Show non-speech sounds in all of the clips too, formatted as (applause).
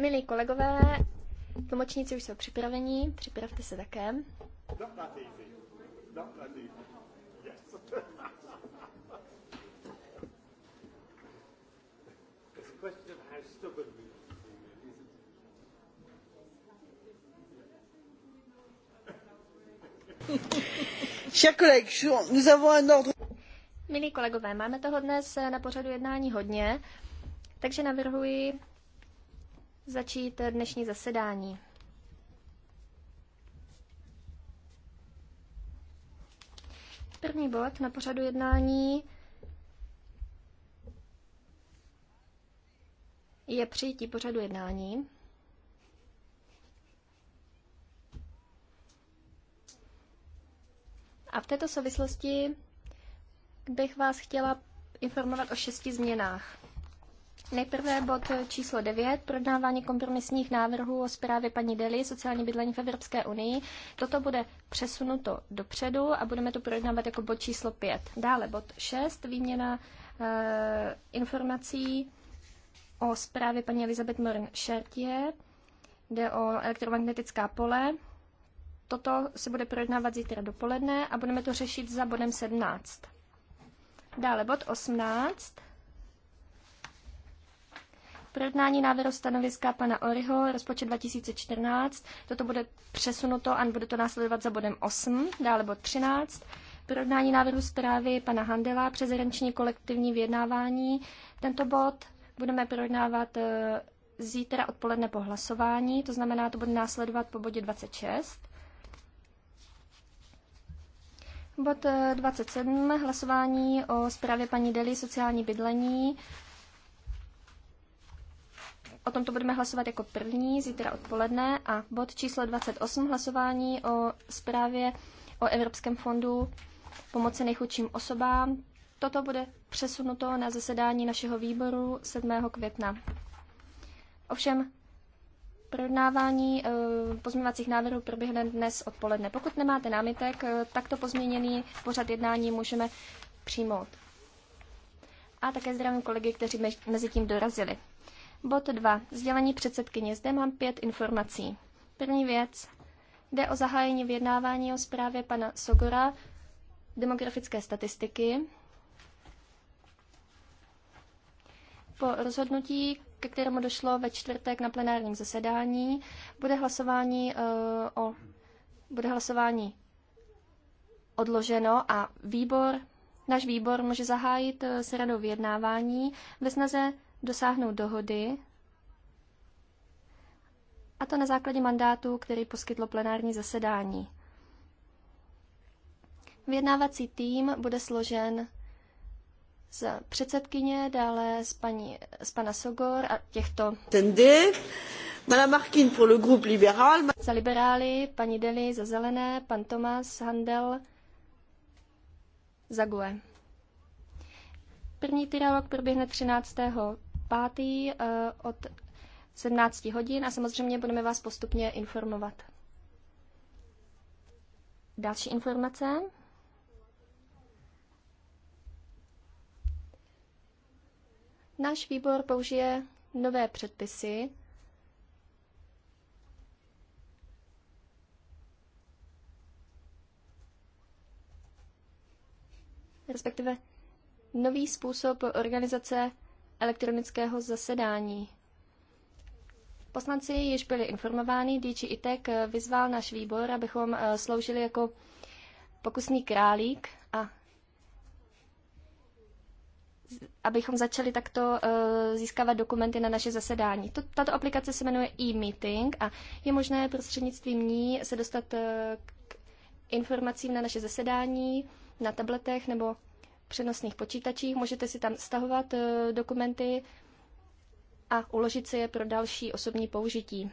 Milí kolegové, tlumočníci už jsou připraveni, připravte se také. Milí kolegové, máme toho dnes na pořadu jednání hodně. Takže navrhuji začít dnešní zasedání. První bod na pořadu jednání je přijetí pořadu jednání. A v této souvislosti bych vás chtěla informovat o šesti změnách. Nejprve bod číslo 9, projednávání kompromisních návrhů o zprávě paní Deli, sociální bydlení v Evropské unii. Toto bude přesunuto dopředu a budeme to projednávat jako bod číslo 5. Dále bod 6, výměna uh, informací o zprávě paní Elizabeth Morin Šertě. Jde o elektromagnetická pole. Toto se bude projednávat zítra dopoledne a budeme to řešit za bodem 17. Dále bod 18 Projednání návrhu stanoviska pana Oriho, rozpočet 2014. Toto bude přesunuto a bude to následovat za bodem 8, dále bod 13. Projednání návrhu zprávy pana Handela, přezrenční kolektivní vyjednávání. Tento bod budeme projednávat eh, zítra odpoledne po hlasování, to znamená, to bude následovat po bodě 26. Bod 27. Eh, hlasování o zprávě paní Deli sociální bydlení o tomto budeme hlasovat jako první zítra odpoledne a bod číslo 28 hlasování o zprávě o Evropském fondu pomoci nejchudším osobám. Toto bude přesunuto na zasedání našeho výboru 7. května. Ovšem projednávání eh, pozměňovacích návrhů proběhne dnes odpoledne. Pokud nemáte námitek, eh, takto pozměněný pořad jednání můžeme přijmout. A také zdravím kolegy, kteří mezi tím dorazili. Bod 2. Sdělení předsedkyně. Zde mám pět informací. První věc. Jde o zahájení vyjednávání o zprávě pana Sogora demografické statistiky. Po rozhodnutí, ke kterému došlo ve čtvrtek na plenárním zasedání, bude hlasování, uh, o, bude hlasování odloženo a výbor, náš výbor může zahájit eh, s radou vyjednávání ve snaze dosáhnout dohody, a to na základě mandátu, který poskytlo plenární zasedání. Vyjednávací tým bude složen z předsedkyně, dále z, paní, z pana Sogor a těchto. pro Za liberály, paní Deli za zelené, pan Tomas Handel za GUE. První trialog proběhne 13 pátý eh, od 17 hodin a samozřejmě budeme vás postupně informovat. Další informace. Náš výbor použije nové předpisy, respektive nový způsob organizace elektronického zasedání. Poslanci již byli informováni, DJ ITEK vyzval náš výbor, abychom eh, sloužili jako pokusný králík a abychom začali takto eh, získávat dokumenty na naše zasedání. Tato aplikace se jmenuje e-meeting a je možné prostřednictvím ní se dostat eh, k informacím na naše zasedání na tabletech nebo přenosných počítačích, můžete si tam stahovat eh, dokumenty a uložit si je pro další osobní použití.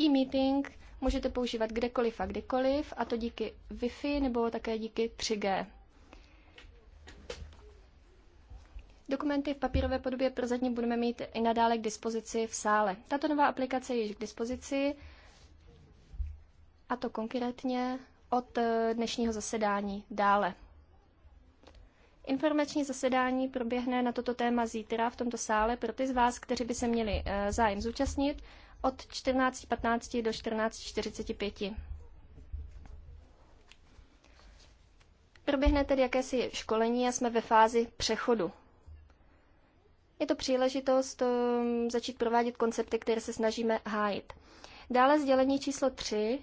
E-meeting můžete používat kdekoliv a kdykoliv, a to díky Wi-Fi nebo také díky 3G. Dokumenty v papírové podobě prozatím budeme mít i nadále k dispozici v sále. Tato nová aplikace je již k dispozici, a to konkrétně od eh, dnešního zasedání dále. Informační zasedání proběhne na toto téma zítra v tomto sále pro ty z vás, kteří by se měli eh, zájem zúčastnit od 14.15 do 14.45. Proběhne tedy jakési školení a jsme ve fázi přechodu. Je to příležitost ehm, začít provádět koncepty, které se snažíme hájit. Dále sdělení číslo 3.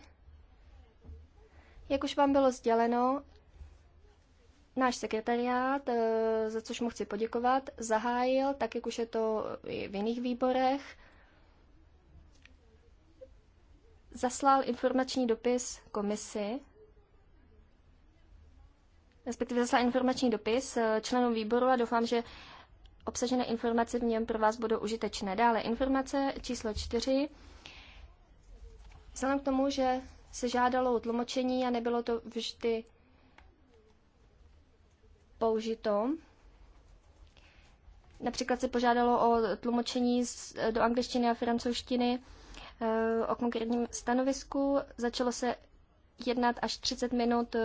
Jak už vám bylo sděleno, Náš sekretariát, eh, za což mu chci poděkovat, zahájil, tak jak už je to i v jiných výborech, zaslal informační dopis komisi, respektive zaslal informační dopis eh, členům výboru a doufám, že obsažené informace v něm pro vás budou užitečné. Dále informace číslo čtyři. Vzhledem k tomu, že se žádalo o tlumočení a nebylo to vždy použito. Například se požádalo o tlumočení do angličtiny a francouzštiny eh, o konkrétním stanovisku. Začalo se jednat až 30 minut eh,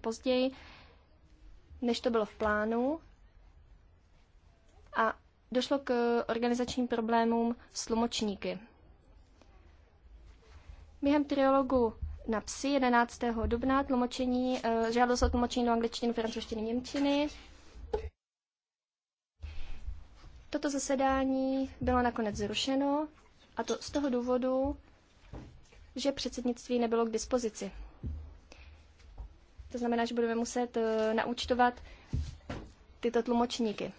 později, než to bylo v plánu. A došlo k organizačním problémům s tlumočníky. Během triologu na psy 11. dubna, tlumočení, eh, žádost o tlumočení do angličtiny, francouzštiny, němčiny. Toto zasedání bylo nakonec zrušeno, a to z toho důvodu, že předsednictví nebylo k dispozici. To znamená, že budeme muset eh, naučtovat tyto tlumočníky.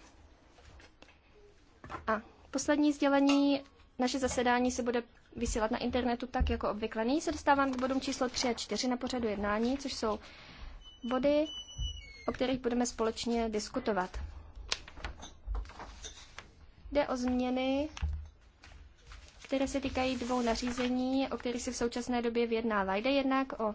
A poslední sdělení. Naše zasedání se bude vysílat na internetu tak jako obvykle. Nyní se dostávám k bodům číslo 3 a 4 na pořadu jednání, což jsou body, o kterých budeme společně diskutovat. Jde o změny, které se týkají dvou nařízení, o kterých se v současné době vyjednává. Jde jednak o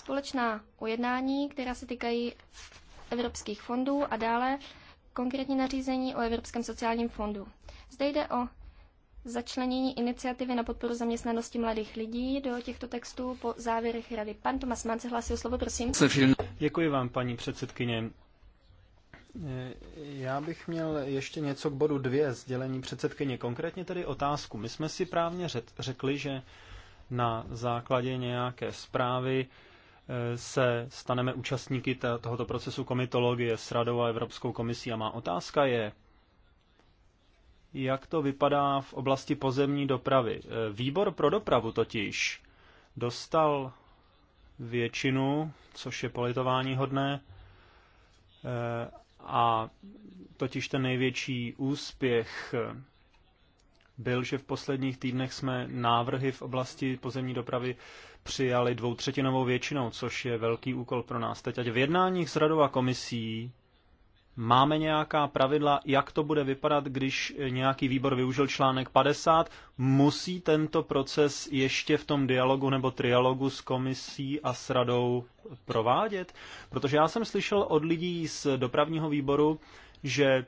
společná ujednání, která se týkají evropských fondů a dále konkrétní nařízení o Evropském sociálním fondu. Zde jde o začlenění iniciativy na podporu zaměstnanosti mladých lidí do těchto textů po závěrech rady. Pan Tomas Mance hlásil slovo, prosím. Děkuji vám, paní předsedkyně. Eh, já bych měl ještě něco k bodu dvě sdělení předsedkyně, konkrétně tedy otázku. My jsme si právně řekli, že na základě nějaké zprávy se staneme účastníky tohoto procesu komitologie s Radou a Evropskou komisí. A má otázka je, jak to vypadá v oblasti pozemní dopravy. E, výbor pro dopravu totiž dostal většinu, což je politování hodné, e, a totiž ten největší úspěch byl, že v posledních týdnech jsme návrhy v oblasti pozemní dopravy přijali dvoutřetinovou většinou, což je velký úkol pro nás teď. Ať v jednáních s radou a komisí máme nějaká pravidla, jak to bude vypadat, když nějaký výbor využil článek 50, musí tento proces ještě v tom dialogu nebo trialogu s komisí a s radou provádět? Protože já jsem slyšel od lidí z dopravního výboru, že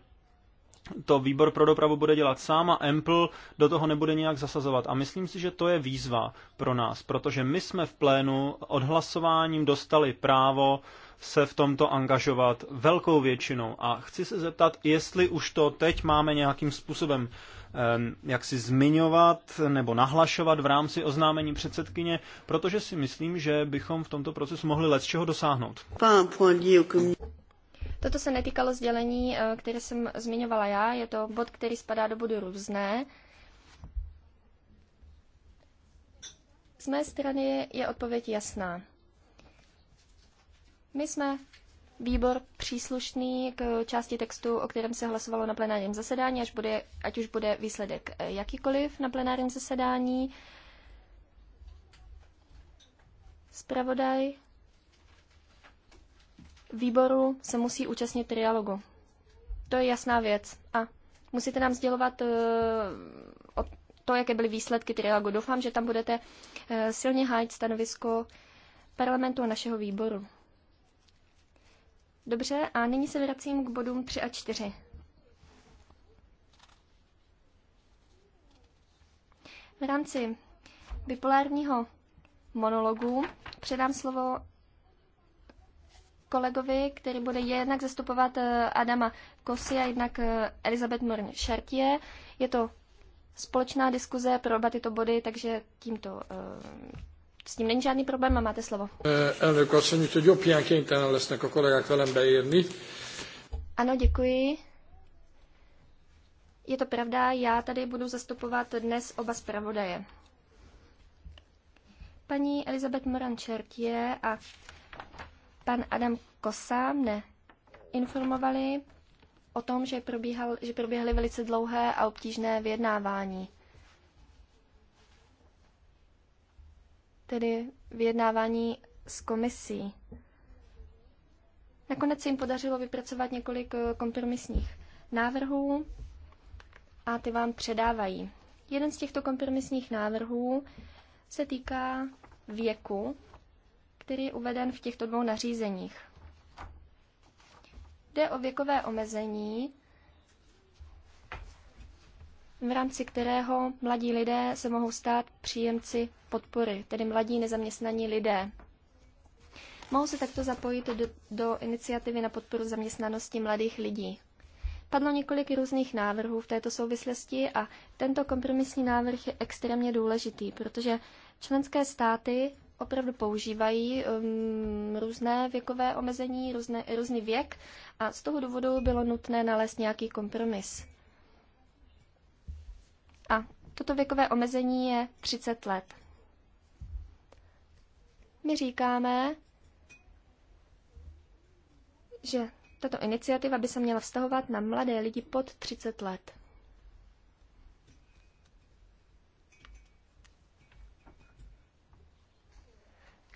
to výbor pro dopravu bude dělat sám a Ample do toho nebude nějak zasazovat. A myslím si, že to je výzva pro nás, protože my jsme v plénu odhlasováním dostali právo se v tomto angažovat velkou většinou. A chci se zeptat, jestli už to teď máme nějakým způsobem jak si zmiňovat nebo nahlašovat v rámci oznámení předsedkyně, protože si myslím, že bychom v tomto procesu mohli let z čeho dosáhnout. Toto se netýkalo sdělení, eh, které jsem zmiňovala já. Je to bod, který spadá do bodu různé. Z mé strany je odpověď jasná. My jsme výbor příslušný k části textu, o kterém se hlasovalo na plenárním zasedání, až bude, ať už bude výsledek eh, jakýkoliv na plenárním zasedání. Spravodaj výboru se musí účastnit trialogu. To je jasná věc. A musíte nám sdělovat uh, to, jaké byly výsledky trialogu. Doufám, že tam budete uh, silně hájit stanovisko parlamentu a našeho výboru. Dobře, a nyní se vracím k bodům 3 a 4. V rámci bipolárního monologu předám slovo kolegovi, který bude jednak zastupovat eh, Adama Kosy a jednak eh, Elizabeth Morn Chartier. Je to společná diskuze pro oba tyto body, takže tímto eh, s tím není žádný problém a máte slovo. Ano, děkuji. Je to pravda, já tady budu zastupovat dnes oba zpravodaje. Paní Elizabeth Moran Čertě a pan Adam Kosa mne informovali o tom, že, probíhal, že proběhly velice dlouhé a obtížné vyjednávání. Tedy vyjednávání s komisí. Nakonec se jim podařilo vypracovat několik eh, kompromisních návrhů a ty vám předávají. Jeden z těchto kompromisních návrhů se týká věku který je uveden v těchto dvou nařízeních. Jde o věkové omezení, v rámci kterého mladí lidé se mohou stát příjemci podpory, tedy mladí nezaměstnaní lidé. Mohou se takto zapojit do, do iniciativy na podporu zaměstnanosti mladých lidí. Padlo několik různých návrhů v této souvislosti a tento kompromisní návrh je extrémně důležitý, protože členské státy opravdu používají um, různé věkové omezení, různé, různý věk a z toho důvodu bylo nutné nalézt nějaký kompromis. A toto věkové omezení je 30 let. My říkáme, že tato iniciativa by se měla vztahovat na mladé lidi pod 30 let.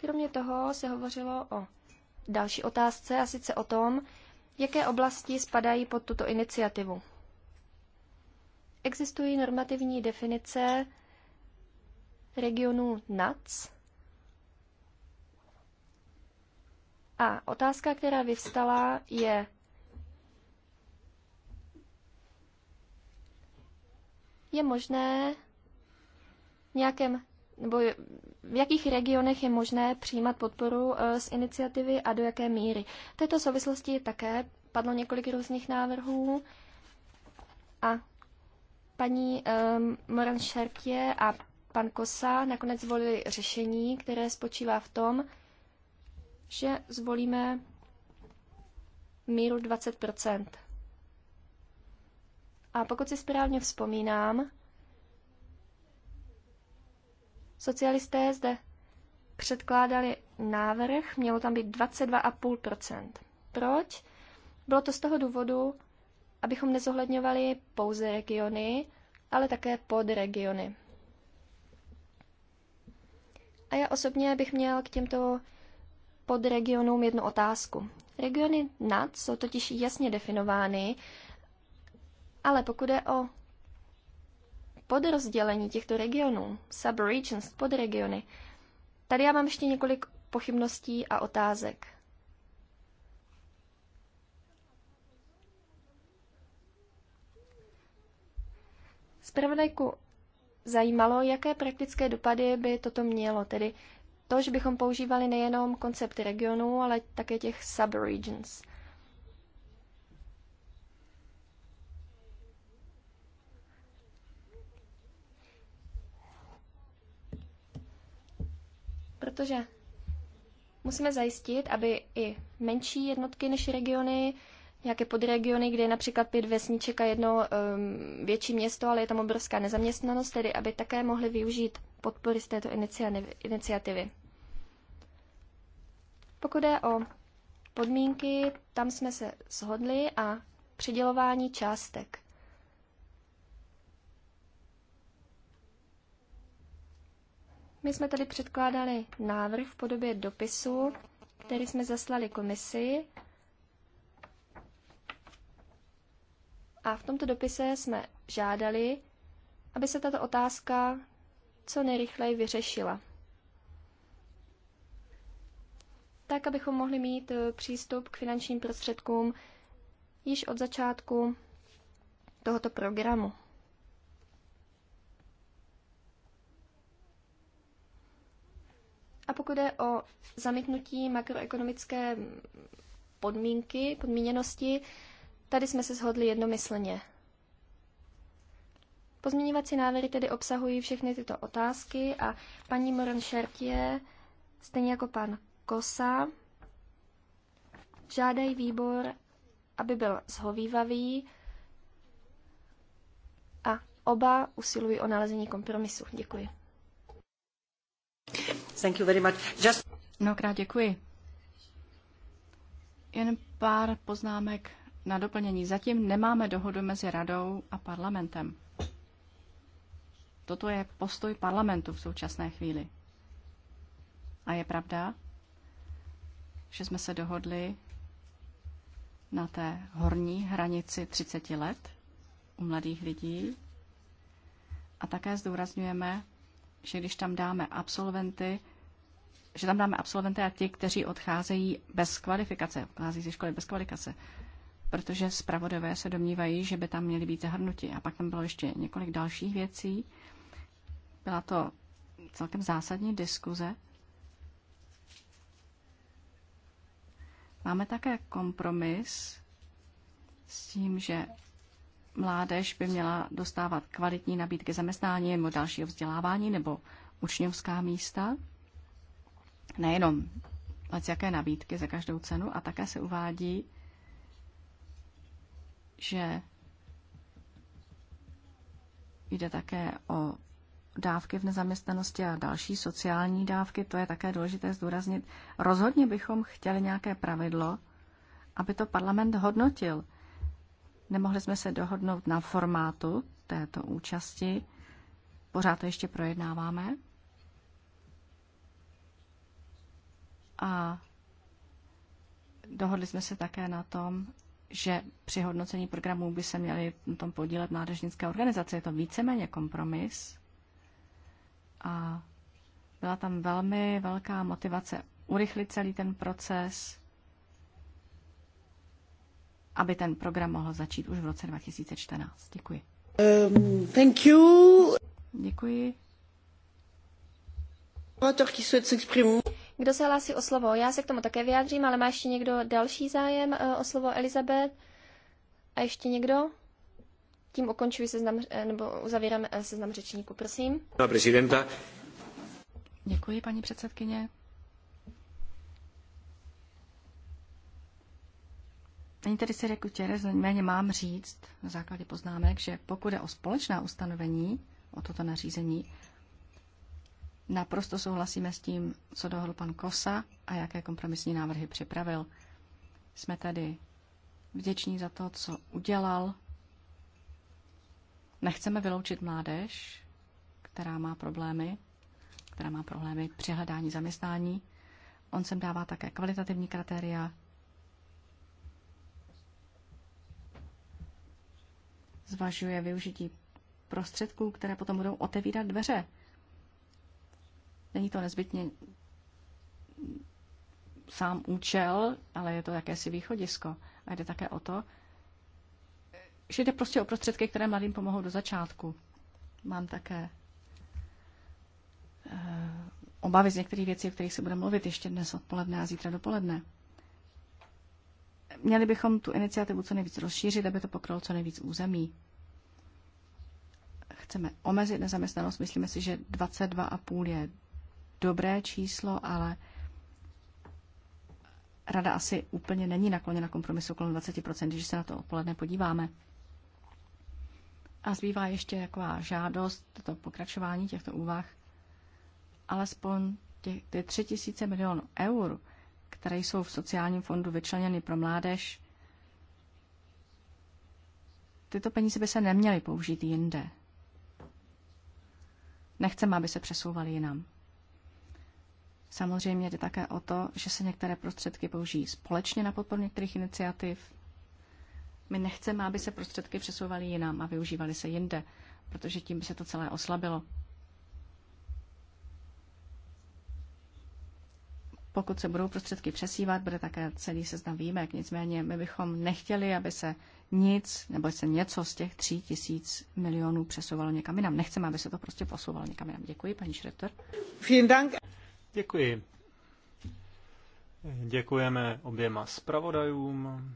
Kromě toho se hovořilo o další otázce, a sice o tom, jaké oblasti spadají pod tuto iniciativu. Existují normativní definice regionů NAC. A otázka, která vyvstala, je, je možné v nějakém nebo v jakých regionech je možné přijímat podporu eh, z iniciativy a do jaké míry. V této souvislosti také padlo několik různých návrhů a paní um, Moran Šerkě a pan Kosa nakonec zvolili řešení, které spočívá v tom, že zvolíme míru 20 A pokud si správně vzpomínám, Socialisté zde předkládali návrh, mělo tam být 22,5%. Proč? Bylo to z toho důvodu, abychom nezohledňovali pouze regiony, ale také podregiony. A já osobně bych měl k těmto podregionům jednu otázku. Regiony NAD jsou totiž jasně definovány, ale pokud je o podrozdělení těchto regionů, subregions, podregiony, tady já mám ještě několik pochybností a otázek. Zpravodajku zajímalo, jaké praktické dopady by toto mělo, tedy to, že bychom používali nejenom koncept regionů, ale také těch subregions. regions protože musíme zajistit, aby i menší jednotky než regiony, nějaké podregiony, kde je například pět vesniček a jedno um, větší město, ale je tam obrovská nezaměstnanost, tedy aby také mohly využít podpory z této iniciativy. Pokud je o podmínky, tam jsme se shodli a přidělování částek. My jsme tady předkládali návrh v podobě dopisu, který jsme zaslali komisi. A v tomto dopise jsme žádali, aby se tato otázka co nejrychleji vyřešila. Tak, abychom mohli mít eh, přístup k finančním prostředkům již od začátku tohoto programu. A pokud je o zamítnutí makroekonomické podmínky, podmíněnosti, tady jsme se shodli jednomyslně. Pozměňovací návrhy tedy obsahují všechny tyto otázky a paní Moran Šertie, stejně jako pan Kosa, žádají výbor, aby byl zhovývavý a oba usilují o nalezení kompromisu. Děkuji. Thank you very much. Just... Mnohokrát děkuji. Jen pár poznámek na doplnění. Zatím nemáme dohodu mezi radou a parlamentem. Toto je postoj parlamentu v současné chvíli. A je pravda, že jsme se dohodli na té horní hranici 30 let u mladých lidí. A také zdůrazňujeme, že když tam dáme absolventy, že tam dáme absolventy a ti, kteří odcházejí bez kvalifikace, odchází ze školy bez kvalifikace, protože zpravodové se domnívají, že by tam měly být zahrnuti. A pak tam bylo ještě několik dalších věcí. Byla to celkem zásadní diskuze. Máme také kompromis s tím, že mládež by měla dostávat kvalitní nabídky zaměstnání nebo dalšího vzdělávání nebo učňovská místa. Nejenom jaké nabídky za každou cenu a také se uvádí, že jde také o dávky v nezaměstnanosti a další sociální dávky, to je také důležité zdůraznit. Rozhodně bychom chtěli nějaké pravidlo, aby to parlament hodnotil – Nemohli jsme se dohodnout na formátu této účasti. Pořád to ještě projednáváme. A dohodli jsme se také na tom, že při hodnocení programů by se měly na tom podílet mládežnické organizace. Je to víceméně kompromis. A byla tam velmi velká motivace urychlit celý ten proces aby ten program mohl začít už v roce 2014. Děkuji. Um, thank you. Děkuji. Kdo se hlásí o slovo? Já se k tomu také vyjádřím, ale má ještě někdo další zájem eh, o slovo Elizabeth? A ještě někdo? Tím ukončuji seznam, eh, nebo uzavírám eh, seznam řečníku, prosím. Děkuji, paní předsedkyně. Paní tedy si řekl Čerez, méně mám říct na základě poznámek, že pokud je o společná ustanovení, o toto nařízení, naprosto souhlasíme s tím, co dohodl pan Kosa a jaké kompromisní návrhy připravil. Jsme tady vděční za to, co udělal. Nechceme vyloučit mládež, která má problémy, která má problémy při hledání zaměstnání. On sem dává také kvalitativní kritéria, zvažuje využití prostředků, které potom budou otevírat dveře. Není to nezbytně sám účel, ale je to jakési východisko. A jde také o to, že jde prostě o prostředky, které mladým pomohou do začátku. Mám také eh, obavy z některých věcí, o kterých se bude mluvit ještě dnes odpoledne a zítra dopoledne. Měli bychom tu iniciativu co nejvíc rozšířit, aby to pokrylo co nejvíc území. Chceme omezit nezaměstnanost. Myslíme si, že 22,5 je dobré číslo, ale rada asi úplně není nakloněna kompromisu kolem 20%, když se na to odpoledne podíváme. A zbývá ještě taková žádost, to pokračování těchto úvah, alespoň ty, 3000 milionů eur, které jsou v sociálním fondu vyčleněny pro mládež, tyto peníze by se neměly použít jinde. Nechceme, aby se přesouvaly jinam. Samozřejmě jde také o to, že se některé prostředky použijí společně na podporu některých iniciativ. My nechceme, aby se prostředky přesouvaly jinam a využívaly se jinde, protože tím by se to celé oslabilo. pokud se budou prostředky přesívat, bude také celý seznam výjimek. Nicméně my bychom nechtěli, aby se nic nebo se něco z těch tří tisíc milionů přesouvalo někam jinam. Nechceme, aby se to prostě posouvalo někam jinam. Děkuji, paní Šreptor. Děkuji. Děkujeme oběma zpravodajům.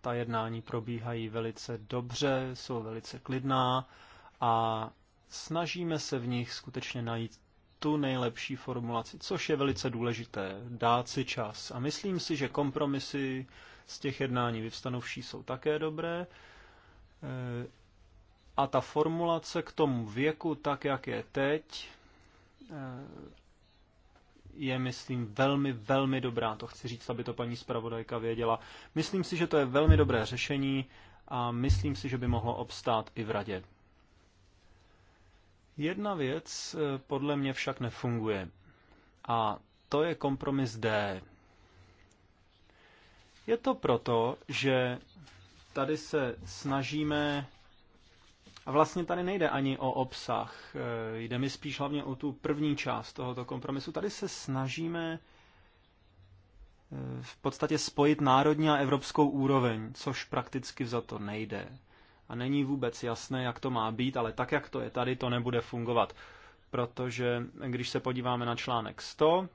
Ta jednání probíhají velice dobře, jsou velice klidná a snažíme se v nich skutečně najít tu nejlepší formulaci, což je velice důležité, dát si čas. A myslím si, že kompromisy z těch jednání vyvstanovší jsou také dobré. E, a ta formulace k tomu věku, tak jak je teď, e, je, myslím, velmi, velmi dobrá. To chci říct, aby to paní zpravodajka věděla. Myslím si, že to je velmi dobré řešení a myslím si, že by mohlo obstát i v radě. Jedna věc eh, podle mě však nefunguje. A to je kompromis D. Je to proto, že tady se snažíme. A vlastně tady nejde ani o obsah, eh, jde mi spíš hlavně o tu první část tohoto kompromisu. Tady se snažíme eh, v podstatě spojit národní a evropskou úroveň, což prakticky za to nejde a není vůbec jasné, jak to má být, ale tak, jak to je tady, to nebude fungovat. Protože když se podíváme na článek 100,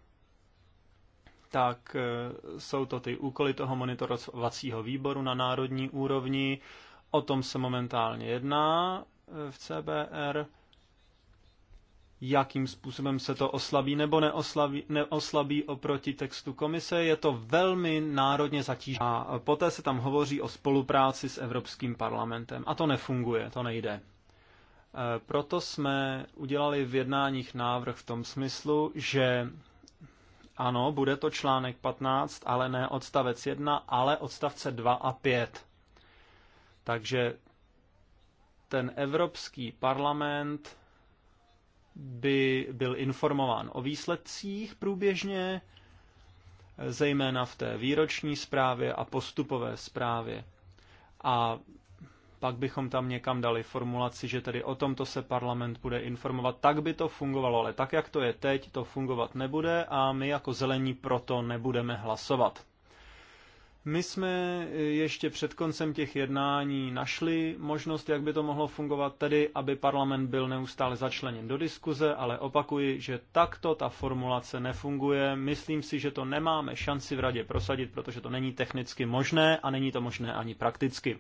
tak e, jsou to ty úkoly toho monitorovacího výboru na národní úrovni. O tom se momentálně jedná e, v CBR jakým způsobem se to oslabí nebo neoslabí, neoslabí oproti textu komise. Je to velmi národně zatížené. A poté se tam hovoří o spolupráci s Evropským parlamentem. A to nefunguje, to nejde. E, proto jsme udělali v jednáních návrh v tom smyslu, že ano, bude to článek 15, ale ne odstavec 1, ale odstavce 2 a 5. Takže ten Evropský parlament by byl informován o výsledcích průběžně, zejména v té výroční zprávě a postupové zprávě. A pak bychom tam někam dali formulaci, že tedy o tomto se parlament bude informovat. Tak by to fungovalo, ale tak, jak to je teď, to fungovat nebude a my jako zelení proto nebudeme hlasovat. My jsme eh, ještě před koncem těch jednání našli možnost, jak by to mohlo fungovat, tedy aby parlament byl neustále začleněn do diskuze, ale opakuji, že takto ta formulace nefunguje. Myslím si, že to nemáme šanci v radě prosadit, protože to není technicky možné a není to možné ani prakticky.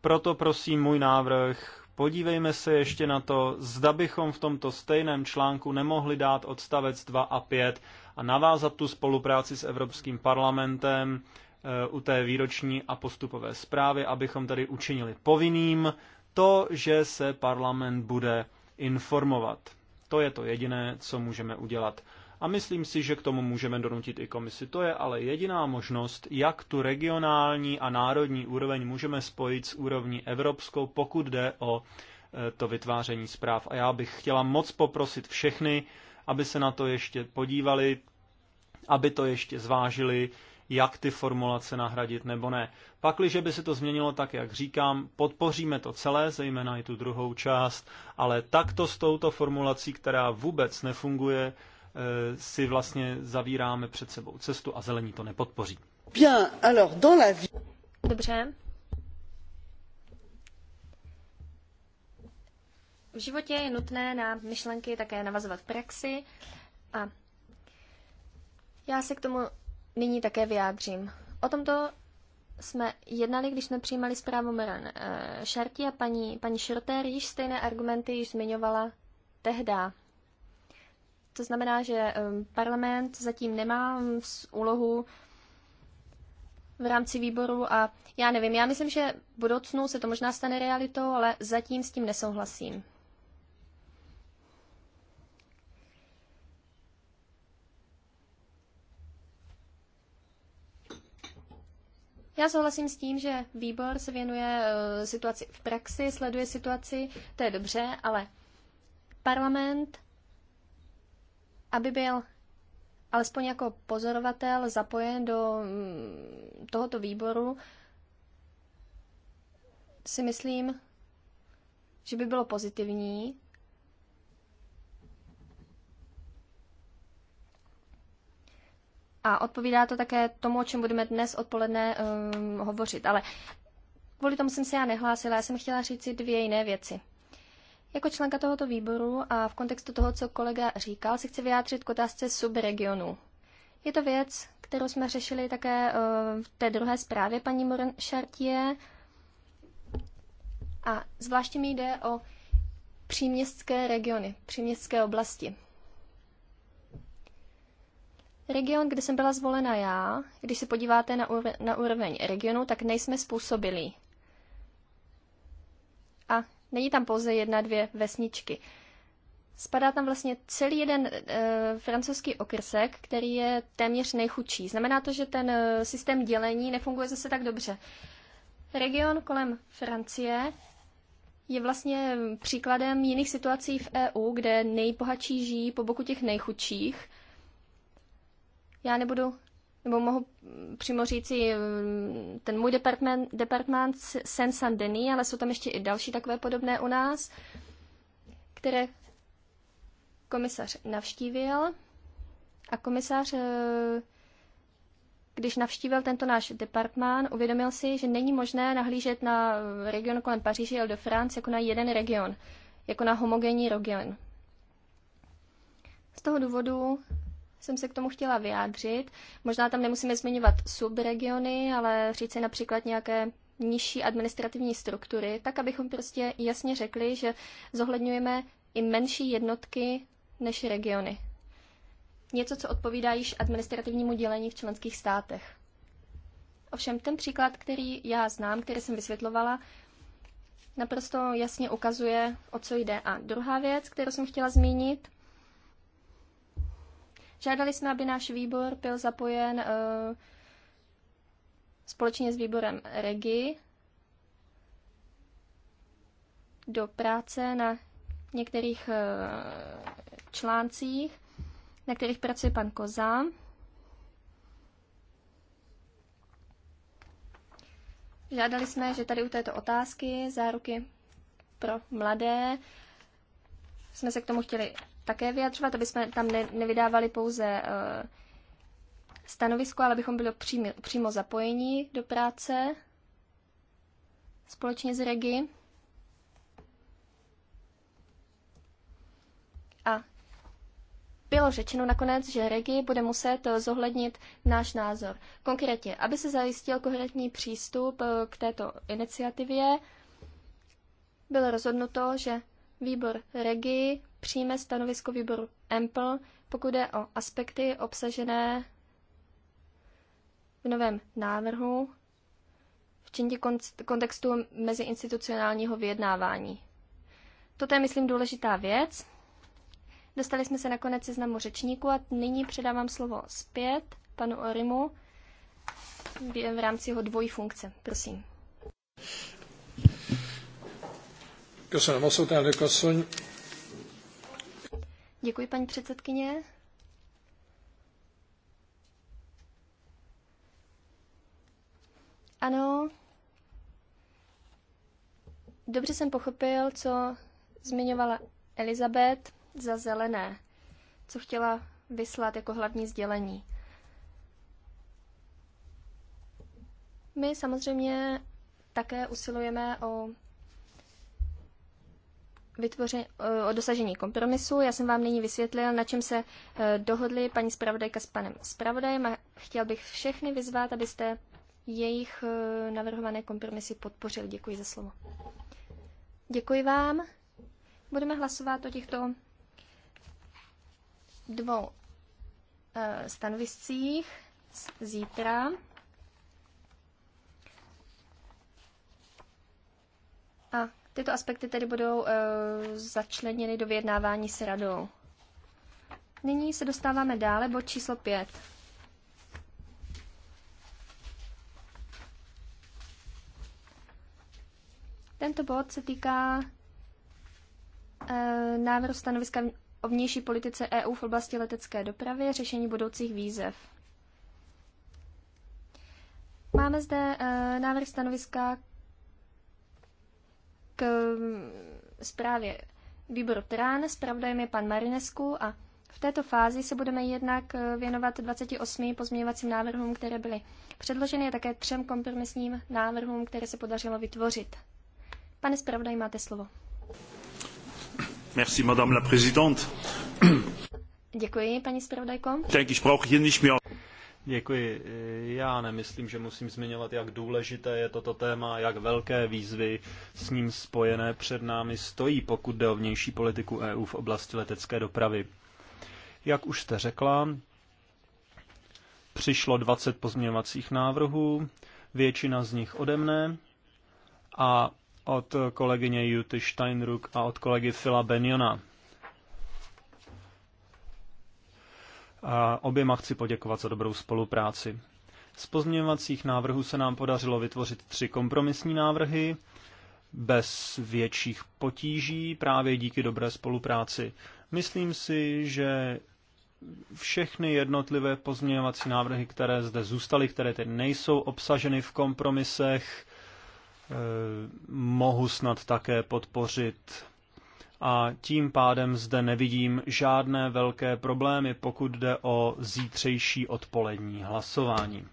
Proto prosím můj návrh Podívejme se ještě na to, zda bychom v tomto stejném článku nemohli dát odstavec 2 a 5 a navázat tu spolupráci s Evropským parlamentem eh, u té výroční a postupové zprávy, abychom tady učinili povinným to, že se parlament bude informovat. To je to jediné, co můžeme udělat a myslím si, že k tomu můžeme donutit i komisi. To je ale jediná možnost, jak tu regionální a národní úroveň můžeme spojit s úrovní evropskou, pokud jde o e, to vytváření zpráv. A já bych chtěla moc poprosit všechny, aby se na to ještě podívali, aby to ještě zvážili, jak ty formulace nahradit nebo ne. Pakliže by se to změnilo tak, jak říkám, podpoříme to celé, zejména i tu druhou část, ale takto s touto formulací, která vůbec nefunguje, Eh, si vlastně zavíráme před sebou cestu a zelení to nepodpoří. Bien, alors dans la vie... Dobře. V životě je nutné na myšlenky také navazovat praxi a já se k tomu nyní také vyjádřím. O tomto jsme jednali, když jsme přijímali zprávu Meran Šarti eh, a paní, paní Šrotér již stejné argumenty již zmiňovala tehdy. To znamená, že parlament zatím nemá úlohu v rámci výboru a já nevím, já myslím, že v budoucnu se to možná stane realitou, ale zatím s tím nesouhlasím. Já souhlasím s tím, že výbor se věnuje eh, situaci v praxi, sleduje situaci, to je dobře, ale parlament aby byl alespoň jako pozorovatel zapojen do mm, tohoto výboru, si myslím, že by bylo pozitivní. A odpovídá to také tomu, o čem budeme dnes odpoledne um, hovořit. Ale kvůli tomu jsem se já nehlásila, já jsem chtěla říct si dvě jiné věci. Jako členka tohoto výboru a v kontextu toho, co kolega říkal, se chci vyjádřit k otázce subregionů. Je to věc, kterou jsme řešili také eh, v té druhé zprávě paní Moren Šartie. A zvláště mi jde o příměstské regiony, příměstské oblasti. Region, kde jsem byla zvolena já, když se podíváte na, úr- na úroveň regionu, tak nejsme způsobili. A Není tam pouze jedna, dvě vesničky. Spadá tam vlastně celý jeden e, francouzský okrsek, který je téměř nejchudší. Znamená to, že ten e, systém dělení nefunguje zase tak dobře. Region kolem Francie je vlastně příkladem jiných situací v EU, kde nejbohatší žijí po boku těch nejchudších. Já nebudu nebo mohu přímo říci, eh, ten můj departement, department Sen San Denis, ale jsou tam ještě i další takové podobné u nás, které komisař navštívil. A komisař, eh, když navštívil tento náš departmán, uvědomil si, že není možné nahlížet na eh, region kolem Paříže a do France jako na jeden region, jako na homogenní region. Z toho důvodu jsem se k tomu chtěla vyjádřit. Možná tam nemusíme zmiňovat subregiony, ale si například nějaké nižší administrativní struktury, tak abychom prostě jasně řekli, že zohledňujeme i menší jednotky než regiony. Něco, co odpovídá již administrativnímu dělení v členských státech. Ovšem ten příklad, který já znám, který jsem vysvětlovala, naprosto jasně ukazuje, o co jde. A druhá věc, kterou jsem chtěla zmínit, Žádali jsme, aby náš výbor byl zapojen uh, společně s výborem REGI do práce na některých uh, článcích, na kterých pracuje pan Koza. Žádali jsme, že tady u této otázky záruky pro mladé jsme se k tomu chtěli také vyjadřovat, aby jsme tam ne, nevydávali pouze uh, stanovisko, ale abychom byli přímo, přímo zapojení do práce společně s Regi. A bylo řečeno nakonec, že Regi bude muset eh, zohlednit náš názor. Konkrétně, aby se zajistil koherentní přístup eh, k této iniciativě, bylo rozhodnuto, že Výbor Regi přijme stanovisko výboru EMPL, pokud jde o aspekty obsažené v novém návrhu, včetně kontextu meziinstitucionálního vyjednávání. Toto je, myslím, důležitá věc. Dostali jsme se nakonec seznamu řečníků a nyní předávám slovo zpět panu Orimu v rámci jeho dvojí funkce. Prosím. Köszönöm a szót, elnök asszony. Děkuji, paní předsedkyně. Ano. Dobře jsem pochopil, co zmiňovala Elizabeth za zelené, co chtěla vyslat jako hlavní sdělení. My samozřejmě také usilujeme o vytvoře, eh, o dosažení kompromisu. Já jsem vám nyní vysvětlil, na čem se eh, dohodli paní zpravodajka s panem zpravodajem a chtěl bych všechny vyzvat, abyste jejich eh, navrhované kompromisy podpořili. Děkuji za slovo. Děkuji vám. Budeme hlasovat o těchto dvou stanoviscích zítra. A Tyto aspekty tedy budou uh, začleněny do vyjednávání s radou. Nyní se dostáváme dále, bod číslo 5. Tento bod se týká uh, návrhu stanoviska o vnější politice EU v oblasti letecké dopravy a řešení budoucích výzev. Máme zde uh, návrh stanoviska Um, zprávě výbor Trán, zpravodajem je pan Marinesku a v této fázi se budeme jednak eh, věnovat 28 pozměňovacím návrhům, které byly předloženy a také třem kompromisním návrhům, které se podařilo vytvořit. Pane zpravodaj, máte slovo. Merci, madame la présidente. Děkuji, paní zpravodajko. Děkuji. Já nemyslím, že musím zmiňovat, jak důležité je toto téma, jak velké výzvy s ním spojené před námi stojí, pokud jde o vnější politiku EU v oblasti letecké dopravy. Jak už jste řekla, přišlo 20 pozměňovacích návrhů, většina z nich ode mne a od kolegyně Juty Steinruck a od kolegy Fila Benjona. A oběma chci poděkovat za dobrou spolupráci. Z pozměňovacích návrhů se nám podařilo vytvořit tři kompromisní návrhy bez větších potíží právě díky dobré spolupráci. Myslím si, že všechny jednotlivé pozměňovací návrhy, které zde zůstaly, které teď nejsou obsaženy v kompromisech, eh, mohu snad také podpořit a tím pádem zde nevidím žádné velké problémy, pokud jde o zítřejší odpolední hlasování.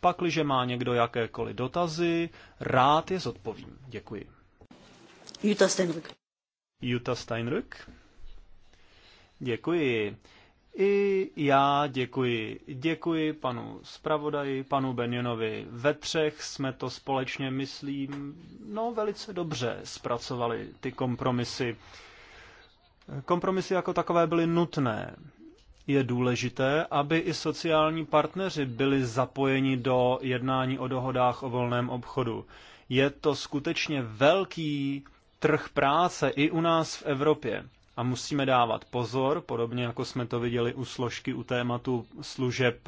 Pakliže má někdo jakékoliv dotazy, rád je zodpovím. Děkuji. Jutta Steinrück. Jutta Steinrück. Děkuji. I já děkuji. Děkuji panu zpravodaji, panu Benjonovi. Ve třech jsme to společně, myslím, no velice dobře zpracovali ty kompromisy. Kompromisy jako takové byly nutné. Je důležité, aby i sociální partneři byli zapojeni do jednání o dohodách o volném obchodu. Je to skutečně velký trh práce i u nás v Evropě. A musíme dávat pozor, podobně jako jsme to viděli u složky u tématu služeb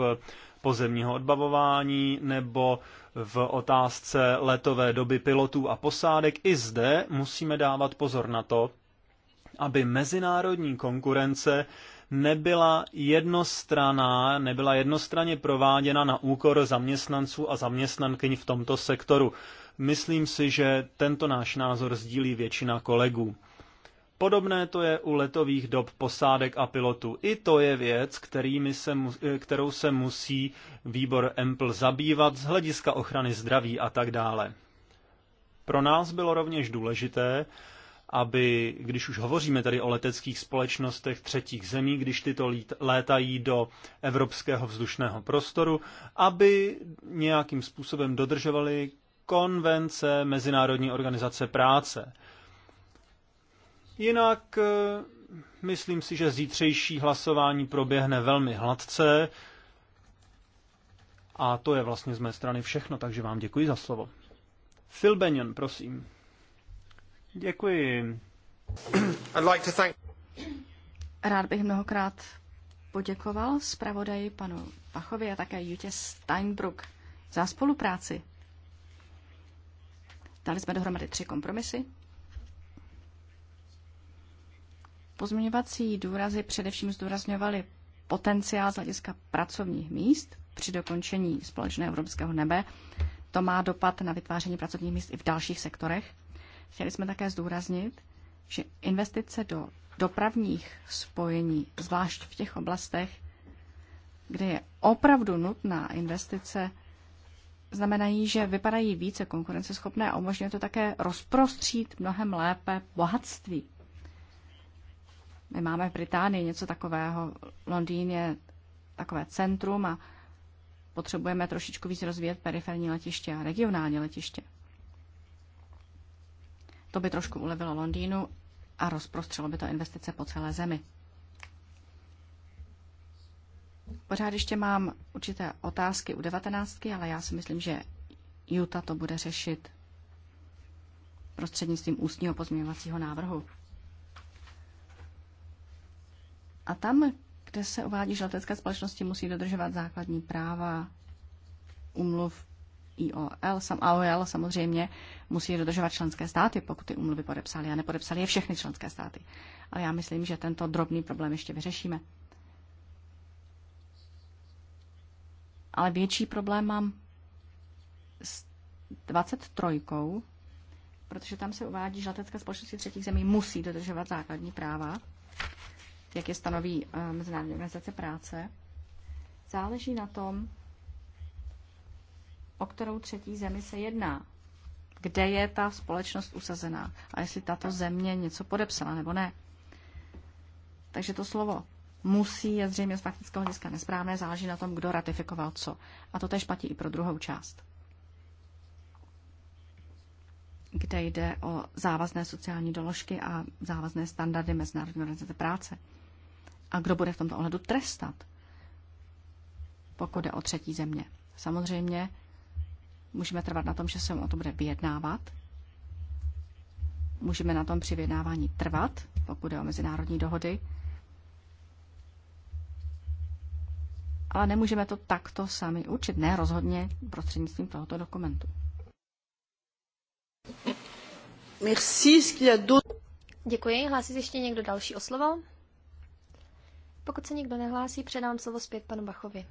pozemního odbavování nebo v otázce letové doby pilotů a posádek. I zde musíme dávat pozor na to, aby mezinárodní konkurence nebyla jednostraná, nebyla jednostranně prováděna na úkor zaměstnanců a zaměstnankyň v tomto sektoru. Myslím si, že tento náš názor sdílí většina kolegů. Podobné to je u letových dob posádek a pilotů. I to je věc, kterými se, eh, kterou se musí výbor EMPL zabývat z hlediska ochrany zdraví a tak dále. Pro nás bylo rovněž důležité, aby, když už hovoříme tady o leteckých společnostech třetích zemí, když tyto létají do evropského vzdušného prostoru, aby nějakým způsobem dodržovali konvence Mezinárodní organizace práce. Jinak eh, myslím si, že zítřejší hlasování proběhne velmi hladce. A to je vlastně z mé strany všechno, takže vám děkuji za slovo. Phil Benyon, prosím. Děkuji. Rád bych mnohokrát poděkoval zpravodaji panu Pachovi a také Jutě Steinbruck za spolupráci. Dali jsme dohromady tři kompromisy, Pozměňovací důrazy především zdůrazňovaly potenciál z hlediska pracovních míst při dokončení společného evropského nebe. To má dopad na vytváření pracovních míst i v dalších sektorech. Chtěli jsme také zdůraznit, že investice do dopravních spojení, zvlášť v těch oblastech, kde je opravdu nutná investice, znamenají, že vypadají více konkurenceschopné a umožňuje to také rozprostřít mnohem lépe bohatství my máme v Británii něco takového. Londýn je takové centrum a potřebujeme trošičku víc rozvíjet periferní letiště a regionální letiště. To by trošku ulevilo Londýnu a rozprostřelo by to investice po celé zemi. Pořád ještě mám určité otázky u devatenáctky, ale já si myslím, že Juta to bude řešit prostřednictvím ústního pozměňovacího návrhu. A tam, kde se uvádí, že letecké společnosti musí dodržovat základní práva, umluv IOL, sam AOL samozřejmě musí dodržovat členské státy, pokud ty umluvy podepsali a nepodepsali je všechny členské státy. Ale já myslím, že tento drobný problém ještě vyřešíme. Ale větší problém mám s 23, protože tam se uvádí, že letecké společnosti třetích zemí musí dodržovat základní práva jak je stanoví eh, Mezinárodní organizace práce, záleží na tom, o kterou třetí zemi se jedná, kde je ta společnost usazená a jestli tato země něco podepsala nebo ne. Takže to slovo musí je zřejmě z faktického hlediska nesprávné, záleží na tom, kdo ratifikoval co. A to tež platí i pro druhou část, kde jde o závazné sociální doložky a závazné standardy Mezinárodní organizace práce a kdo bude v tomto ohledu trestat, pokud jde o třetí země. Samozřejmě můžeme trvat na tom, že se o to bude vyjednávat. Můžeme na tom při vyjednávání trvat, pokud jde o mezinárodní dohody. Ale nemůžeme to takto sami učit, ne rozhodně prostřednictvím tohoto dokumentu. Merci, Děkuji. Hlásí ještě někdo další o slovo? Pokud se nikdo nehlásí, předám slovo zpět panu Bachovi.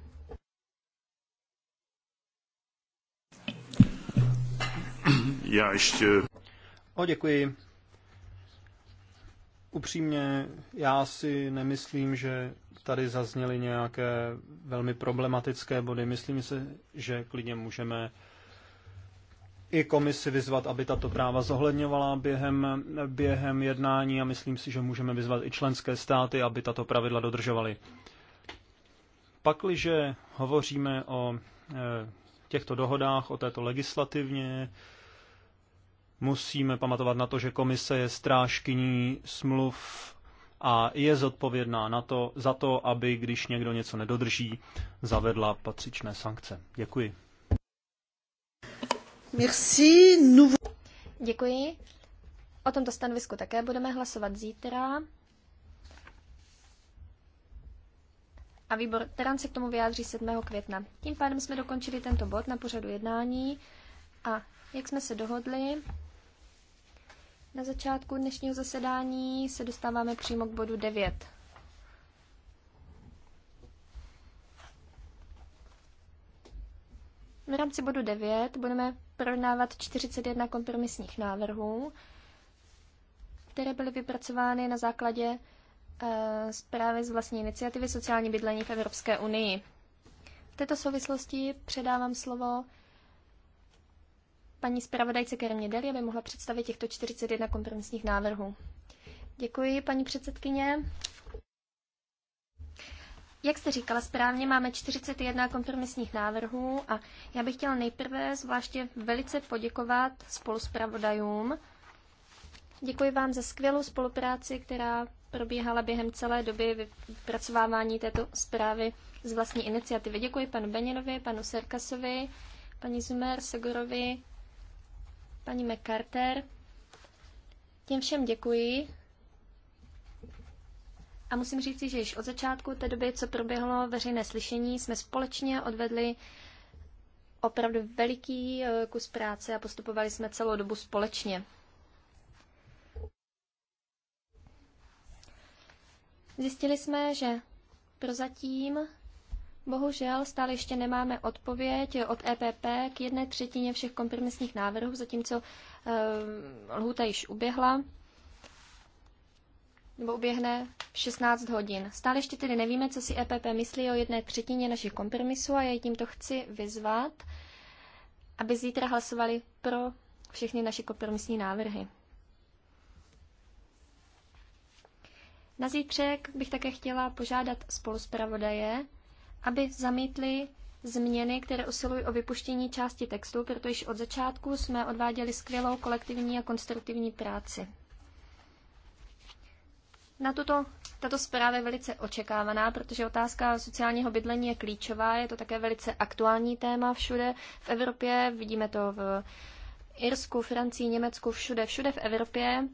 Já ještě... O, děkuji. Upřímně, já si nemyslím, že tady zazněly nějaké velmi problematické body. Myslím si, že klidně můžeme i komisi vyzvat, aby tato práva zohledňovala během, během jednání a myslím si, že můžeme vyzvat i členské státy, aby tato pravidla dodržovaly. Pakliže hovoříme o e, těchto dohodách, o této legislativně, musíme pamatovat na to, že komise je strážkyní smluv a je zodpovědná na to, za to, aby když někdo něco nedodrží, zavedla patřičné sankce. Děkuji. Merci. Děkuji. O tomto stanovisku také budeme hlasovat zítra. A výbor Teran se k tomu vyjádří 7. května. Tím pádem jsme dokončili tento bod na pořadu jednání a jak jsme se dohodli, na začátku dnešního zasedání se dostáváme přímo k bodu 9. V rámci bodu 9 budeme projednávat 41 kompromisních návrhů, které byly vypracovány na základě eh, zprávy z vlastní iniciativy sociální bydlení v Evropské unii. V této souvislosti předávám slovo paní zpravodajce Kermě Deli, aby mohla představit těchto 41 kompromisních návrhů. Děkuji, paní předsedkyně. Jak jste říkala správně, máme 41 kompromisních návrhů a já bych chtěla nejprve zvláště velice poděkovat spoluspravodajům. Děkuji vám za skvělou spolupráci, která probíhala během celé doby vypracovávání této zprávy z vlastní iniciativy. Děkuji panu Beninovi, panu Serkasovi, paní Zumer, Segorovi, paní McCarter. Těm všem děkuji a musím říct, že již od začátku té doby, co proběhlo veřejné slyšení, jsme společně odvedli opravdu veliký eh, kus práce a postupovali jsme celou dobu společně. Zjistili jsme, že prozatím bohužel stále ještě nemáme odpověď od EPP k jedné třetině všech kompromisních návrhů, zatímco eh, lhůta již uběhla nebo uběhne v 16 hodin. Stále ještě tedy nevíme, co si EPP myslí o jedné třetině našich kompromisů a já tímto chci vyzvat, aby zítra hlasovali pro všechny naše kompromisní návrhy. Na zítřek bych také chtěla požádat spoluspravodaje, aby zamítli změny, které usilují o vypuštění části textu, protože od začátku jsme odváděli skvělou kolektivní a konstruktivní práci na tuto, tato zpráva je velice očekávaná, protože otázka sociálního bydlení je klíčová, je to také velice aktuální téma všude v Evropě, vidíme to v Irsku, Francii, Německu, všude, všude v Evropě.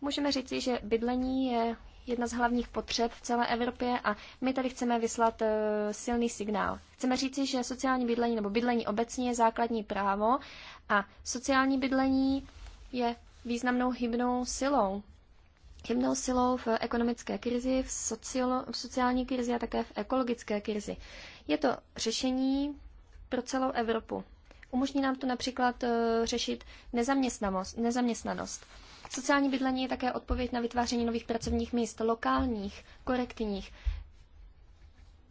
Můžeme říci, že bydlení je jedna z hlavních potřeb v celé Evropě a my tady chceme vyslat uh, silný signál. Chceme říci, že sociální bydlení nebo bydlení obecně je základní právo a sociální bydlení je významnou hybnou silou hybnou silou v ekonomické krizi, v, sociolo, v sociální krizi a také v ekologické krizi. Je to řešení pro celou Evropu. Umožní nám to například eh, řešit nezaměstnanost, nezaměstnanost. Sociální bydlení je také odpověď na vytváření nových pracovních míst, lokálních, korektních.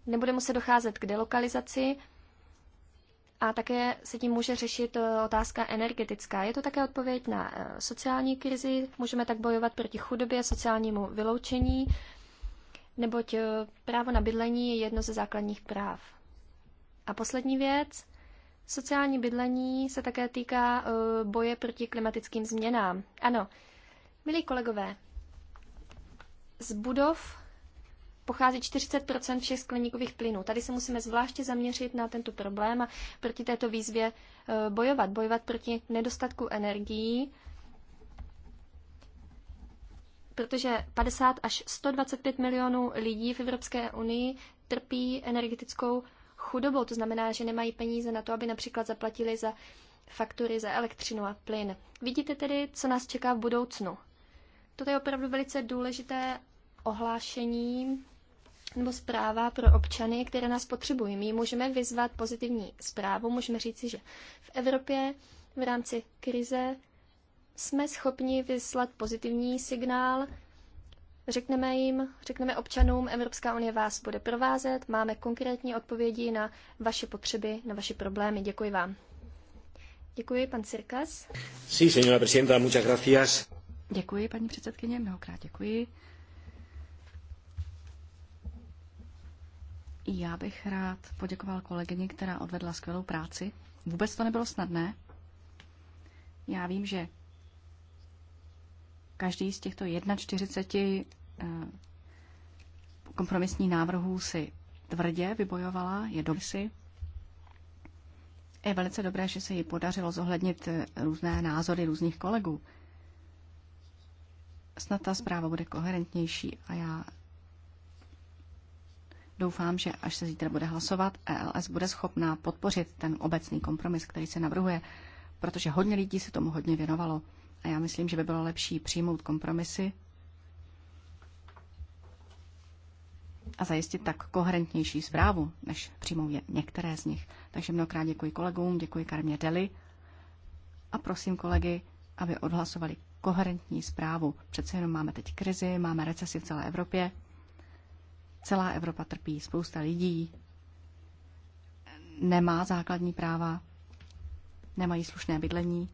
Nebude muset docházet k delokalizaci, a také se tím může řešit eh, otázka energetická. Je to také odpověď na eh, sociální krizi, můžeme tak bojovat proti chudobě, sociálnímu vyloučení, neboť eh, právo na bydlení je jedno ze základních práv. A poslední věc, sociální bydlení se také týká boje proti klimatickým změnám. Ano, milí kolegové, z budov pochází 40 všech skleníkových plynů. Tady se musíme zvláště zaměřit na tento problém a proti této výzvě e, bojovat. Bojovat proti nedostatku energií, protože 50 až 125 milionů lidí v Evropské unii trpí energetickou chudobou. To znamená, že nemají peníze na to, aby například zaplatili za faktury za elektřinu a plyn. Vidíte tedy, co nás čeká v budoucnu. Toto je opravdu velice důležité ohlášení nebo zpráva pro občany, které nás potřebují. My můžeme vyzvat pozitivní zprávu, můžeme říci, že v Evropě v rámci krize jsme schopni vyslat pozitivní signál, Řekneme jim, řekneme občanům, Evropská unie vás bude provázet, máme konkrétní odpovědi na vaše potřeby, na vaše problémy. Děkuji vám. Děkuji, pan Cirkas. Sí, señora presidenta, muchas gracias. Děkuji, paní předsedkyně, mnohokrát děkuji. Já bych rád poděkoval kolegyni, která odvedla skvělou práci. Vůbec to nebylo snadné. Já vím, že každý z těchto 41 eh, kompromisní návrhů si tvrdě vybojovala, je dobře. Je velice dobré, že se jí podařilo zohlednit eh, různé názory různých kolegů. Snad ta zpráva bude koherentnější a já Doufám, že až se zítra bude hlasovat, ELS bude schopná podpořit ten obecný kompromis, který se navrhuje, protože hodně lidí se tomu hodně věnovalo. A já myslím, že by bylo lepší přijmout kompromisy a zajistit tak koherentnější zprávu, než přijmou některé z nich. Takže mnohokrát děkuji kolegům, děkuji Karmě Deli a prosím kolegy, aby odhlasovali koherentní zprávu. Přece jenom máme teď krizi, máme recesi v celé Evropě. Celá Evropa trpí, spousta lidí nemá základní práva, nemají slušné bydlení.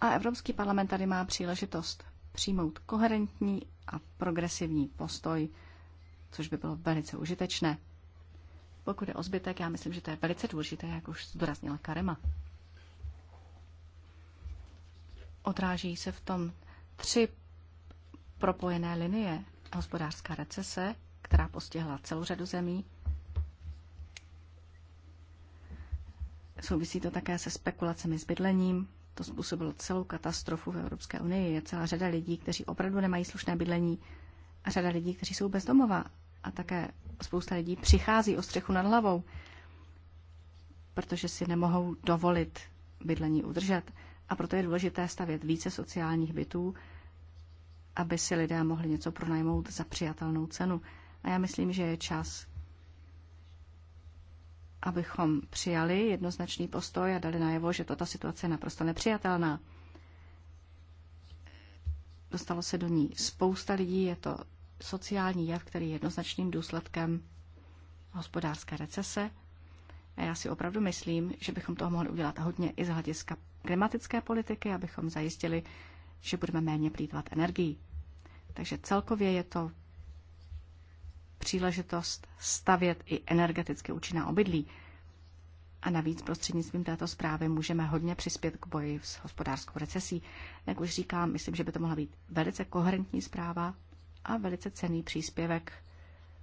A Evropský parlament tady má příležitost přijmout koherentní a progresivní postoj, což by bylo velice užitečné. Pokud je o zbytek, já myslím, že to je velice důležité, jak už zdůraznila Karema. Odráží se v tom tři propojené linie, hospodářská recese, která postihla celou řadu zemí. Souvisí to také se spekulacemi s bydlením. To způsobilo celou katastrofu v Evropské unii. Je celá řada lidí, kteří opravdu nemají slušné bydlení a řada lidí, kteří jsou bezdomová. A také spousta lidí přichází o střechu nad hlavou, protože si nemohou dovolit bydlení udržet. A proto je důležité stavět více sociálních bytů aby si lidé mohli něco pronajmout za přijatelnou cenu. A já myslím, že je čas, abychom přijali jednoznačný postoj a dali najevo, že tato situace je naprosto nepřijatelná. Dostalo se do ní spousta lidí, je to sociální jev, který je jednoznačným důsledkem hospodářské recese. A já si opravdu myslím, že bychom toho mohli udělat hodně i z hlediska klimatické politiky, abychom zajistili, že budeme méně plýtvat energií. Takže celkově je to příležitost stavět i energeticky účinná obydlí. A navíc prostřednictvím této zprávy můžeme hodně přispět k boji s hospodářskou recesí. Jak už říkám, myslím, že by to mohla být velice koherentní zpráva a velice cený příspěvek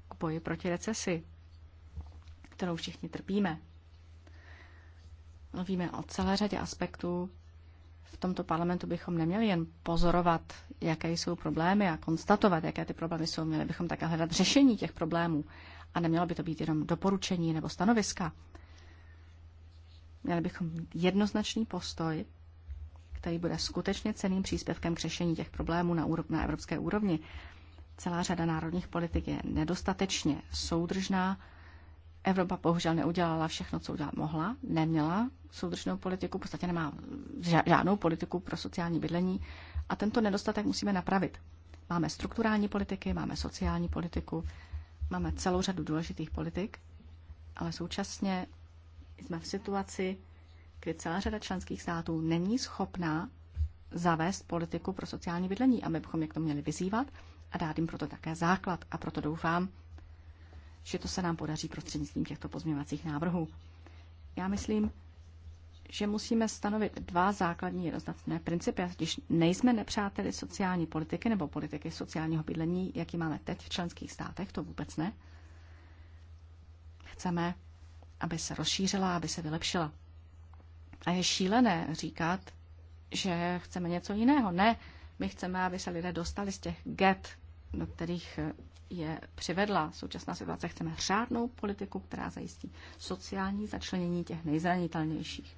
k boji proti recesi, kterou všichni trpíme. Mluvíme o celé řadě aspektů, v tomto parlamentu bychom neměli jen pozorovat, jaké jsou problémy a konstatovat, jaké ty problémy jsou. Měli bychom také hledat řešení těch problémů. A nemělo by to být jenom doporučení nebo stanoviska. Měli bychom jednoznačný postoj, který bude skutečně ceným příspěvkem k řešení těch problémů na, úrov, na evropské úrovni. Celá řada národních politik je nedostatečně soudržná, Evropa bohužel neudělala všechno, co udělat mohla, neměla soudržnou politiku, v podstatě nemá žádnou politiku pro sociální bydlení a tento nedostatek musíme napravit. Máme strukturální politiky, máme sociální politiku, máme celou řadu důležitých politik, ale současně jsme v situaci, kdy celá řada členských států není schopná zavést politiku pro sociální bydlení a my bychom je k tomu měli vyzývat a dát jim proto také základ. A proto doufám, že to se nám podaří prostřednictvím těchto pozměňovacích návrhů. Já myslím, že musíme stanovit dva základní jednoznačné principy. Když nejsme nepřáteli sociální politiky nebo politiky sociálního bydlení, jaký máme teď v členských státech, to vůbec ne. Chceme, aby se rozšířila, aby se vylepšila. A je šílené říkat, že chceme něco jiného. Ne, my chceme, aby se lidé dostali z těch get, do kterých eh, je přivedla současná situace. Chceme řádnou politiku, která zajistí sociální začlenění těch nejzranitelnějších.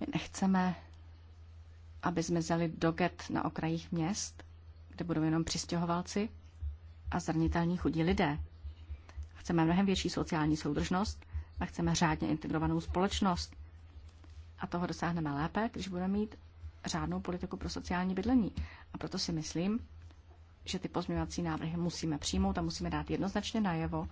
My nechceme, aby zmizeli do get na okrajích měst, kde budou jenom přistěhovalci a zranitelní chudí lidé. Chceme mnohem větší sociální soudržnost a chceme řádně integrovanou společnost. A toho dosáhneme lépe, když budeme mít řádnou politiku pro sociální bydlení. A proto si myslím, že ty pozměňovací návrhy musíme přijmout a musíme dát jednoznačně najevo,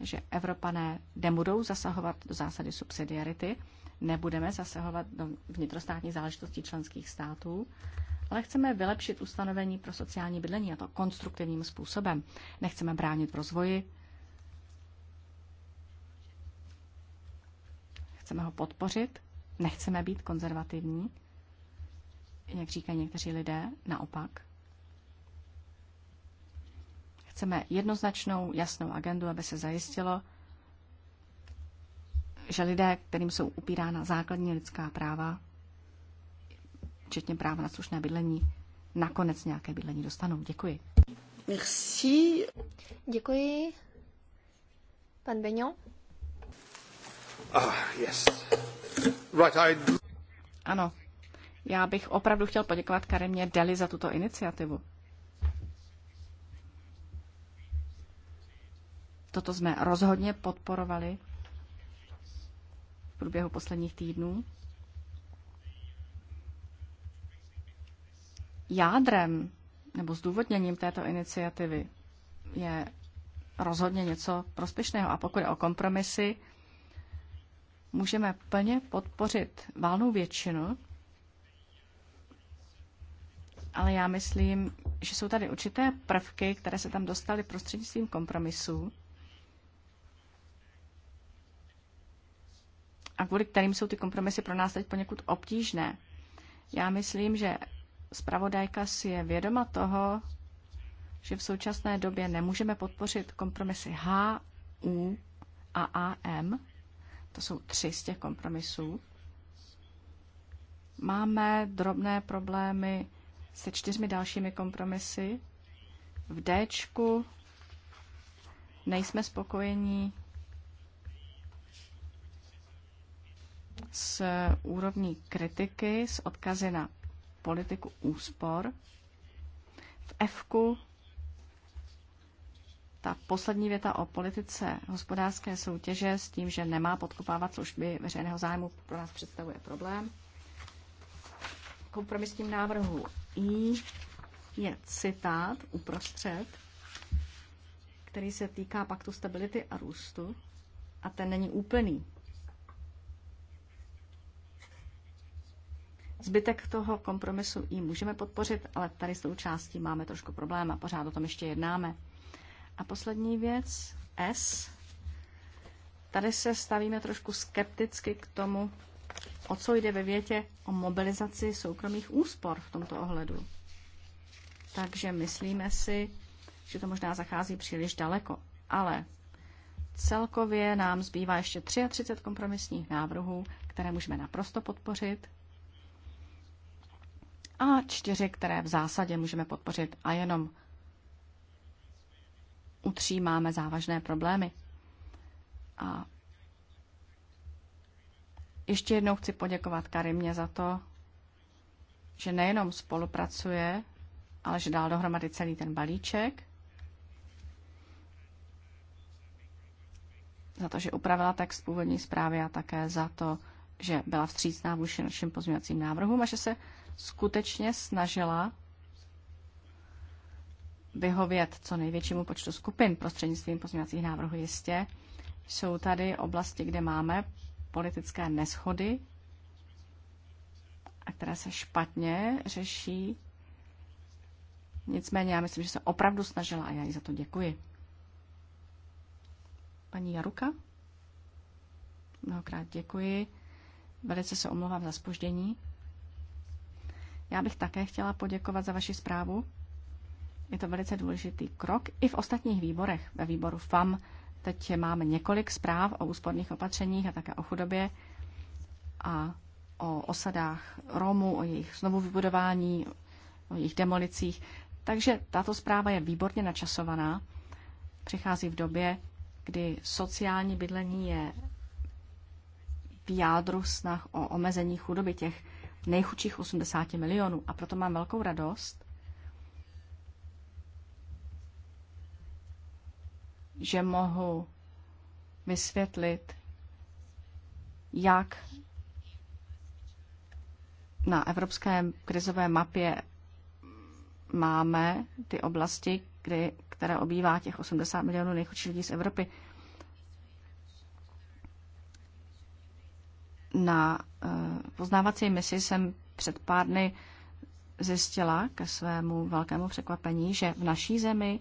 že Evropané nebudou zasahovat do zásady subsidiarity, nebudeme zasahovat do vnitrostátní záležitostí členských států, ale chceme vylepšit ustanovení pro sociální bydlení a to konstruktivním způsobem. Nechceme bránit v rozvoji, chceme ho podpořit, nechceme být konzervativní, jak říkají někteří lidé, naopak. Chceme jednoznačnou, jasnou agendu, aby se zajistilo, že lidé, kterým jsou upírána základní lidská práva, včetně práva na slušné bydlení, nakonec nějaké bydlení dostanou. Děkuji. Merci. Děkuji. Pan Beňo? Ah, yes. Right, I... Ano. Já bych opravdu chtěl poděkovat Karimě Deli za tuto iniciativu. Toto jsme rozhodně podporovali v průběhu posledních týdnů. Jádrem nebo zdůvodněním této iniciativy je rozhodně něco prospěšného. A pokud je o kompromisy, můžeme plně podpořit válnou většinu, ale já myslím, že jsou tady určité prvky, které se tam dostaly prostřednictvím kompromisů, a kvůli kterým jsou ty kompromisy pro nás teď poněkud obtížné. Já myslím, že zpravodajka si je vědoma toho, že v současné době nemůžeme podpořit kompromisy H, U a AM. To jsou tři z těch kompromisů. Máme drobné problémy se čtyřmi dalšími kompromisy. V D nejsme spokojení s úrovní kritiky, s odkazy na politiku úspor. V f ta poslední věta o politice hospodářské soutěže s tím, že nemá podkopávat služby veřejného zájmu, pro nás představuje problém. Kompromisním návrhu I je citát uprostřed, který se týká paktu stability a růstu a ten není úplný. Zbytek toho kompromisu i můžeme podpořit, ale tady s tou částí máme trošku problém a pořád o tom ještě jednáme. A poslední věc, S. Tady se stavíme trošku skepticky k tomu, o co jde ve větě o mobilizaci soukromých úspor v tomto ohledu. Takže myslíme si, že to možná zachází příliš daleko. Ale celkově nám zbývá ještě 33 kompromisních návrhů, které můžeme naprosto podpořit a čtyři, které v zásadě můžeme podpořit a jenom u tří máme závažné problémy. A ještě jednou chci poděkovat Karimě za to, že nejenom spolupracuje, ale že dal dohromady celý ten balíček, za to, že upravila text původní zprávy a také za to, že byla vstřícná vůči našim pozměňovacím návrhům a že se skutečně snažila vyhovět co největšímu počtu skupin prostřednictvím pozměňovacích návrhů jistě. Jsou tady oblasti, kde máme politické neschody a které se špatně řeší. Nicméně já myslím, že se opravdu snažila a já jí za to děkuji. Paní Jaruka? Mnohokrát děkuji. Velice se omlouvám za spoždění. Já bych také chtěla poděkovat za vaši zprávu. Je to velice důležitý krok. I v ostatních výborech, ve výboru FAM, teď máme několik zpráv o úsporných opatřeních a také o chudobě a o osadách Romů, o jejich znovu vybudování, o jejich demolicích. Takže tato zpráva je výborně načasovaná. Přichází v době, kdy sociální bydlení je v jádru snah o omezení chudoby těch nejchudších 80 milionů. A proto mám velkou radost, že mohu vysvětlit, jak na evropské krizové mapě máme ty oblasti, kdy, které obývá těch 80 milionů nejchudších lidí z Evropy. Na eh, poznávací misi jsem před pár dny zjistila ke svému velkému překvapení, že v naší zemi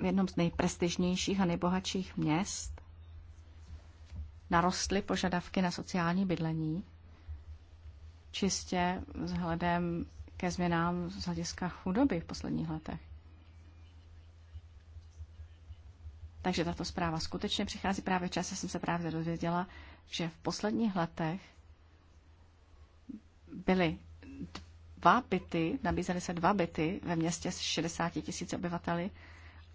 v jednom z nejprestižnějších a nejbohatších měst narostly požadavky na sociální bydlení, čistě vzhledem ke změnám z hlediska chudoby v posledních letech. Takže tato zpráva skutečně přichází právě čas, jsem se právě dozvěděla, že v posledních letech byly dva byty, nabízely se dva byty ve městě s 60 tisíc obyvateli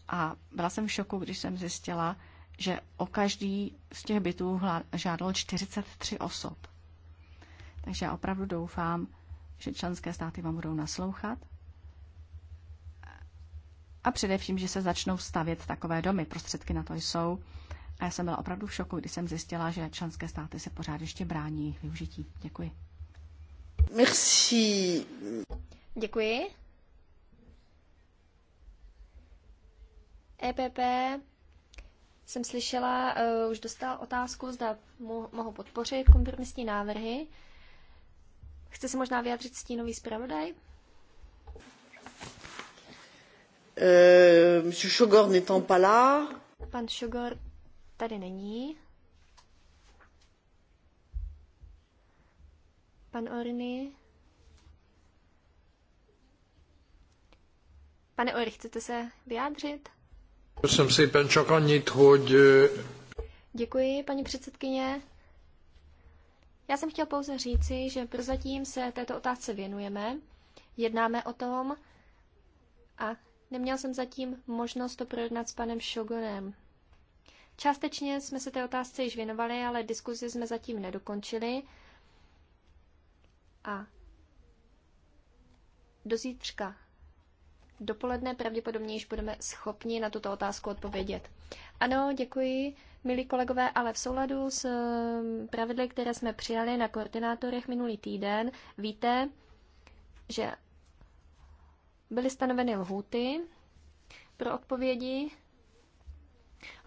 a byla jsem v šoku, když jsem zjistila, že o každý z těch bytů žádalo 43 osob. Takže já opravdu doufám, že členské státy vám budou naslouchat a především, že se začnou stavět takové domy. Prostředky na to jsou a já jsem byla opravdu v šoku, když jsem zjistila, že členské státy se pořád ještě brání jejich využití. Děkuji. Merci. Děkuji. EPP jsem slyšela, uh, už dostal otázku, zda mo- mohu podpořit kompromisní návrhy. Chce se možná vyjádřit stínový zpravodaj? Uh, Monsieur Chogor n'étant pas là. Pan Chogor tady není. Pan Orny. Pane Orny, chcete se vyjádřit? Jsem si pen čakanit, hogy... Eh. Děkuji, paní předsedkyně. Já jsem chtěl pouze říci, že prozatím se této otázce věnujeme, jednáme o tom a neměl jsem zatím možnost to projednat s panem Šogunem. Částečně jsme se té otázce již věnovali, ale diskuzi jsme zatím nedokončili. A do zítřka dopoledne pravděpodobně již budeme schopni na tuto otázku odpovědět. Ano, děkuji, milí kolegové, ale v souladu s um, pravidly, které jsme přijali na koordinátorech minulý týden, víte, že byly stanoveny lhůty pro odpovědi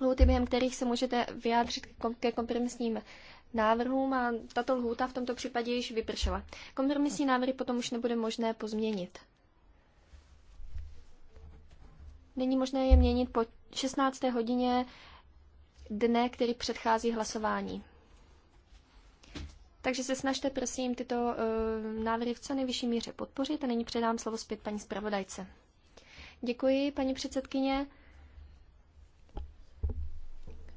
lhůty, během kterých se můžete vyjádřit ke kompromisním návrhům a tato lhůta v tomto případě již vypršela. Kompromisní návrhy potom už nebude možné pozměnit. Není možné je měnit po 16. hodině dne, který předchází hlasování. Takže se snažte, prosím, tyto uh, návrhy v co nejvyšší míře podpořit a nyní předám slovo zpět paní zpravodajce. Děkuji, paní předsedkyně.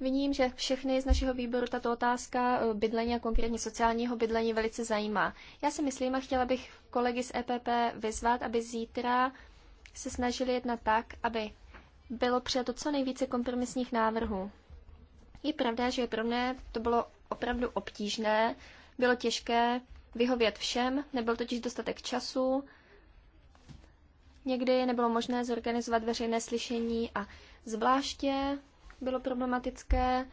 Vidím, že všechny z našeho výboru tato otázka eh, bydlení a konkrétně sociálního bydlení velice zajímá. Já si myslím a chtěla bych kolegy z EPP vyzvat, aby zítra se snažili jednat tak, aby bylo přijato co nejvíce kompromisních návrhů. Je pravda, že pro mě to bylo opravdu obtížné, bylo těžké vyhovět všem, nebyl totiž dostatek času, někdy nebylo možné zorganizovat veřejné slyšení a zvláště bylo problematické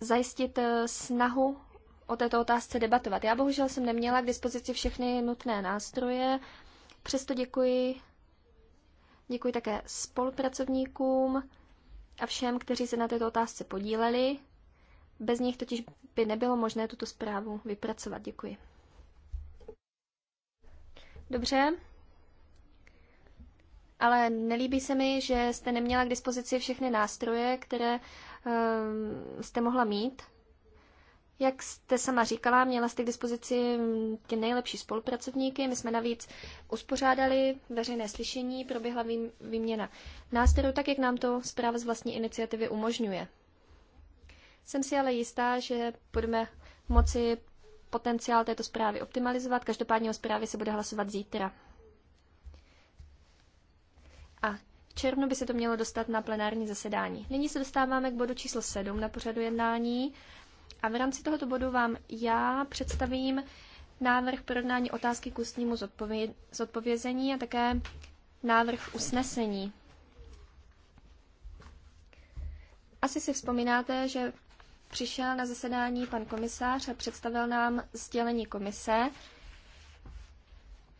zajistit eh, snahu o této otázce debatovat. Já bohužel jsem neměla k dispozici všechny nutné nástroje, přesto děkuji. Děkuji také spolupracovníkům a všem, kteří se na této otázce podíleli. Bez nich totiž by nebylo možné tuto zprávu vypracovat. Děkuji. Dobře, ale nelíbí se mi, že jste neměla k dispozici všechny nástroje, které um, jste mohla mít. Jak jste sama říkala, měla jste k dispozici mm, ty nejlepší spolupracovníky. My jsme navíc uspořádali veřejné slyšení, proběhla výměna nástrojů, tak jak nám to zpráva z vlastní iniciativy umožňuje. Jsem si ale jistá, že budeme moci potenciál této zprávy optimalizovat. Každopádně o zprávě se bude hlasovat zítra. A v červnu by se to mělo dostat na plenární zasedání. Nyní se dostáváme k bodu číslo 7 na pořadu jednání. A v rámci tohoto bodu vám já představím návrh porovnání otázky k ústnímu zodpově- zodpovězení a také návrh usnesení. Asi si vzpomínáte, že přišel na zasedání pan komisář a představil nám sdělení komise,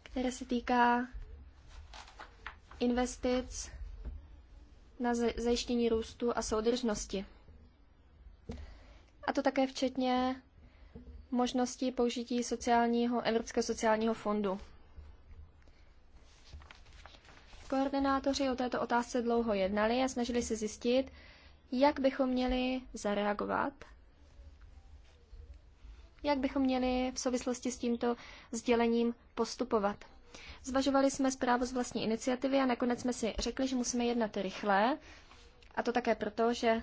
které se týká investic na zajištění růstu a soudržnosti. A to také včetně možnosti použití sociálního, Evropského sociálního fondu. Koordinátoři o této otázce dlouho jednali a snažili se zjistit, jak bychom měli zareagovat, jak bychom měli v souvislosti s tímto sdělením postupovat. Zvažovali jsme zprávu z vlastní iniciativy a nakonec jsme si řekli, že musíme jednat rychle. A to také proto, že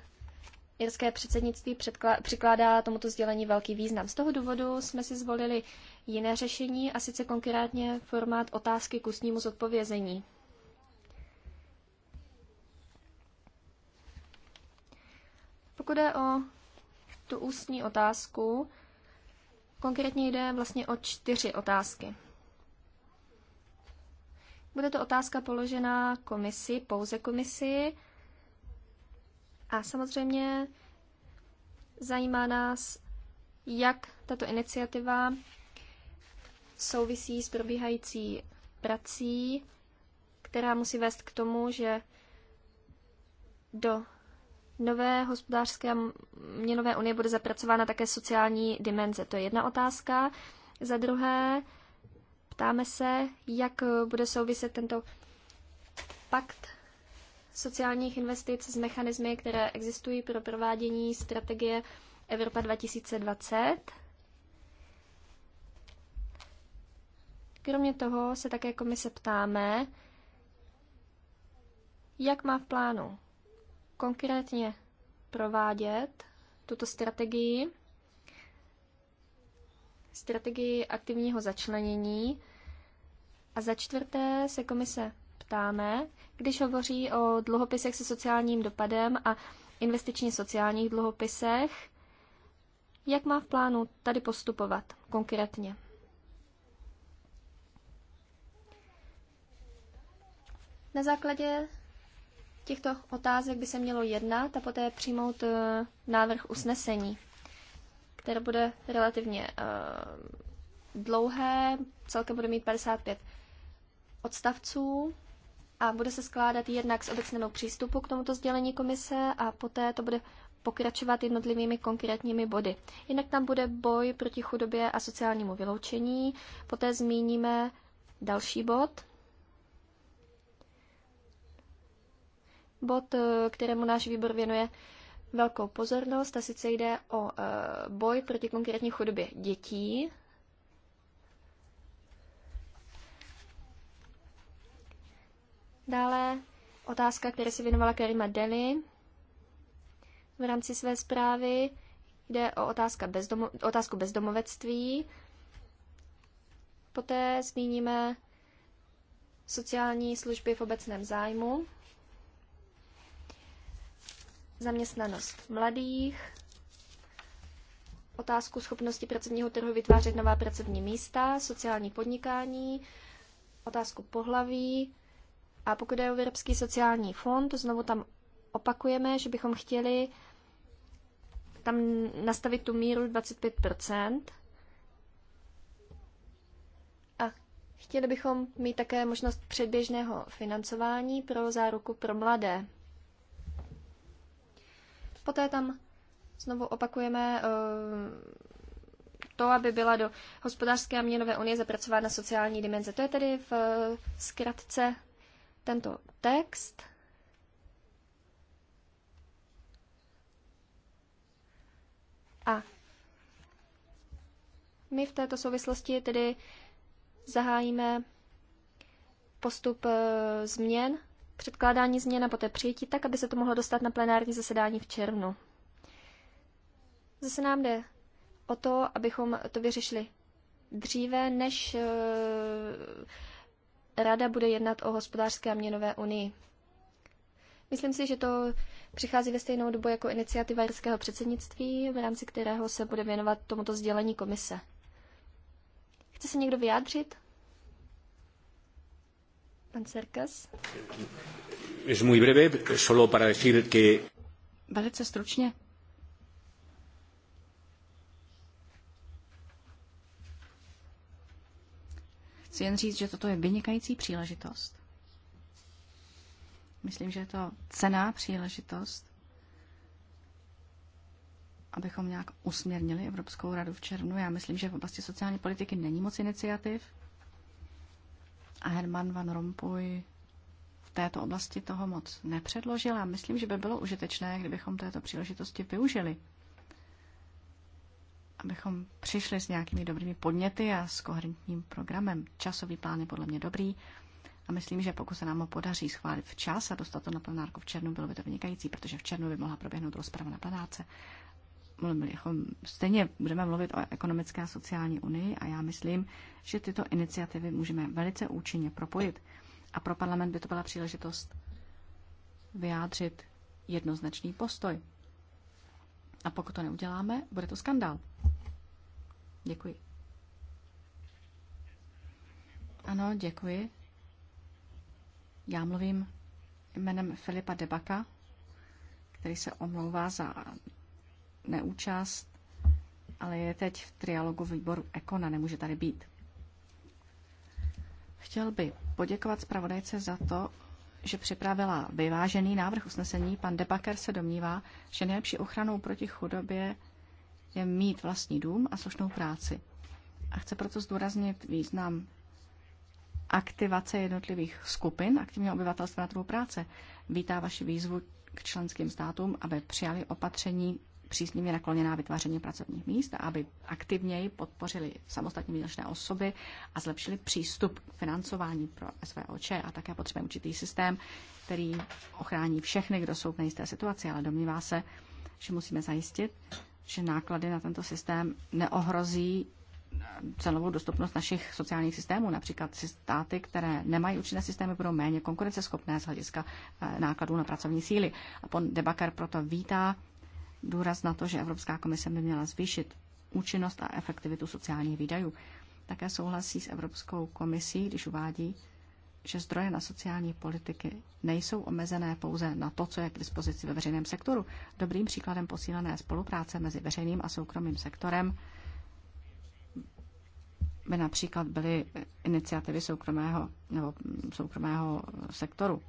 irské předsednictví přikládá tomuto sdělení velký význam. Z toho důvodu jsme si zvolili jiné řešení, a sice konkrétně formát otázky k ústnímu zodpovězení. Pokud jde o tu ústní otázku, konkrétně jde vlastně o čtyři otázky. Bude to otázka položená komisi, pouze komisi. A samozřejmě zajímá nás, jak tato iniciativa souvisí s probíhající prací, která musí vést k tomu, že do nové hospodářské a měnové unie bude zapracována také sociální dimenze. To je jedna otázka. Za druhé, Ptáme se, jak bude souviset tento pakt sociálních investic s mechanismy, které existují pro provádění strategie Evropa 2020. Kromě toho se také komise ptáme, jak má v plánu konkrétně provádět tuto strategii strategii aktivního začlenění. A za čtvrté se komise ptáme, když hovoří o dluhopisech se sociálním dopadem a investičně sociálních dluhopisech, jak má v plánu tady postupovat konkrétně? Na základě těchto otázek by se mělo jednat a poté přijmout eh, návrh usnesení které bude relativně uh, dlouhé, celkem bude mít 55 odstavců a bude se skládat jednak z obecného přístupu k tomuto sdělení komise a poté to bude pokračovat jednotlivými konkrétními body. Jinak tam bude boj proti chudobě a sociálnímu vyloučení, poté zmíníme další bod, bod, eh, kterému náš výbor věnuje velkou pozornost a sice jde o eh, boj proti konkrétní chudobě dětí. Dále otázka, které se věnovala Karima Deli v rámci své zprávy. Jde o otázka bezdomo- otázku bezdomovectví. Poté zmíníme sociální služby v obecném zájmu zaměstnanost mladých, otázku schopnosti pracovního trhu vytvářet nová pracovní místa, sociální podnikání, otázku pohlaví. A pokud je o Evropský sociální fond, znovu tam opakujeme, že bychom chtěli tam nastavit tu míru 25 a chtěli bychom mít také možnost předběžného financování pro záruku pro mladé. Poté tam znovu opakujeme eh, to, aby byla do hospodářské a měnové unie zapracována sociální dimenze. To je tedy v eh, zkratce tento text. A my v této souvislosti tedy zahájíme postup eh, změn předkládání změn a poté přijetí tak, aby se to mohlo dostat na plenární zasedání v červnu. Zase nám jde o to, abychom to vyřešili dříve, než eh, Rada bude jednat o hospodářské a měnové unii. Myslím si, že to přichází ve stejnou dobu jako iniciativa irského předsednictví, v rámci kterého se bude věnovat tomuto sdělení komise. Chce se někdo vyjádřit? Velice stručně. Chci jen říct, že toto je vynikající příležitost. Myslím, že je to cená příležitost, abychom nějak usměrnili Evropskou radu v červnu. Já myslím, že v oblasti sociální politiky není moc iniciativ a Herman Van Rompuy v této oblasti toho moc nepředložil a myslím, že by bylo užitečné, kdybychom této příležitosti využili. Abychom přišli s nějakými dobrými podněty a s koherentním programem. Časový plán je podle mě dobrý a myslím, že pokud se nám ho podaří schválit včas a dostat to na plenárku v černu, bylo by to vynikající, protože v černu by mohla proběhnout rozprava na plenáce stejně budeme mluvit o ekonomické a sociální unii a já myslím, že tyto iniciativy můžeme velice účinně propojit. A pro parlament by to byla příležitost vyjádřit jednoznačný postoj. A pokud to neuděláme, bude to skandál. Děkuji. Ano, děkuji. Já mluvím jménem Filipa Debaka, který se omlouvá za neúčast, ale je teď v trialogu výboru Ekona, nemůže tady být. Chtěl by poděkovat zpravodajce za to, že připravila vyvážený návrh usnesení. Pan Debaker se domnívá, že nejlepší ochranou proti chudobě je mít vlastní dům a slušnou práci. A chce proto zdůraznit význam aktivace jednotlivých skupin aktivního obyvatelstva na trhu práce. Vítá vaši výzvu k členským státům, aby přijali opatření příznivě nakloněná vytváření pracovních míst a aby aktivněji podpořili samostatně výdělečné osoby a zlepšili přístup k financování pro SVOČ a také potřebujeme určitý systém, který ochrání všechny, kdo jsou v nejisté situaci, ale domnívá se, že musíme zajistit, že náklady na tento systém neohrozí cenovou dostupnost našich sociálních systémů. Například státy, které nemají účinné systémy, budou méně konkurenceschopné z hlediska eh, nákladů na pracovní síly. A pan Debaker proto vítá důraz na to, že Evropská komise by měla zvýšit účinnost a efektivitu sociálních výdajů. Také souhlasí s Evropskou komisí, když uvádí, že zdroje na sociální politiky nejsou omezené pouze na to, co je k dispozici ve veřejném sektoru. Dobrým příkladem posílené spolupráce mezi veřejným a soukromým sektorem by například byly iniciativy soukromého, nebo soukromého sektoru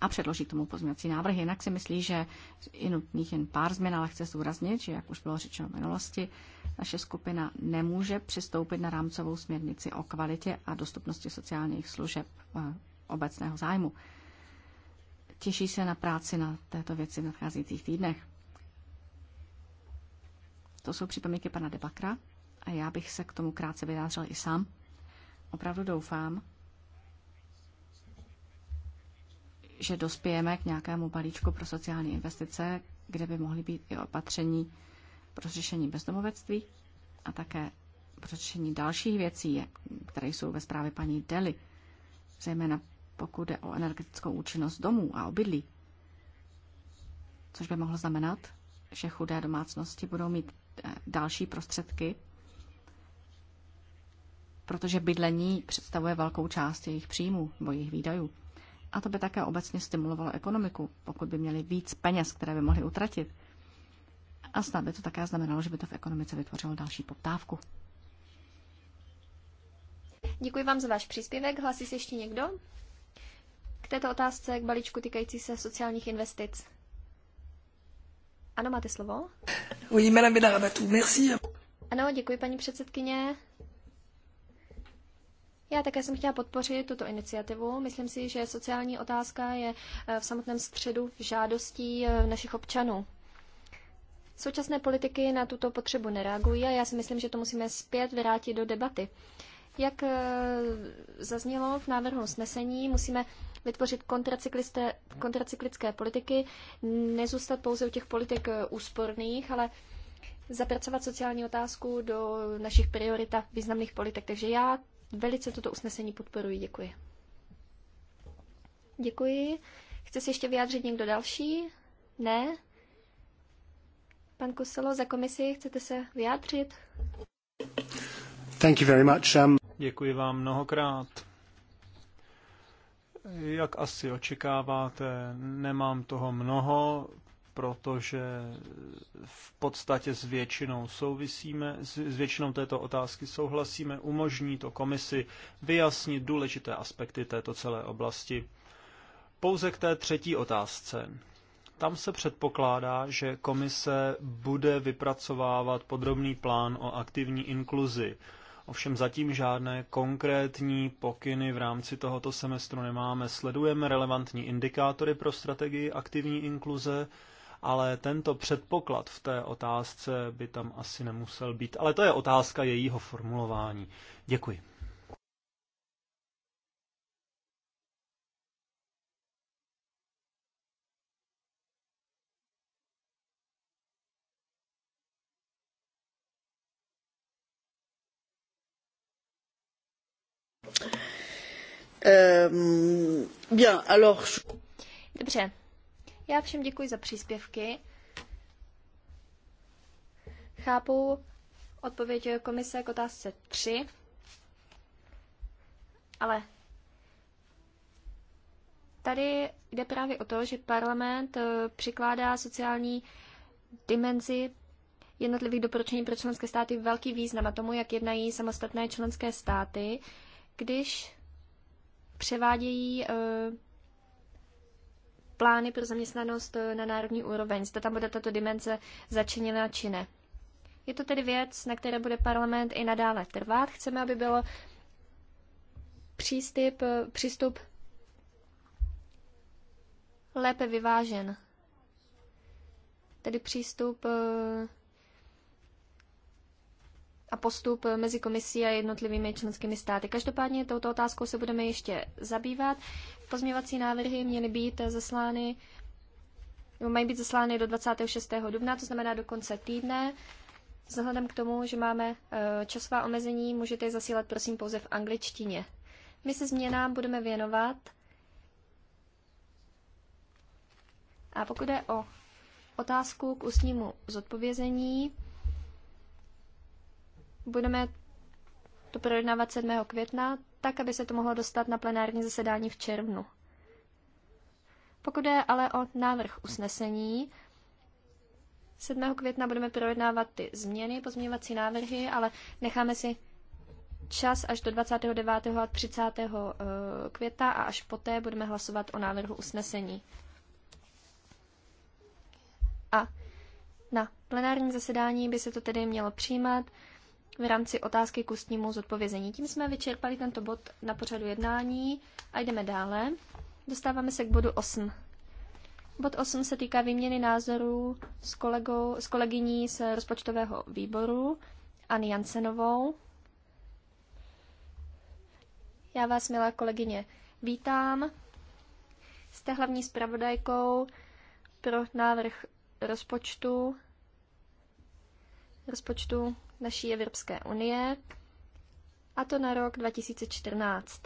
a předloží k tomu pozměňovací návrh. Jinak si myslí, že je nutných jen pár změn, ale chce zdůraznit, že jak už bylo řečeno v minulosti, naše skupina nemůže přistoupit na rámcovou směrnici o kvalitě a dostupnosti sociálních služeb eh, obecného zájmu. Těší se na práci na této věci v nadcházejících týdnech. To jsou připomínky pana Debakra a já bych se k tomu krátce vyjádřil i sám. Opravdu doufám, že dospějeme k nějakému balíčku pro sociální investice, kde by mohly být i opatření pro řešení bezdomovectví a také pro řešení dalších věcí, které jsou ve zprávě paní Deli, zejména pokud jde o energetickou účinnost domů a obydlí, což by mohlo znamenat, že chudé domácnosti budou mít eh, další prostředky, protože bydlení představuje velkou část jejich příjmů nebo jejich výdajů. A to by také obecně stimulovalo ekonomiku, pokud by měli víc peněz, které by mohli utratit. A snad by to také znamenalo, že by to v ekonomice vytvořilo další poptávku. Děkuji vám za váš příspěvek. Hlasí se ještě někdo? K této otázce, k balíčku týkající se sociálních investic. Ano, máte slovo? Oui, madame Benarabatou, merci. Ano, děkuji paní předsedkyně. Já také jsem chtěla podpořit tuto iniciativu. Myslím si, že sociální otázka je eh, v samotném středu žádostí eh, našich občanů. Současné politiky na tuto potřebu nereagují a já si myslím, že to musíme zpět vrátit do debaty. Jak eh, zaznělo v návrhu usnesení, musíme vytvořit kontracyklické politiky, nezůstat pouze u těch politik úsporných, ale zapracovat sociální otázku do našich priorit a významných politik. Takže já velice toto usnesení podporuji. Děkuji. Děkuji. Chce se ještě vyjádřit někdo další? Ne? Pan Kuselo, za komisi chcete se vyjádřit? Thank you very much. Um... Děkuji vám mnohokrát. Jak asi očekáváte, nemám toho mnoho protože v podstatě s většinou souvisíme, s většinou této otázky souhlasíme, umožní to komisi vyjasnit důležité aspekty této celé oblasti. Pouze k té třetí otázce. Tam se předpokládá, že komise bude vypracovávat podrobný plán o aktivní inkluzi. Ovšem zatím žádné konkrétní pokyny v rámci tohoto semestru nemáme. Sledujeme relevantní indikátory pro strategii aktivní inkluze, ale tento předpoklad v té otázce by tam asi nemusel být. Ale to je otázka jejího formulování. Děkuji. Ehm, Dobře, já všem děkuji za příspěvky. Chápu odpověď komise k otázce 3, ale tady jde právě o to, že parlament eh, přikládá sociální dimenzi jednotlivých doporučení pro členské státy velký význam a tomu, jak jednají samostatné členské státy, když převádějí eh, plány pro zaměstnanost eh, na národní úroveň. Zda tam bude tato dimenze začleněna či ne. Je to tedy věc, na které bude parlament i nadále trvat. Chceme, aby bylo přístup, eh, přístup lépe vyvážen. Tedy přístup eh, a postup mezi komisí a jednotlivými členskými státy. Každopádně touto otázkou se budeme ještě zabývat. Pozměvací návrhy měly být zaslány, nebo mají být zaslány do 26. dubna, to znamená do konce týdne. Vzhledem k tomu, že máme eh, časová omezení, můžete je zasílat prosím pouze v angličtině. My se změnám budeme věnovat. A pokud je o otázku k ústnímu zodpovězení, Budeme to projednávat 7. května, tak aby se to mohlo dostat na plenární zasedání v červnu. Pokud je ale o návrh usnesení, 7. května budeme projednávat ty změny, pozměňovací návrhy, ale necháme si čas až do 29. a 30. Eh, května a až poté budeme hlasovat o návrhu usnesení. A na plenární zasedání by se to tedy mělo přijímat v rámci otázky k ústnímu zodpovězení. Tím jsme vyčerpali tento bod na pořadu jednání a jdeme dále. Dostáváme se k bodu 8. Bod 8 se týká výměny názorů s, kolegou, s kolegyní z rozpočtového výboru, Ani Jansenovou. Já vás, milá kolegyně, vítám. Jste hlavní zpravodajkou pro návrh rozpočtu, rozpočtu naší Evropské unie, a to na rok 2014.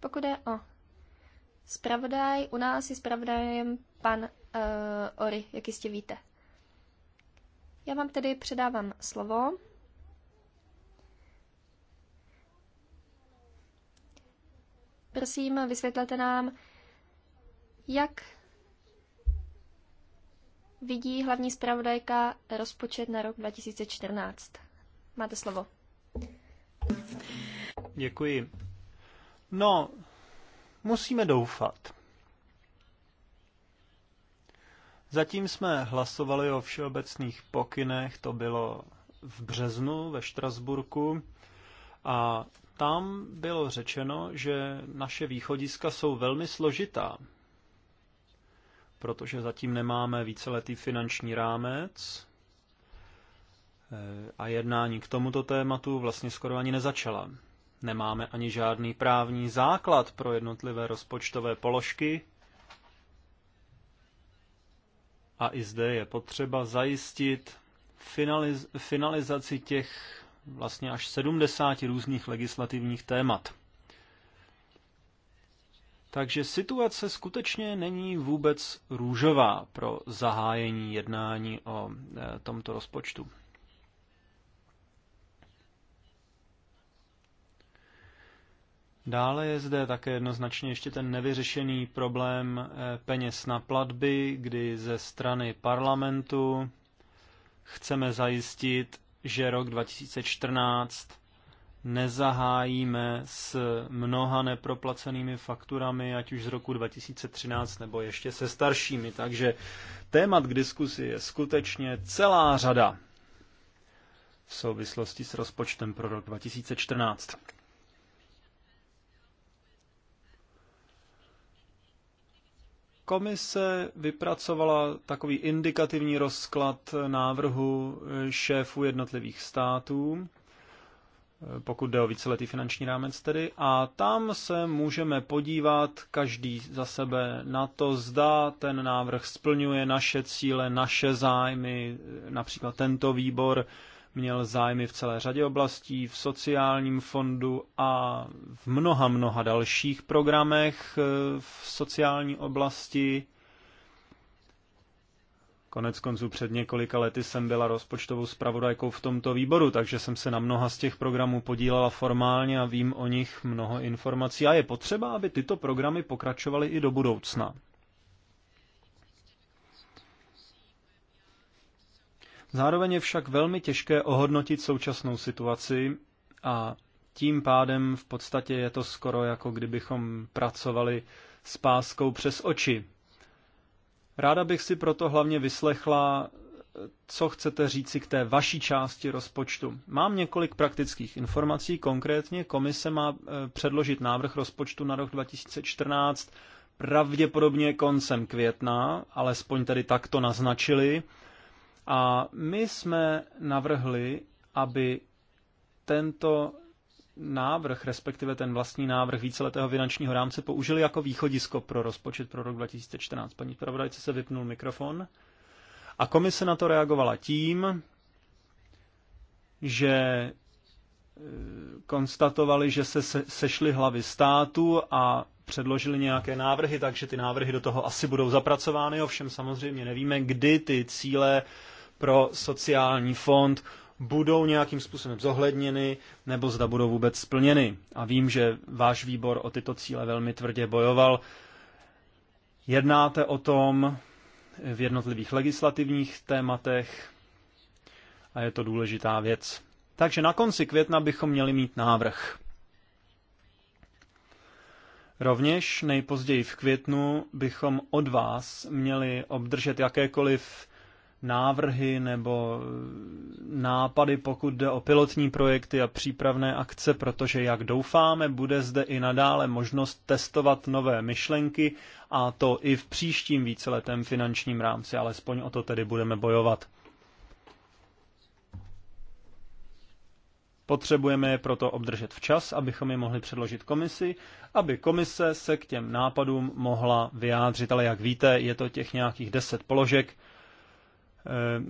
Pokud je o zpravodaj, u nás je zpravodajem pan uh, eh, Ory, jak jistě víte. Já vám tedy předávám slovo. Prosím, vysvětlete nám, jak vidí hlavní zpravodajka rozpočet na rok 2014. Máte slovo. Děkuji. No, musíme doufat. Zatím jsme hlasovali o všeobecných pokynech, to bylo v březnu ve Štrasburku a tam bylo řečeno, že naše východiska jsou velmi složitá, protože zatím nemáme víceletý finanční rámec eh, a jednání k tomuto tématu vlastně skoro ani nezačala. Nemáme ani žádný právní základ pro jednotlivé rozpočtové položky a i zde je potřeba zajistit finaliz- finalizaci těch vlastně až 70 různých legislativních témat. Takže situace skutečně není vůbec růžová pro zahájení jednání o e, tomto rozpočtu. Dále je zde také jednoznačně ještě ten nevyřešený problém e, peněz na platby, kdy ze strany parlamentu chceme zajistit, že rok 2014 nezahájíme s mnoha neproplacenými fakturami, ať už z roku 2013 nebo ještě se staršími. Takže témat k diskusi je skutečně celá řada v souvislosti s rozpočtem pro rok 2014. Komise vypracovala takový indikativní rozklad návrhu šéfů jednotlivých států, pokud jde o víceletý finanční rámec tedy, a tam se můžeme podívat každý za sebe na to, zda ten návrh splňuje naše cíle, naše zájmy, například tento výbor měl zájmy v celé řadě oblastí, v sociálním fondu a v mnoha, mnoha dalších programech eh, v sociální oblasti. Konec konců před několika lety jsem byla rozpočtovou zpravodajkou v tomto výboru, takže jsem se na mnoha z těch programů podílela formálně a vím o nich mnoho informací. A je potřeba, aby tyto programy pokračovaly i do budoucna. Zároveň je však velmi těžké ohodnotit současnou situaci a tím pádem v podstatě je to skoro jako kdybychom pracovali s páskou přes oči. Ráda bych si proto hlavně vyslechla, co chcete říci k té vaší části rozpočtu. Mám několik praktických informací, konkrétně komise má eh, předložit návrh rozpočtu na rok 2014 pravděpodobně koncem května, alespoň tedy tak to naznačili, a my jsme navrhli, aby tento návrh, respektive ten vlastní návrh víceletého finančního rámce použili jako východisko pro rozpočet pro rok 2014. Paní zpravodajce se vypnul mikrofon a komise na to reagovala tím, že eh, konstatovali, že se sešly hlavy státu a předložili nějaké návrhy, takže ty návrhy do toho asi budou zapracovány, ovšem samozřejmě nevíme, kdy ty cíle pro sociální fond budou nějakým způsobem zohledněny nebo zda budou vůbec splněny. A vím, že váš výbor o tyto cíle velmi tvrdě bojoval. Jednáte o tom v jednotlivých legislativních tématech a je to důležitá věc. Takže na konci května bychom měli mít návrh. Rovněž nejpozději v květnu bychom od vás měli obdržet jakékoliv návrhy nebo nápady, pokud jde o pilotní projekty a přípravné akce, protože, jak doufáme, bude zde i nadále možnost testovat nové myšlenky a to i v příštím víceletém finančním rámci, alespoň o to tedy budeme bojovat. Potřebujeme je proto obdržet včas, abychom je mohli předložit komisi, aby komise se k těm nápadům mohla vyjádřit. Ale jak víte, je to těch nějakých deset položek,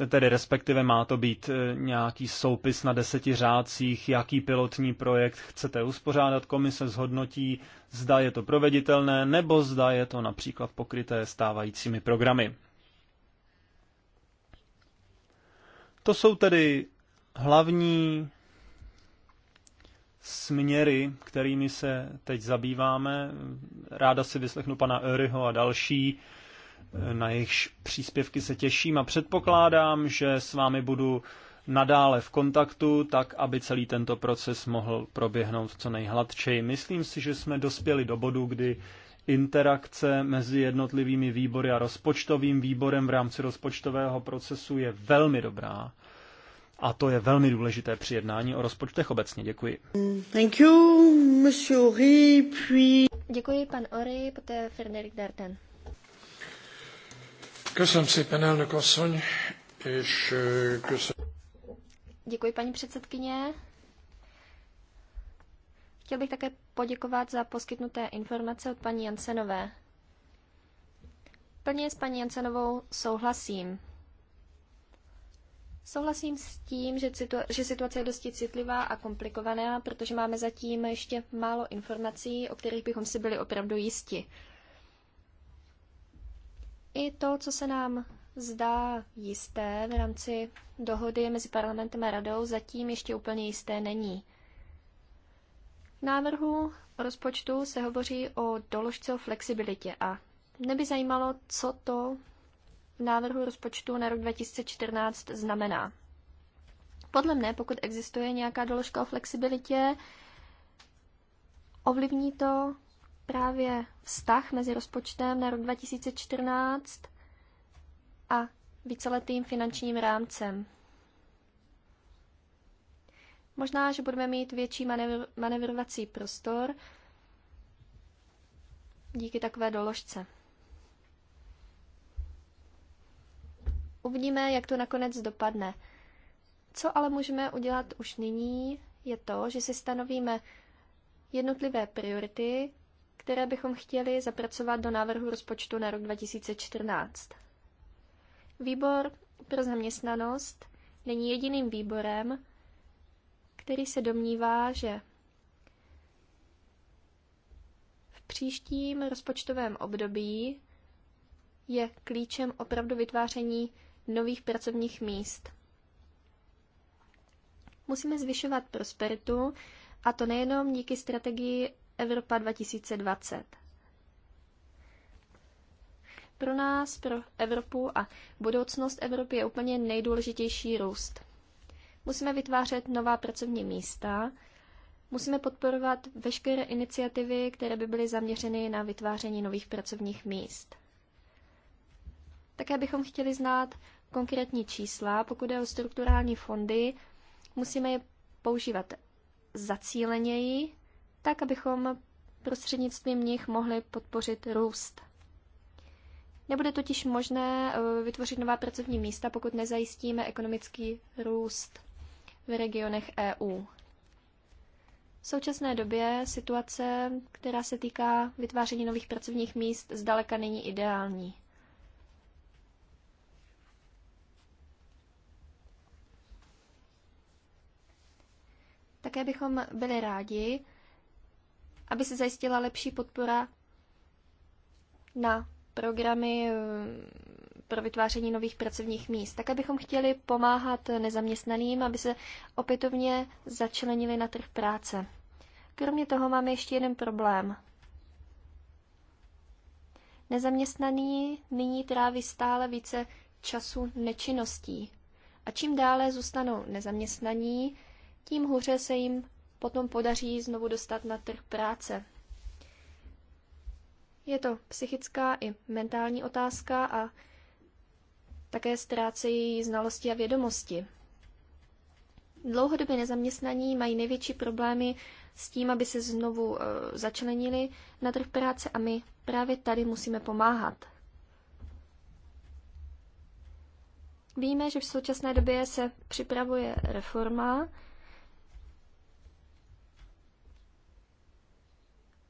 Eh, tedy respektive má to být eh, nějaký soupis na deseti řádcích, jaký pilotní projekt chcete uspořádat, komise zhodnotí, zda je to proveditelné, nebo zda je to například pokryté stávajícími programy. To jsou tedy hlavní směry, kterými se teď zabýváme. Ráda si vyslechnu pana Öryho a další, na jejichž příspěvky se těším a předpokládám, že s vámi budu nadále v kontaktu, tak aby celý tento proces mohl proběhnout co nejhladčeji. Myslím si, že jsme dospěli do bodu, kdy interakce mezi jednotlivými výbory a rozpočtovým výborem v rámci rozpočtového procesu je velmi dobrá. A to je velmi důležité při jednání o rozpočtech obecně. Děkuji. Thank you, monsieur Ori, puis... Děkuji, pan Ory, poté Frederik Darten. Köszönöm szépen, elnök asszony, és köszönöm. Děkuji, paní předsedkyně. Chtěl bych také poděkovat za poskytnuté informace od paní Jansenové. Plně s paní Jansenovou souhlasím. Souhlasím s tím, že, situa- že situace je dosti citlivá a komplikovaná, protože máme zatím ještě málo informací, o kterých bychom si byli opravdu jisti. I to, co se nám zdá jisté v rámci dohody mezi parlamentem a radou, zatím ještě úplně jisté není. V návrhu rozpočtu se hovoří o doložce o flexibilitě a mě by zajímalo, co to v návrhu rozpočtu na rok 2014 znamená. Podle mne, pokud existuje nějaká doložka o flexibilitě, ovlivní to právě vztah mezi rozpočtem na rok 2014 a víceletým finančním rámcem. Možná, že budeme mít větší manevr- manevrovací prostor díky takové doložce. Uvidíme, jak to nakonec dopadne. Co ale můžeme udělat už nyní, je to, že si stanovíme jednotlivé priority které bychom chtěli zapracovat do návrhu rozpočtu na rok 2014. Výbor pro zaměstnanost není jediným výborem, který se domnívá, že v příštím rozpočtovém období je klíčem opravdu vytváření nových pracovních míst. Musíme zvyšovat prosperitu, a to nejenom díky strategii Evropa 2020. Pro nás, pro Evropu a budoucnost Evropy je úplně nejdůležitější růst. Musíme vytvářet nová pracovní místa, musíme podporovat veškeré iniciativy, které by byly zaměřeny na vytváření nových pracovních míst. Také bychom chtěli znát konkrétní čísla, pokud je o strukturální fondy, musíme je používat zacíleněji tak abychom prostřednictvím nich mohli podpořit růst. Nebude totiž možné eh, vytvořit nová pracovní místa, pokud nezajistíme ekonomický růst v regionech EU. V současné době situace, která se týká vytváření nových pracovních míst, zdaleka není ideální. Také bychom byli rádi, aby se zajistila lepší podpora na programy eh, pro vytváření nových pracovních míst. Tak, abychom chtěli pomáhat nezaměstnaným, aby se opětovně začlenili na trh práce. Kromě toho máme ještě jeden problém. Nezaměstnaní nyní tráví stále více času nečinností. A čím dále zůstanou nezaměstnaní, tím hůře se jim potom podaří znovu dostat na trh práce. Je to psychická i mentální otázka a také ztrácejí znalosti a vědomosti. Dlouhodobě nezaměstnaní mají největší problémy s tím, aby se znovu eh, začlenili na trh práce a my právě tady musíme pomáhat. Víme, že v současné době se připravuje reforma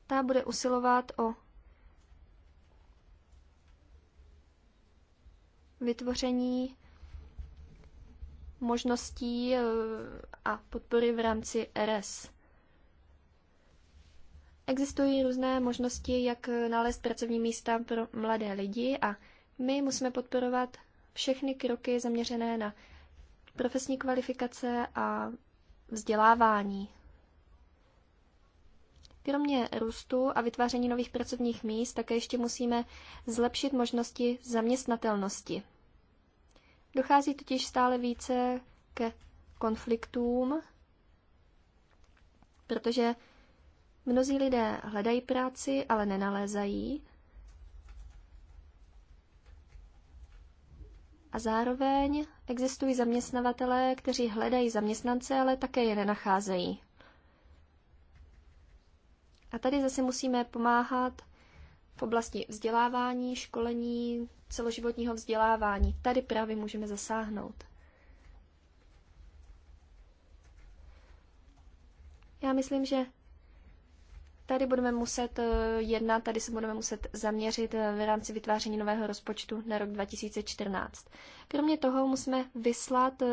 Ta bude usilovat o vytvoření možností eh, a podpory v rámci RS. Existují různé možnosti, jak nalézt pracovní místa pro mladé lidi a my musíme podporovat všechny kroky zaměřené na profesní kvalifikace a vzdělávání. Kromě růstu a vytváření nových pracovních míst také ještě musíme zlepšit možnosti zaměstnatelnosti. Dochází totiž stále více ke konfliktům, protože mnozí lidé hledají práci, ale nenalézají. A zároveň existují zaměstnavatelé, kteří hledají zaměstnance, ale také je nenacházejí. A tady zase musíme pomáhat v oblasti vzdělávání, školení, celoživotního vzdělávání. Tady právě můžeme zasáhnout. Já myslím, že tady budeme muset eh, jednat, tady se budeme muset zaměřit eh, v rámci vytváření nového rozpočtu na rok 2014. Kromě toho musíme vyslat eh,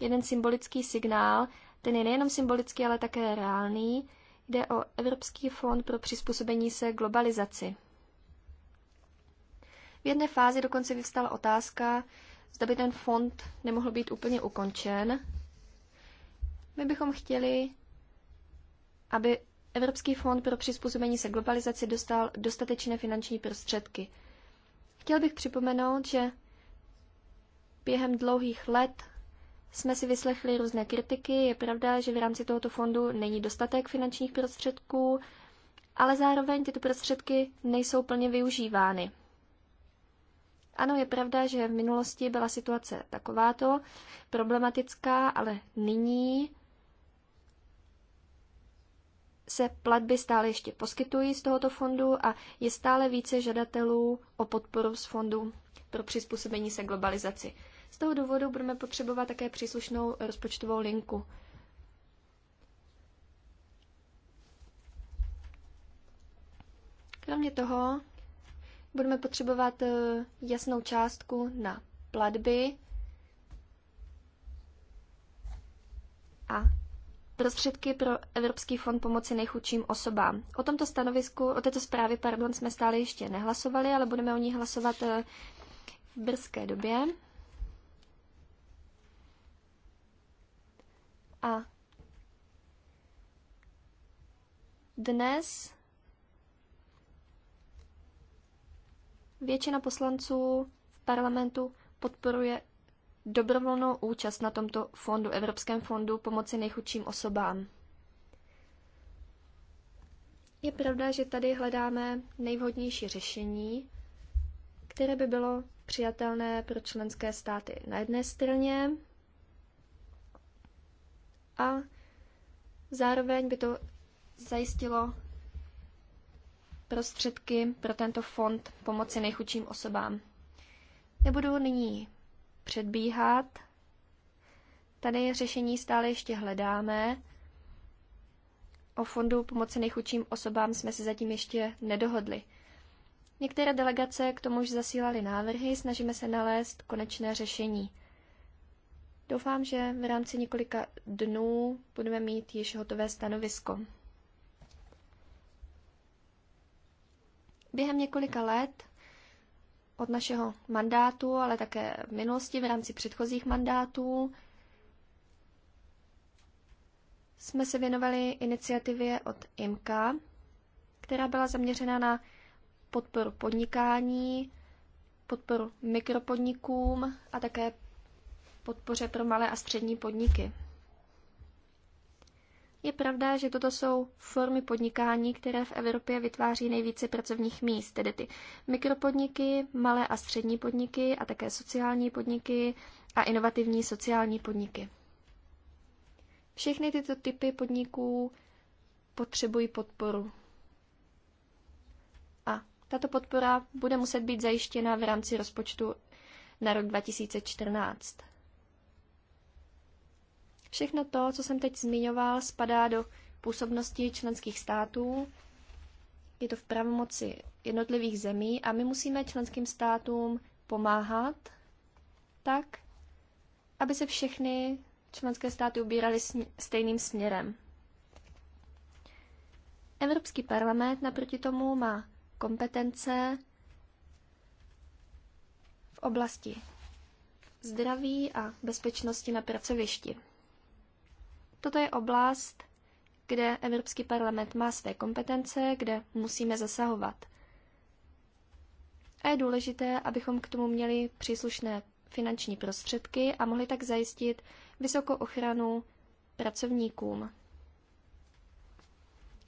jeden symbolický signál, ten je nejenom symbolický, ale také reálný, Jde o Evropský fond pro přizpůsobení se globalizaci. V jedné fázi dokonce vyvstala otázka, zda by ten fond nemohl být úplně ukončen. My bychom chtěli, aby Evropský fond pro přizpůsobení se globalizaci dostal dostatečné finanční prostředky. Chtěl bych připomenout, že během dlouhých let jsme si vyslechli různé kritiky. Je pravda, že v rámci tohoto fondu není dostatek finančních prostředků, ale zároveň tyto prostředky nejsou plně využívány. Ano, je pravda, že v minulosti byla situace takováto, problematická, ale nyní se platby stále ještě poskytují z tohoto fondu a je stále více žadatelů o podporu z fondu pro přizpůsobení se globalizaci. Z toho důvodu budeme potřebovat také příslušnou rozpočtovou linku. Kromě toho budeme potřebovat eh, jasnou částku na platby a prostředky pro Evropský fond pomoci nejchudším osobám. O tomto stanovisku, o této zprávě, pardon, jsme stále ještě nehlasovali, ale budeme o ní hlasovat eh, v brzké době. A dnes většina poslanců v parlamentu podporuje dobrovolnou účast na tomto fondu, Evropském fondu pomoci nejchudším osobám. Je pravda, že tady hledáme nejvhodnější řešení, které by bylo přijatelné pro členské státy. Na jedné straně a zároveň by to zajistilo prostředky pro tento fond pomoci nejchudším osobám. Nebudu nyní předbíhat. Tady řešení stále ještě hledáme. O fondu pomoci nejchudším osobám jsme se zatím ještě nedohodli. Některé delegace k tomu už zasílali návrhy, snažíme se nalézt konečné řešení. Doufám, že v rámci několika dnů budeme mít již hotové stanovisko. Během několika let od našeho mandátu, ale také v minulosti v rámci předchozích mandátů, jsme se věnovali iniciativě od IMKA, která byla zaměřena na podporu podnikání, podporu mikropodnikům a také podpoře pro malé a střední podniky. Je pravda, že toto jsou formy podnikání, které v Evropě vytváří nejvíce pracovních míst, tedy ty mikropodniky, malé a střední podniky a také sociální podniky a inovativní sociální podniky. Všechny tyto typy podniků potřebují podporu. A tato podpora bude muset být zajištěna v rámci rozpočtu na rok 2014. Všechno to, co jsem teď zmiňoval, spadá do působnosti členských států, je to v pravomoci jednotlivých zemí a my musíme členským státům pomáhat tak, aby se všechny členské státy ubíraly stejným směrem. Evropský parlament naproti tomu má kompetence v oblasti zdraví a bezpečnosti na pracovišti. Toto je oblast, kde Evropský parlament má své kompetence, kde musíme zasahovat. A je důležité, abychom k tomu měli příslušné finanční prostředky a mohli tak zajistit vysokou ochranu pracovníkům.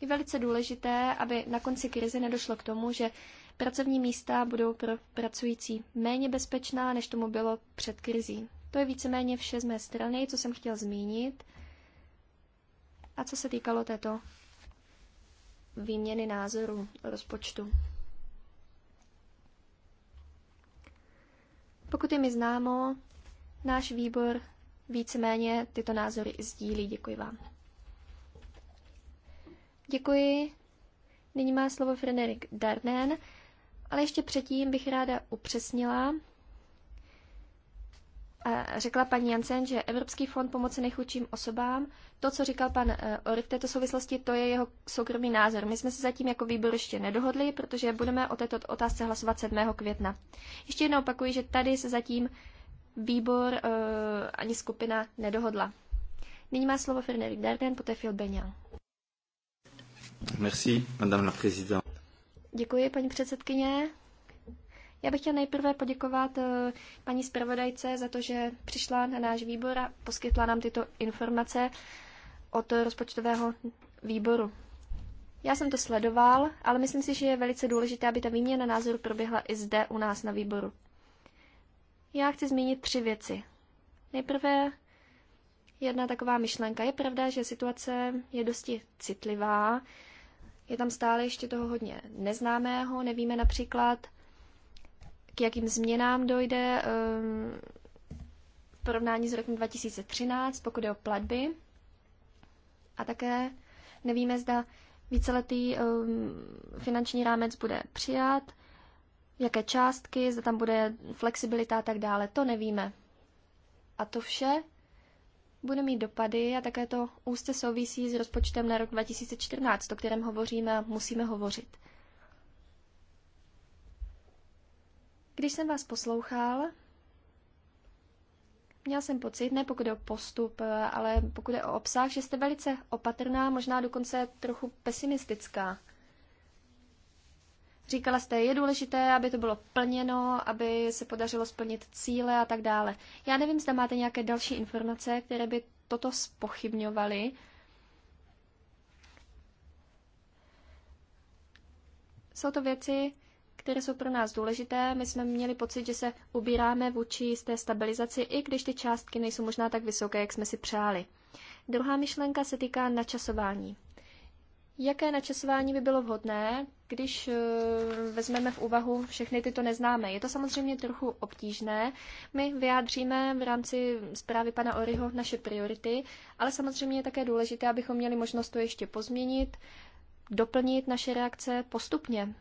Je velice důležité, aby na konci krize nedošlo k tomu, že pracovní místa budou pro pracující méně bezpečná, než tomu bylo před krizí. To je víceméně vše z mé strany, co jsem chtěl zmínit. A co se týkalo této výměny názorů rozpočtu. Pokud je mi známo, náš výbor víceméně tyto názory sdílí. Děkuji vám. Děkuji. Nyní má slovo Frederik Darnen, ale ještě předtím bych ráda upřesnila, řekla paní Jansen, že Evropský fond pomoci nechudším osobám, to, co říkal pan eh, Ory v této souvislosti, to je jeho soukromý názor. My jsme se zatím jako výbor ještě nedohodli, protože budeme o této otázce hlasovat 7. května. Ještě jednou opakuji, že tady se zatím výbor eh, ani skupina nedohodla. Nyní má slovo Frederik Darden, poté Phil Benjan. Merci, madame la présidente. Děkuji, paní předsedkyně. Já bych chtěla nejprve poděkovat eh, paní zpravodajce za to, že přišla na náš výbor a poskytla nám tyto informace od rozpočtového výboru. Já jsem to sledoval, ale myslím si, že je velice důležité, aby ta výměna názoru proběhla i zde u nás na výboru. Já chci zmínit tři věci. Nejprve jedna taková myšlenka. Je pravda, že situace je dosti citlivá. Je tam stále ještě toho hodně neznámého. Nevíme například, k jakým změnám dojde ehm, v porovnání s rokem 2013, pokud je o platby. A také nevíme, zda víceletý ehm, finanční rámec bude přijat, jaké částky, zda tam bude flexibilita a tak dále. To nevíme. A to vše bude mít dopady a také to úzce souvisí s rozpočtem na rok 2014, o kterém hovoříme a musíme hovořit. Když jsem vás poslouchal, měl jsem pocit, ne pokud je o postup, ale pokud je o obsah, že jste velice opatrná, možná dokonce trochu pesimistická. Říkala jste, je důležité, aby to bylo plněno, aby se podařilo splnit cíle a tak dále. Já nevím, zda máte nějaké další informace, které by toto spochybňovaly. Jsou to věci, které jsou pro nás důležité. My jsme měli pocit, že se ubíráme vůči jisté stabilizaci, i když ty částky nejsou možná tak vysoké, jak jsme si přáli. Druhá myšlenka se týká načasování. Jaké načasování by bylo vhodné, když eh, vezmeme v úvahu všechny tyto neznámé? Je to samozřejmě trochu obtížné. My vyjádříme v rámci zprávy pana Oriho naše priority, ale samozřejmě je také důležité, abychom měli možnost to ještě pozměnit, doplnit naše reakce postupně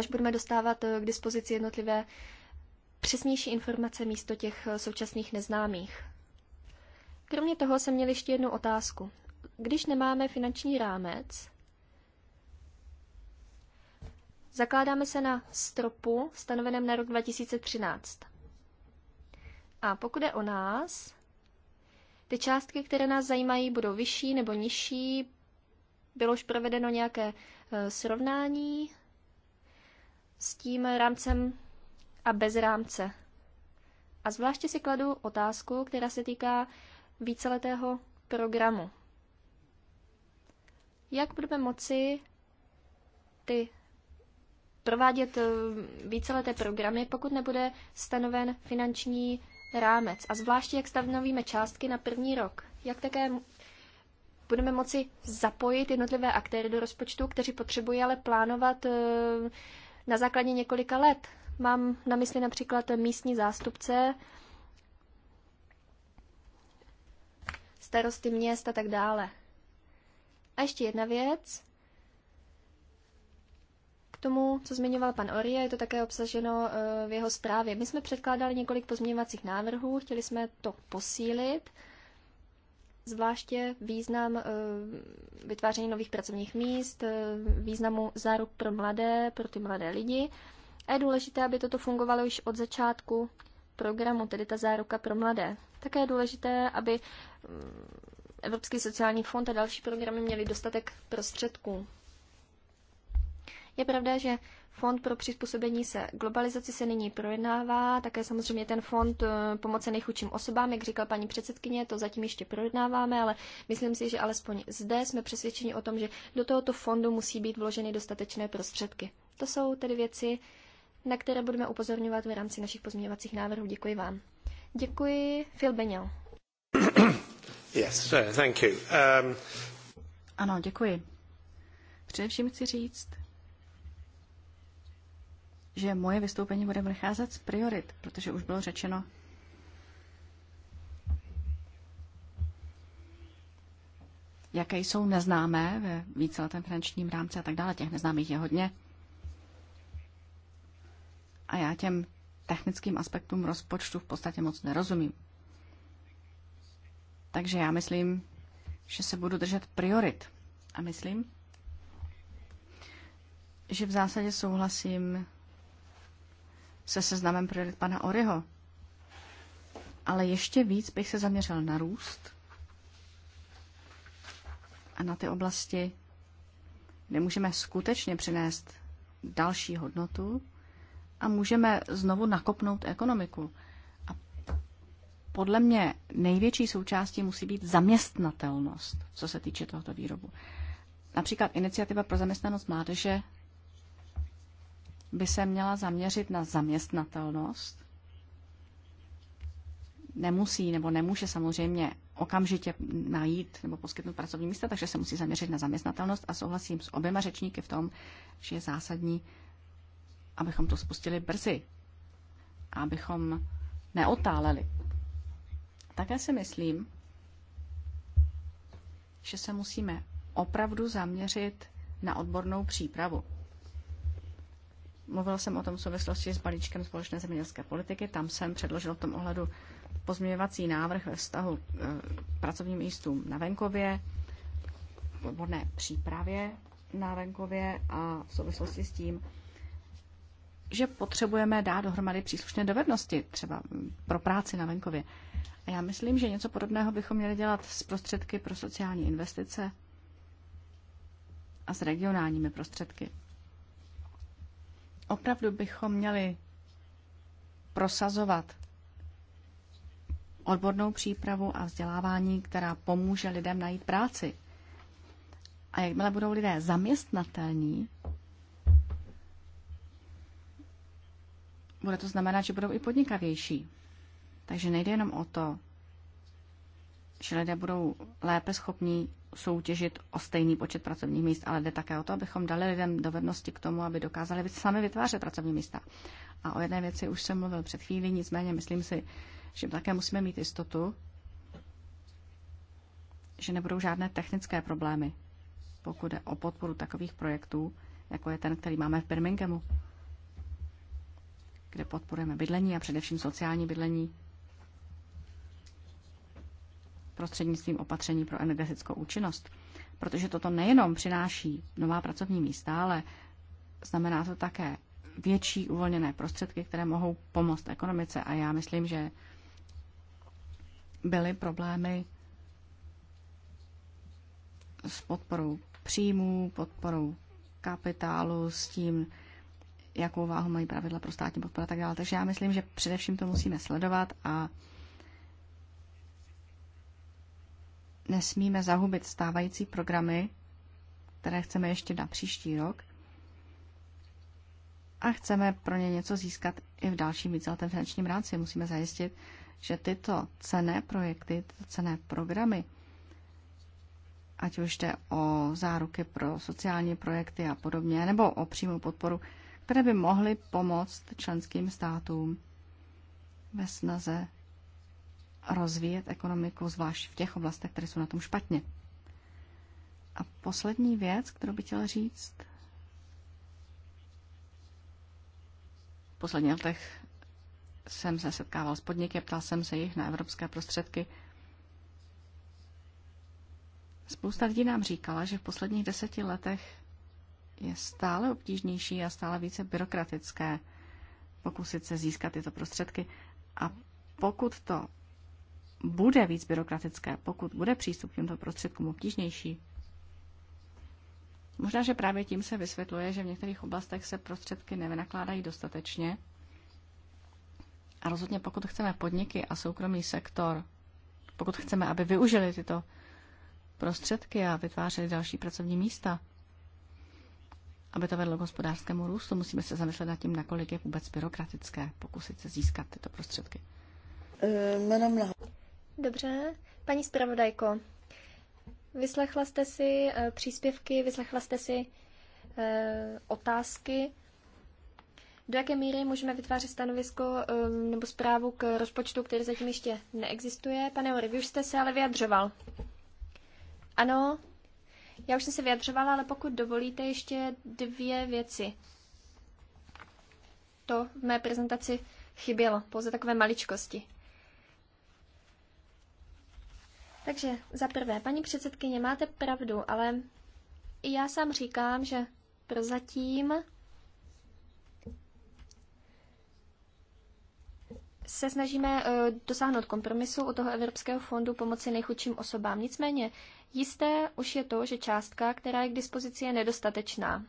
až budeme dostávat eh, k dispozici jednotlivé přesnější informace místo těch eh, současných neznámých. Kromě toho jsem měl ještě jednu otázku. Když nemáme finanční rámec, zakládáme se na stropu stanoveném na rok 2013. A pokud je o nás, ty částky, které nás zajímají, budou vyšší nebo nižší, bylo už provedeno nějaké eh, srovnání, s tím rámcem a bez rámce. A zvláště si kladu otázku, která se týká víceletého programu. Jak budeme moci ty provádět eh, víceleté programy, pokud nebude stanoven finanční rámec. A zvláště, jak stanovíme částky na první rok. Jak také budeme moci zapojit jednotlivé aktéry do rozpočtu, kteří potřebují ale plánovat eh, na základě několika let. Mám na mysli například místní zástupce, starosty měst a tak dále. A ještě jedna věc. K tomu, co zmiňoval pan Orie, je to také obsaženo eh, v jeho zprávě. My jsme předkládali několik pozměňovacích návrhů, chtěli jsme to posílit zvláště význam eh, vytváření nových pracovních míst, eh, významu záruk pro mladé, pro ty mladé lidi. A je důležité, aby toto fungovalo již od začátku programu, tedy ta záruka pro mladé. Také je důležité, aby mm, Evropský sociální fond a další programy měly dostatek prostředků. Je pravda, že Fond pro přizpůsobení se globalizaci se nyní projednává, také samozřejmě ten fond eh, pomoce nejchudším osobám, jak říkal paní předsedkyně, to zatím ještě projednáváme, ale myslím si, že alespoň zde jsme přesvědčeni o tom, že do tohoto fondu musí být vloženy dostatečné prostředky. To jsou tedy věci, na které budeme upozorňovat v rámci našich pozměňovacích návrhů. Děkuji vám. Děkuji, Phil Beniel. Yes, thank you. Um... Ano, děkuji. Především chci říct, že moje vystoupení bude vycházet z priorit, protože už bylo řečeno, jaké jsou neznámé ve víceletém finančním rámci a tak dále. Těch neznámých je hodně. A já těm technickým aspektům rozpočtu v podstatě moc nerozumím. Takže já myslím, že se budu držet priorit. A myslím, že v zásadě souhlasím se seznamem priorit pana Oryho. Ale ještě víc bych se zaměřil na růst a na ty oblasti, kde můžeme skutečně přinést další hodnotu a můžeme znovu nakopnout ekonomiku. A podle mě největší součástí musí být zaměstnatelnost, co se týče tohoto výrobu. Například iniciativa pro zaměstnanost mládeže by se měla zaměřit na zaměstnatelnost. Nemusí nebo nemůže samozřejmě okamžitě najít nebo poskytnout pracovní místa, takže se musí zaměřit na zaměstnatelnost a souhlasím s oběma řečníky v tom, že je zásadní, abychom to spustili brzy, abychom neotáleli. Také si myslím, že se musíme opravdu zaměřit na odbornou přípravu. Mluvil jsem o tom v souvislosti s balíčkem společné zemědělské politiky. Tam jsem předložil v tom ohledu pozměňovací návrh ve vztahu k e, pracovním místům na venkově, odborné přípravě na venkově a v souvislosti s tím, že potřebujeme dát dohromady příslušné dovednosti, třeba pro práci na venkově. A já myslím, že něco podobného bychom měli dělat s prostředky pro sociální investice a s regionálními prostředky. Opravdu bychom měli prosazovat odbornou přípravu a vzdělávání, která pomůže lidem najít práci. A jakmile budou lidé zaměstnatelní, bude to znamenat, že budou i podnikavější. Takže nejde jenom o to, že lidé budou lépe schopní soutěžit o stejný počet pracovních míst, ale jde také o to, abychom dali lidem dovednosti k tomu, aby dokázali sami vytvářet pracovní místa. A o jedné věci už jsem mluvil před chvílí, nicméně myslím si, že také musíme mít jistotu, že nebudou žádné technické problémy, pokud je o podporu takových projektů, jako je ten, který máme v Birminghamu, kde podporujeme bydlení a především sociální bydlení prostřednictvím opatření pro energetickou účinnost. Protože toto nejenom přináší nová pracovní místa, ale znamená to také větší uvolněné prostředky, které mohou pomoct ekonomice. A já myslím, že byly problémy s podporou příjmů, podporou kapitálu, s tím, jakou váhu mají pravidla pro státní podporu a tak dále. Takže já myslím, že především to musíme sledovat a nesmíme zahubit stávající programy, které chceme ještě na příští rok a chceme pro ně něco získat i v dalším víceletém finančním rámci. Musíme zajistit, že tyto cené projekty, tyto cené programy, ať už jde o záruky pro sociální projekty a podobně, nebo o přímou podporu, které by mohly pomoct členským státům ve snaze rozvíjet ekonomiku, zvlášť v těch oblastech, které jsou na tom špatně. A poslední věc, kterou bych chtěla říct, v posledních letech jsem se setkával s podniky a ptal jsem se jich na evropské prostředky. Spousta lidí nám říkala, že v posledních deseti letech je stále obtížnější a stále více byrokratické pokusit se získat tyto prostředky. A pokud to bude víc byrokratické, pokud bude přístup k těmto prostředkům obtížnější. Možná, že právě tím se vysvětluje, že v některých oblastech se prostředky nevynakládají dostatečně. A rozhodně, pokud chceme podniky a soukromý sektor, pokud chceme, aby využili tyto prostředky a vytvářeli další pracovní místa, aby to vedlo k hospodářskému růstu, musíme se zamyslet nad tím, nakolik je vůbec byrokratické pokusit se získat tyto prostředky. Eh, Dobře. Paní zpravodajko, vyslechla jste si eh, příspěvky, vyslechla jste si eh, otázky. Do jaké míry můžeme vytvářet stanovisko eh, nebo zprávu k rozpočtu, který zatím ještě neexistuje? Pane Ory, vy už jste se ale vyjadřoval. Ano, já už jsem se vyjadřovala, ale pokud dovolíte ještě dvě věci. To v mé prezentaci chybělo, pouze takové maličkosti. Takže za prvé, paní předsedkyně, máte pravdu, ale i já sám říkám, že prozatím se snažíme eh, dosáhnout kompromisu u toho Evropského fondu pomoci nejchudším osobám. Nicméně jisté už je to, že částka, která je k dispozici, je nedostatečná.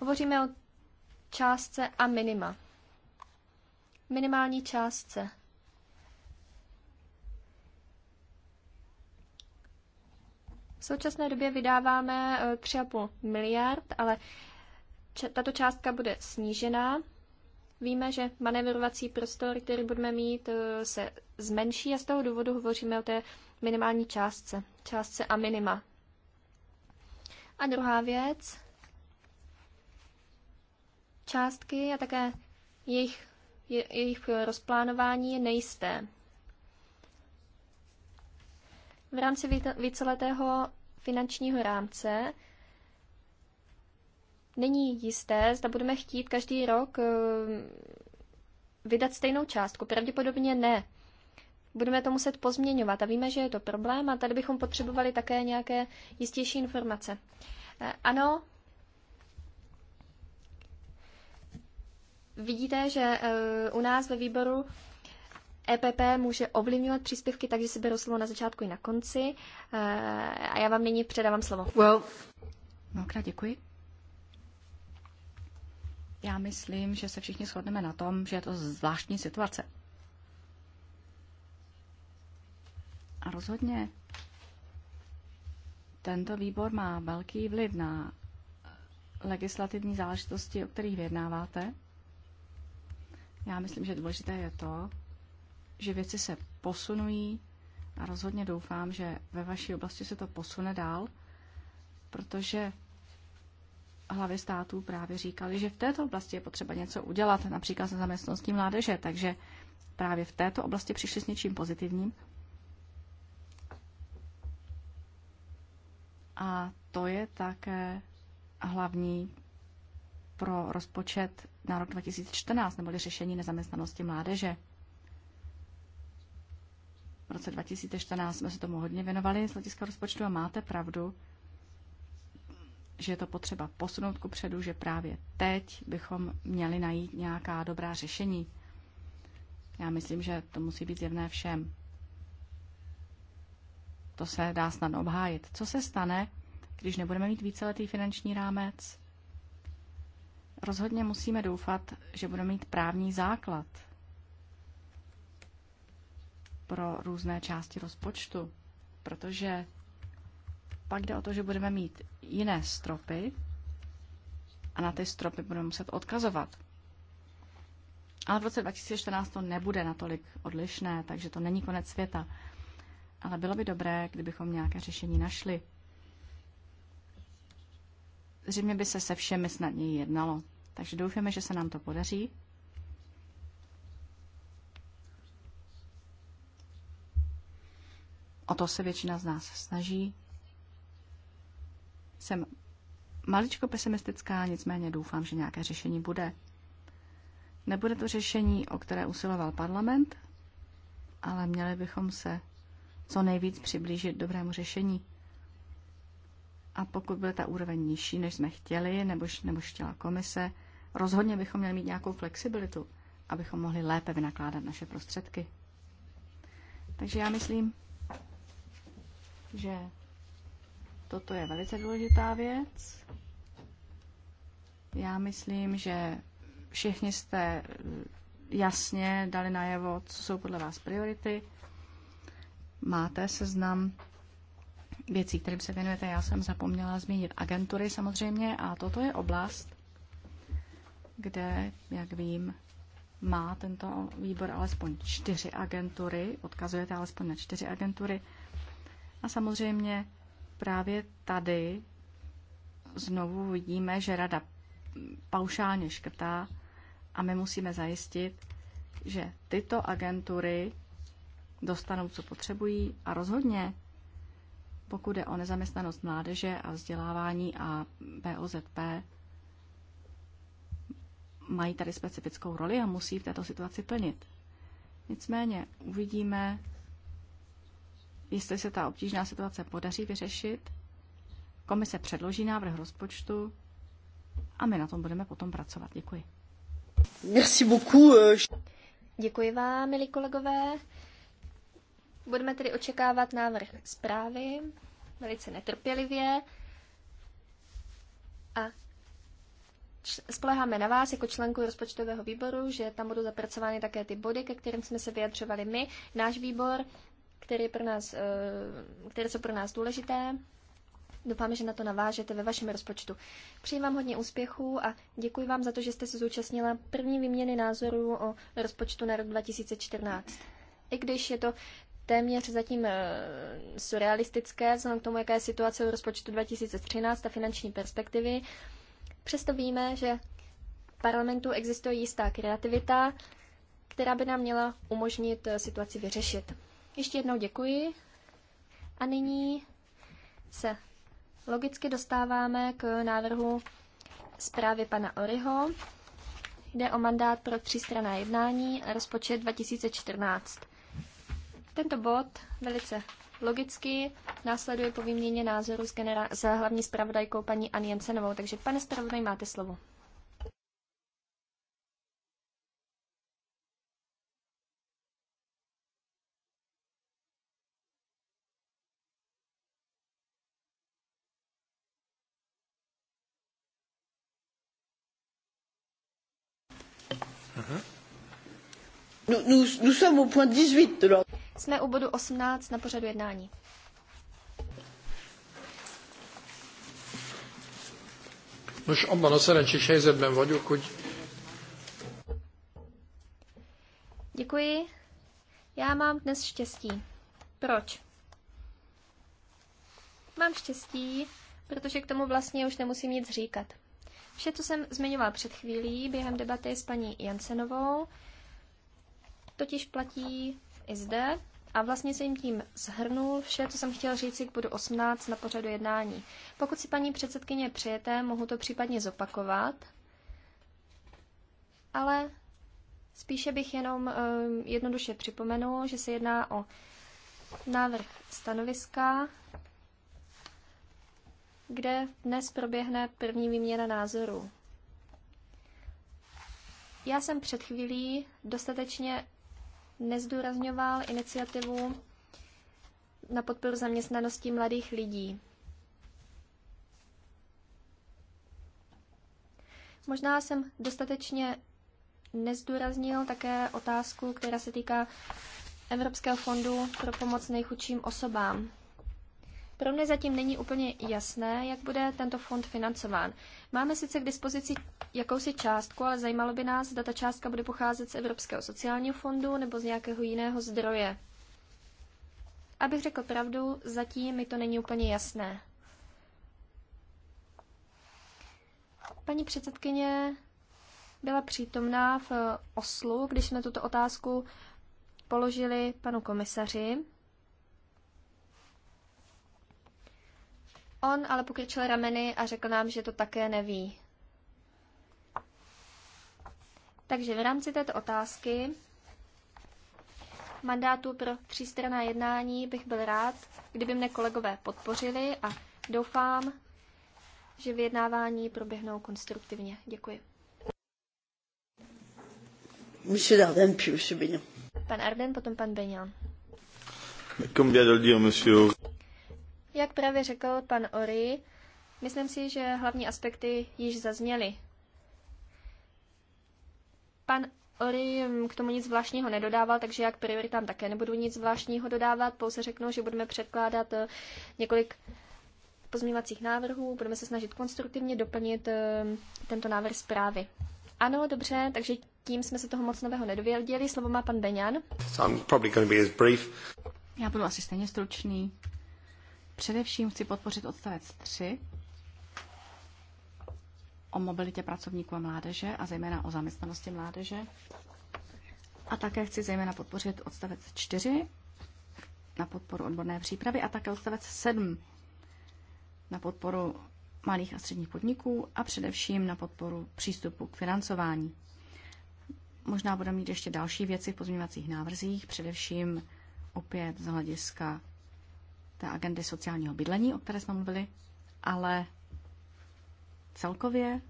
Hovoříme o částce a minima. Minimální částce. V současné době vydáváme 3,5 eh, miliard, ale tato částka bude snížená. Víme, že manevrovací prostor, který budeme mít, eh, se zmenší a z toho důvodu hovoříme o té minimální částce, částce a minima. A druhá věc, částky a také jejich, jejich rozplánování je nejisté v rámci víceletého finančního rámce není jisté, zda budeme chtít každý rok eh, vydat stejnou částku. Pravděpodobně ne. Budeme to muset pozměňovat a víme, že je to problém a tady bychom potřebovali také nějaké jistější informace. Eh, ano, vidíte, že eh, u nás ve výboru EPP může ovlivňovat příspěvky takže si beru slovo na začátku i na konci. Eh, a já vám nyní předávám slovo. Well. Mnohokrát děkuji. Já myslím, že se všichni shodneme na tom, že je to zvláštní situace. A rozhodně tento výbor má velký vliv na legislativní záležitosti, o kterých vyjednáváte. Já myslím, že důležité je to, že věci se posunují a rozhodně doufám, že ve vaší oblasti se to posune dál, protože hlavy států právě říkali, že v této oblasti je potřeba něco udělat, například se zaměstností mládeže, takže právě v této oblasti přišli s něčím pozitivním. A to je také hlavní pro rozpočet na rok 2014, neboli řešení nezaměstnanosti mládeže. V roce 2014 jsme se tomu hodně věnovali z hlediska rozpočtu a máte pravdu, že je to potřeba posunout ku předu, že právě teď bychom měli najít nějaká dobrá řešení. Já myslím, že to musí být zjevné všem. To se dá snadno obhájit. Co se stane, když nebudeme mít víceletý finanční rámec? Rozhodně musíme doufat, že budeme mít právní základ, pro různé části rozpočtu, protože pak jde o to, že budeme mít jiné stropy a na ty stropy budeme muset odkazovat. Ale v roce 2014 to nebude natolik odlišné, takže to není konec světa. Ale bylo by dobré, kdybychom nějaké řešení našli. Zřejmě by se se všemi snadněji jednalo. Takže doufáme, že se nám to podaří o to se většina z nás snaží. Jsem maličko pesimistická, nicméně doufám, že nějaké řešení bude. Nebude to řešení, o které usiloval parlament, ale měli bychom se co nejvíc přiblížit dobrému řešení. A pokud byla ta úroveň nižší, než jsme chtěli, nebož, nebož chtěla komise, rozhodně bychom měli mít nějakou flexibilitu, abychom mohli lépe vynakládat naše prostředky. Takže já myslím, že toto je velice důležitá věc. Já myslím, že všichni jste eh, jasně dali najevo, co jsou podle vás priority. Máte seznam věcí, kterým se věnujete. Já jsem zapomněla zmínit agentury samozřejmě a toto je oblast, kde, jak vím, má tento výbor alespoň čtyři agentury, odkazujete alespoň na čtyři agentury a samozřejmě právě tady znovu vidíme, že rada paušálně škrtá a my musíme zajistit, že tyto agentury dostanou, co potřebují a rozhodně, pokud je o nezaměstnanost mládeže a vzdělávání a BOZP, mají tady specifickou roli a musí v této situaci plnit. Nicméně uvidíme, jestli se ta obtížná situace podaří vyřešit. Komise předloží návrh rozpočtu a my na tom budeme potom pracovat. Děkuji. Merci beaucoup. Euh, Děkuji vám, milí kolegové. Budeme tedy očekávat návrh zprávy velice netrpělivě a spoleháme na vás jako členku rozpočtového výboru, že tam budou zapracovány také ty body, ke kterým jsme se vyjadřovali my, náš výbor, které, pro nás, eh, které jsou pro nás důležité. Doufám, že na to navážete ve vašem rozpočtu. Přeji vám hodně úspěchů a děkuji vám za to, že jste se zúčastnila první výměny názorů o rozpočtu na rok 2014. I když je to téměř zatím eh, surrealistické, vzhledem k tomu, jaká je situace u rozpočtu 2013 a finanční perspektivy, přesto víme, že v parlamentu existuje jistá kreativita, která by nám měla umožnit eh, situaci vyřešit. Ještě jednou děkuji. A nyní se logicky dostáváme k návrhu zprávy pana Oryho. Jde o mandát pro třístranná jednání a rozpočet 2014. Tento bod velice logicky následuje po výměně názoru s, genera- s hlavní zpravodajkou paní Ann Jensenovou. Takže pane zpravodaj, máte slovo. Jsme u bodu 18 na pořadu jednání. Nos, abban a szerencsés helyzetben vagyok, hogy... Děkuji. Já mám dnes štěstí. Proč? Mám štěstí, protože k tomu vlastně už nemusím nic říkat. Vše, co jsem zmiňovala před chvílí během debaty s paní Jansenovou, totiž platí i zde a vlastně jsem tím zhrnul vše, co jsem chtěl říct k bodu 18 na pořadu jednání. Pokud si paní předsedkyně přijete, mohu to případně zopakovat, ale spíše bych jenom um, jednoduše připomenul, že se jedná o návrh stanoviska, kde dnes proběhne první výměna názorů. Já jsem před chvílí dostatečně nezdůrazňoval iniciativu na podporu zaměstnanosti mladých lidí. Možná jsem dostatečně nezdůraznil také otázku, která se týká Evropského fondu pro pomoc nejchudším osobám. Pro mě zatím není úplně jasné, jak bude tento fond financován. Máme sice k dispozici jakousi částku, ale zajímalo by nás, zda ta částka bude pocházet z Evropského sociálního fondu nebo z nějakého jiného zdroje. Abych řekl pravdu, zatím mi to není úplně jasné. Paní předsedkyně byla přítomná v Oslu, když jsme tuto otázku položili panu komisaři. On ale pokrčil rameny a řekl nám, že to také neví. Takže v rámci této otázky mandátu pro třístranná jednání bych byl rád, kdyby mne kolegové podpořili a doufám, že vyjednávání proběhnou konstruktivně. Děkuji. Monsieur Darden, puis Monsieur Beignan. Pan Arden, potom pan Beignan. Comme vient de dire Monsieur právě řekl pan Ori, myslím si, že hlavní aspekty již zazněly. Pan Ori k tomu nic zvláštního nedodával, takže jak prioritám také nebudu nic zvláštního dodávat, pouze řeknu, že budeme předkládat eh, několik pozměňovacích návrhů, budeme se snažit konstruktivně doplnit eh, tento návrh zprávy. Ano, dobře, takže tím jsme se toho moc nového nedověděli. Slovo má pan Beňan. So Já budu asi stejně stručný. Především chci podpořit odstavec 3 o mobilitě pracovníků a mládeže a zejména o zaměstnanosti mládeže. A také chci zejména podpořit odstavec 4 na podporu odborné přípravy a také odstavec 7 na podporu malých a středních podniků a především na podporu přístupu k financování. Možná budeme mít ještě další věci v pozměňovacích návrzích, především opět z hlediska té agendy sociálního bydlení, o které jsme mluvili, ale celkově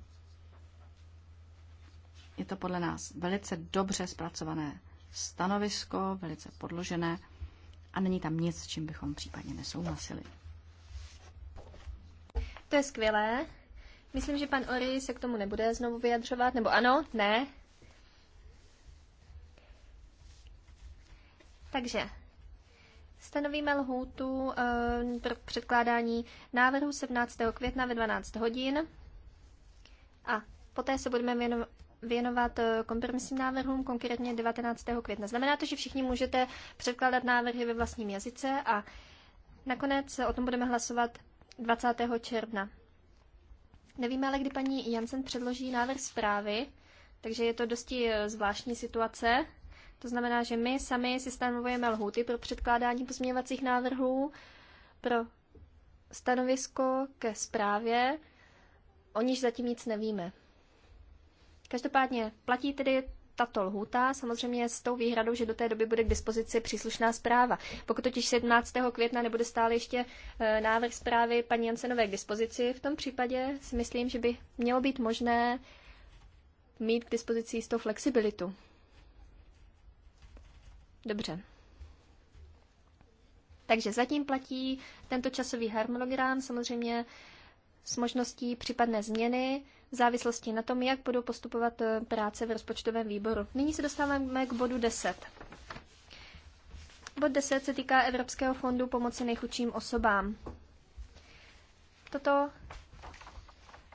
je to podle nás velice dobře zpracované stanovisko, velice podložené a není tam nic, s čím bychom případně nesouhlasili. To je skvělé. Myslím, že pan Ori se k tomu nebude znovu vyjadřovat, nebo ano, ne. Takže Stanovíme lhůtu eh, pro předkládání návrhu 17. května ve 12 hodin a poté se budeme věnovat eh, kompromisním návrhům, konkrétně 19. května. Znamená to, že všichni můžete předkládat návrhy ve vlastním jazyce a nakonec o tom budeme hlasovat 20. června. Nevíme ale, kdy paní Jansen předloží návrh zprávy, takže je to dosti eh, zvláštní situace. To znamená, že my sami si stanovujeme lhuty pro předkládání pozměňovacích návrhů, pro stanovisko ke zprávě, o níž zatím nic nevíme. Každopádně platí tedy tato lhůta, samozřejmě s tou výhradou, že do té doby bude k dispozici příslušná zpráva. Pokud totiž 17. května nebude stále ještě e, návrh zprávy paní Jansenové k dispozici, v tom případě si myslím, že by mělo být možné mít k dispozici jistou flexibilitu. Dobře. Takže zatím platí tento časový harmonogram, samozřejmě s možností případné změny v závislosti na tom, jak budou postupovat eh, práce v rozpočtovém výboru. Nyní se dostáváme k bodu 10. Bod 10 se týká Evropského fondu pomoci nejchudším osobám. Toto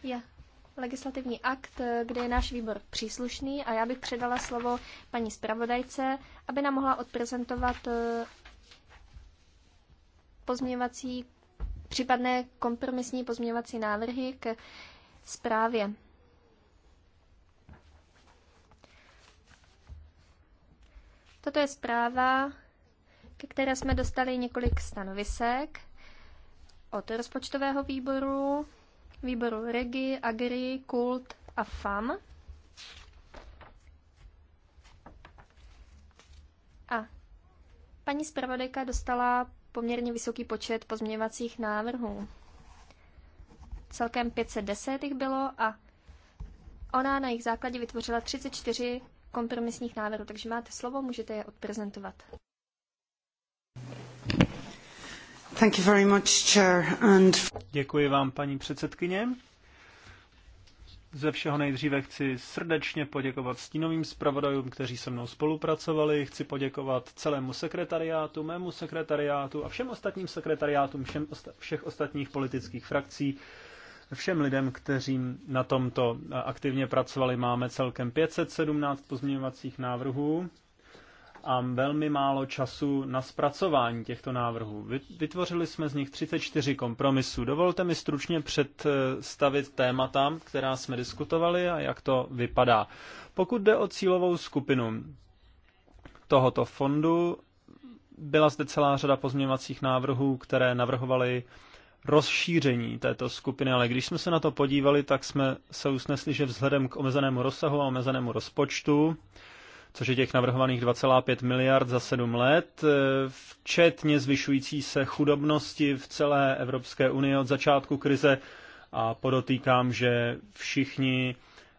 je legislativní akt, eh, kde je náš výbor příslušný a já bych předala slovo paní zpravodajce, aby nám mohla odprezentovat eh, pozměvací, případné kompromisní pozměvací návrhy k zprávě. Toto je zpráva, ke které jsme dostali několik stanovisek od rozpočtového výboru, výboru Regi, Agri, Kult a FAM. A paní zpravodajka dostala poměrně vysoký počet pozměňovacích návrhů. Celkem 510 jich bylo a ona na jejich základě vytvořila 34 kompromisních návrhů, takže máte slovo, můžete je odprezentovat. Děkuji vám, paní předsedkyně. Ze všeho nejdříve chci srdečně poděkovat stínovým zpravodajům, kteří se mnou spolupracovali. Chci poděkovat celému sekretariátu, mému sekretariátu a všem ostatním sekretariátům všem osta- všech ostatních politických frakcí, všem lidem, kteří na tomto aktivně pracovali. Máme celkem 517 pozměňovacích návrhů a velmi málo času na zpracování těchto návrhů. Vytvořili jsme z nich 34 kompromisů. Dovolte mi stručně představit témata, která jsme diskutovali a jak to vypadá. Pokud jde o cílovou skupinu tohoto fondu, byla zde celá řada pozměňovacích návrhů, které navrhovaly rozšíření této skupiny, ale když jsme se na to podívali, tak jsme se usnesli, že vzhledem k omezenému rozsahu a omezenému rozpočtu což je těch navrhovaných 2,5 miliard za 7 let, eh, včetně zvyšující se chudobnosti v celé Evropské unii od začátku krize. A podotýkám, že všichni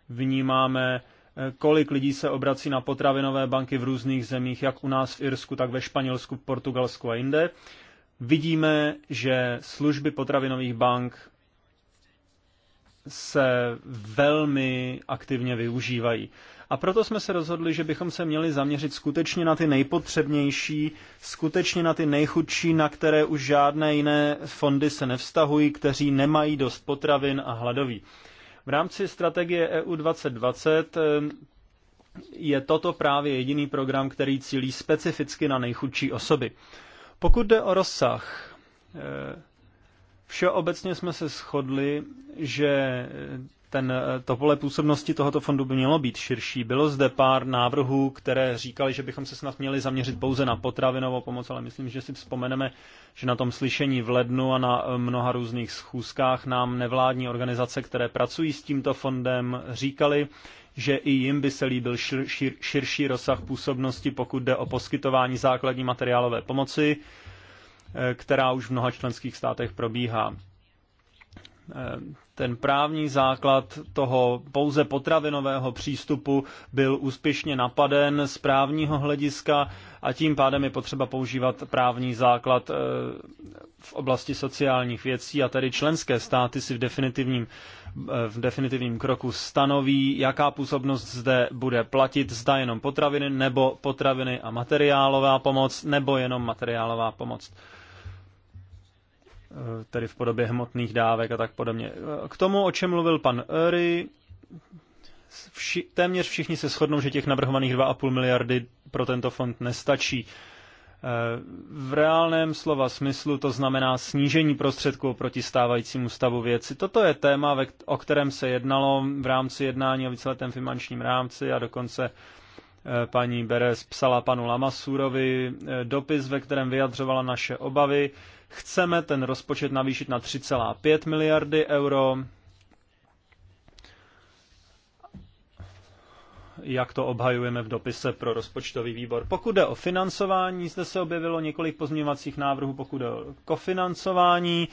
vnímáme, eh, kolik lidí se obrací na potravinové banky v různých zemích, jak u nás v Irsku, tak ve Španělsku, Portugalsku a jinde. Vidíme, že služby potravinových bank se velmi aktivně využívají. A proto jsme se rozhodli, že bychom se měli zaměřit skutečně na ty nejpotřebnější, skutečně na ty nejchudší, na které už žádné jiné fondy se nevztahují, kteří nemají dost potravin a hladoví. V rámci strategie EU 2020 eh, je toto právě jediný program, který cílí specificky na nejchudší osoby. Pokud jde o rozsah, eh, všeobecně jsme se shodli, že eh, ten, eh, to pole působnosti tohoto fondu by mělo být širší. Bylo zde pár návrhů, které říkali, že bychom se snad měli zaměřit pouze na potravinovou pomoc, ale myslím, že si vzpomeneme, že na tom slyšení v lednu a na eh, mnoha různých schůzkách nám nevládní organizace, které pracují s tímto fondem, říkali, že i jim by se líbil šir, šir, širší rozsah působnosti, pokud jde o poskytování základní materiálové pomoci, eh, která už v mnoha členských státech probíhá. Eh, ten právní základ toho pouze potravinového přístupu byl úspěšně napaden z právního hlediska a tím pádem je potřeba používat právní základ eh, v oblasti sociálních věcí a tedy členské státy si v definitivním, eh, v definitivním kroku stanoví, jaká působnost zde bude platit, zda jenom potraviny nebo potraviny a materiálová pomoc nebo jenom materiálová pomoc. Eh, tedy v podobě hmotných dávek a tak podobně. K tomu, o čem mluvil pan Öry, vši, téměř všichni se shodnou, že těch navrhovaných 2,5 miliardy pro tento fond nestačí. Eh, v reálném slova smyslu to znamená snížení prostředků proti stávajícímu stavu věci. Toto je téma, o kterém se jednalo v rámci jednání o víceletém finančním rámci a dokonce eh, paní Beres psala panu Lamasurovi dopis, ve kterém vyjadřovala naše obavy Chceme ten rozpočet navýšit na 3,5 miliardy euro. jak to obhajujeme v dopise pro rozpočtový výbor. Pokud jde o financování, zde se objevilo několik pozměňovacích návrhů, pokud jde o kofinancování.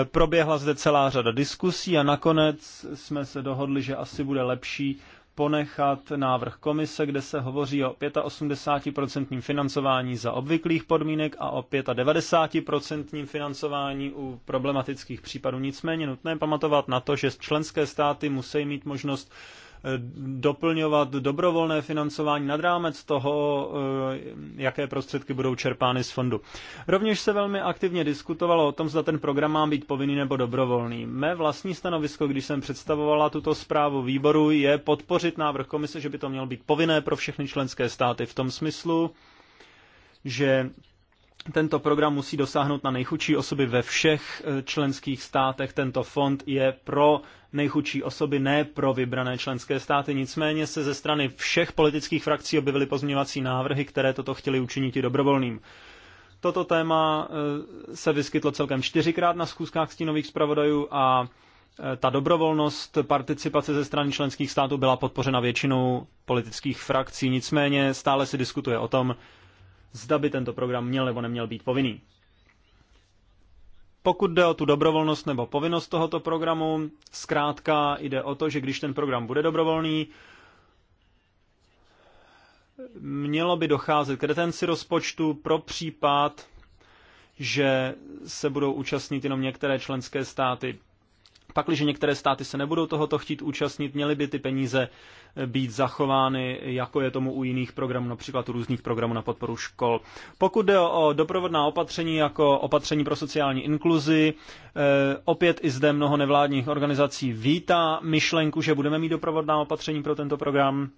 E, proběhla zde celá řada diskusí a nakonec jsme se dohodli, že asi bude lepší ponechat návrh komise, kde se hovoří o 85% financování za obvyklých podmínek a o 95% financování u problematických případů. Nicméně nutné pamatovat na to, že členské státy musí mít možnost doplňovat dobrovolné financování nad rámec toho, eh, jaké prostředky budou čerpány z fondu. Rovněž se velmi aktivně diskutovalo o tom, zda ten program má být povinný nebo dobrovolný. Mé vlastní stanovisko, když jsem představovala tuto zprávu výboru, je podpořit návrh komise, že by to mělo být povinné pro všechny členské státy v tom smyslu, že tento program musí dosáhnout na nejchudší osoby ve všech eh, členských státech. Tento fond je pro nejchudší osoby, ne pro vybrané členské státy. Nicméně se ze strany všech politických frakcí objevily pozměňovací návrhy, které toto chtěli učinit i dobrovolným. Toto téma eh, se vyskytlo celkem čtyřikrát na zkuskách stínových zpravodajů a eh, ta dobrovolnost participace ze strany členských států byla podpořena většinou politických frakcí, nicméně stále se diskutuje o tom, zda by tento program měl nebo neměl být povinný. Pokud jde o tu dobrovolnost nebo povinnost tohoto programu, zkrátka jde o to, že když ten program bude dobrovolný, mělo by docházet k retenci rozpočtu pro případ, že se budou účastnit jenom některé členské státy. Pakliže některé státy se nebudou tohoto chtít účastnit, měly by ty peníze eh, být zachovány, jako je tomu u jiných programů, například u různých programů na podporu škol. Pokud jde o doprovodná opatření, jako opatření pro sociální inkluzi, eh, opět i zde mnoho nevládních organizací vítá myšlenku, že budeme mít doprovodná opatření pro tento program.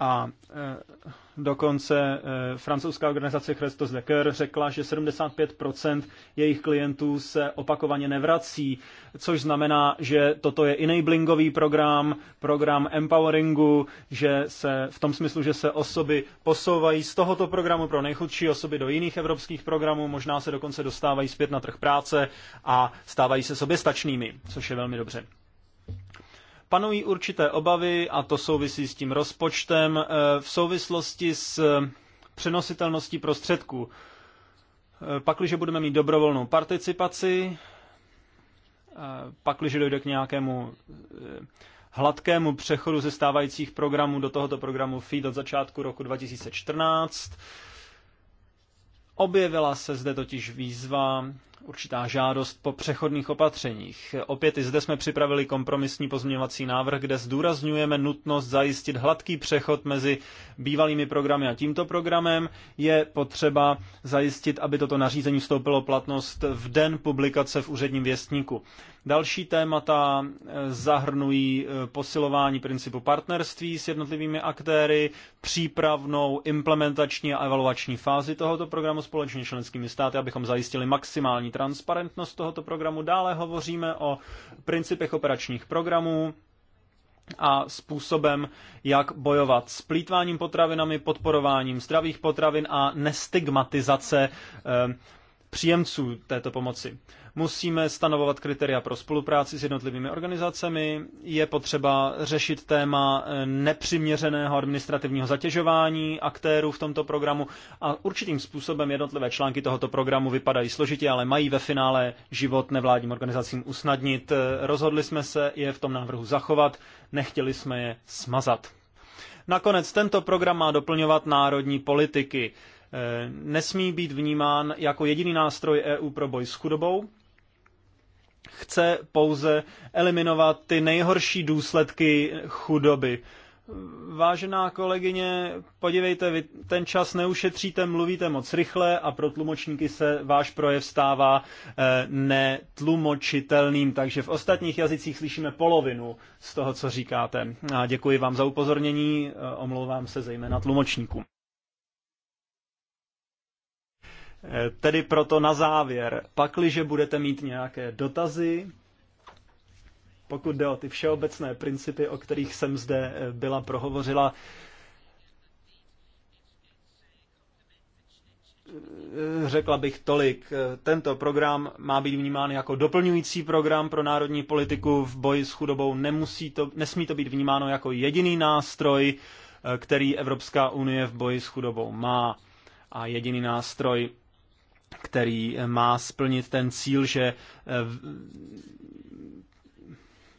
A eh, Dokonce eh, francouzská organizace Christos de Coeur řekla, že 75% jejich klientů se opakovaně nevrací, což znamená, že toto je enablingový program, program empoweringu, že se v tom smyslu, že se osoby posouvají z tohoto programu pro nejchudší osoby do jiných evropských programů, možná se dokonce dostávají zpět na trh práce a stávají se soběstačnými, což je velmi dobře. Panují určité obavy, a to souvisí s tím rozpočtem, eh, v souvislosti s eh, přenositelností prostředků. Eh, pakliže budeme mít dobrovolnou participaci, pakliže dojde k nějakému hladkému přechodu ze stávajících programů do tohoto programu FEED od začátku roku 2014, Objevila se zde totiž výzva určitá žádost po přechodných opatřeních. Opět i zde jsme připravili kompromisní pozměňovací návrh, kde zdůrazňujeme nutnost zajistit hladký přechod mezi bývalými programy a tímto programem. Je potřeba zajistit, aby toto nařízení vstoupilo platnost v den publikace v úředním věstníku. Další témata eh, zahrnují eh, posilování principu partnerství s jednotlivými aktéry, přípravnou, implementační a evaluační fázi tohoto programu společně členskými státy, abychom zajistili maximální maximální transparentnost tohoto programu. Dále hovoříme o principech operačních programů, a způsobem, jak bojovat s plítváním potravinami, podporováním zdravých potravin a nestigmatizace eh, příjemců této pomoci. Musíme stanovovat kritéria pro spolupráci s jednotlivými organizacemi. Je potřeba řešit téma eh, nepřiměřeného administrativního zatěžování aktérů v tomto programu a určitým způsobem jednotlivé články tohoto programu vypadají složitě, ale mají ve finále život nevládním organizacím usnadnit. Eh, rozhodli jsme se je v tom návrhu zachovat, nechtěli jsme je smazat. Nakonec tento program má doplňovat národní politiky. Eh, nesmí být vnímán jako jediný nástroj EU pro boj s chudobou, chce pouze eliminovat ty nejhorší důsledky chudoby. Vážená kolegyně, podívejte, vy ten čas neušetříte, mluvíte moc rychle a pro tlumočníky se váš projev stává e, netlumočitelným, takže v ostatních jazycích slyšíme polovinu z toho, co říkáte. A děkuji vám za upozornění, eh, omlouvám se zejména tlumočníkům. Eh, tedy proto na závěr, pakliže budete mít nějaké dotazy, pokud jde o ty všeobecné principy, o kterých jsem zde eh, byla prohovořila, eh, řekla bych tolik. Tento program má být vnímán jako doplňující program pro národní politiku v boji s chudobou. Nemusí to, nesmí to být vnímáno jako jediný nástroj, který Evropská unie v boji s chudobou má a jediný nástroj, který má splnit ten cíl, že eh,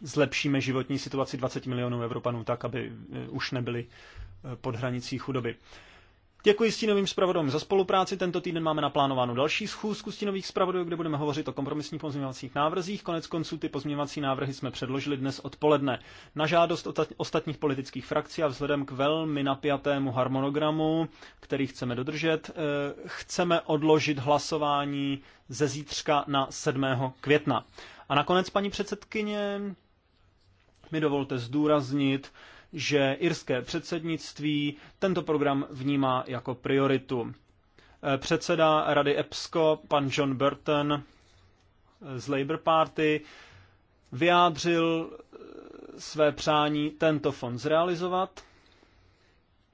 zlepšíme životní situaci 20 milionů Evropanů tak, aby eh, už nebyli eh, pod hranicí chudoby. Děkuji stínovým zpravodům za spolupráci. Tento týden máme naplánovanou další schůzku stínových zpravodů, kde budeme hovořit o kompromisních pozměňovacích návrzích. Konec konců ty pozměňovací návrhy jsme předložili dnes odpoledne. Na žádost ostatních politických frakcí a vzhledem k velmi napjatému harmonogramu, který chceme dodržet, eh, chceme odložit hlasování ze zítřka na 7. května. A nakonec, paní předsedkyně, mi dovolte zdůraznit, že irské předsednictví tento program vnímá jako prioritu. Eh, předseda Rady EPSCO, pan John Burton eh, z Labour Party, vyjádřil eh, své přání tento fond zrealizovat.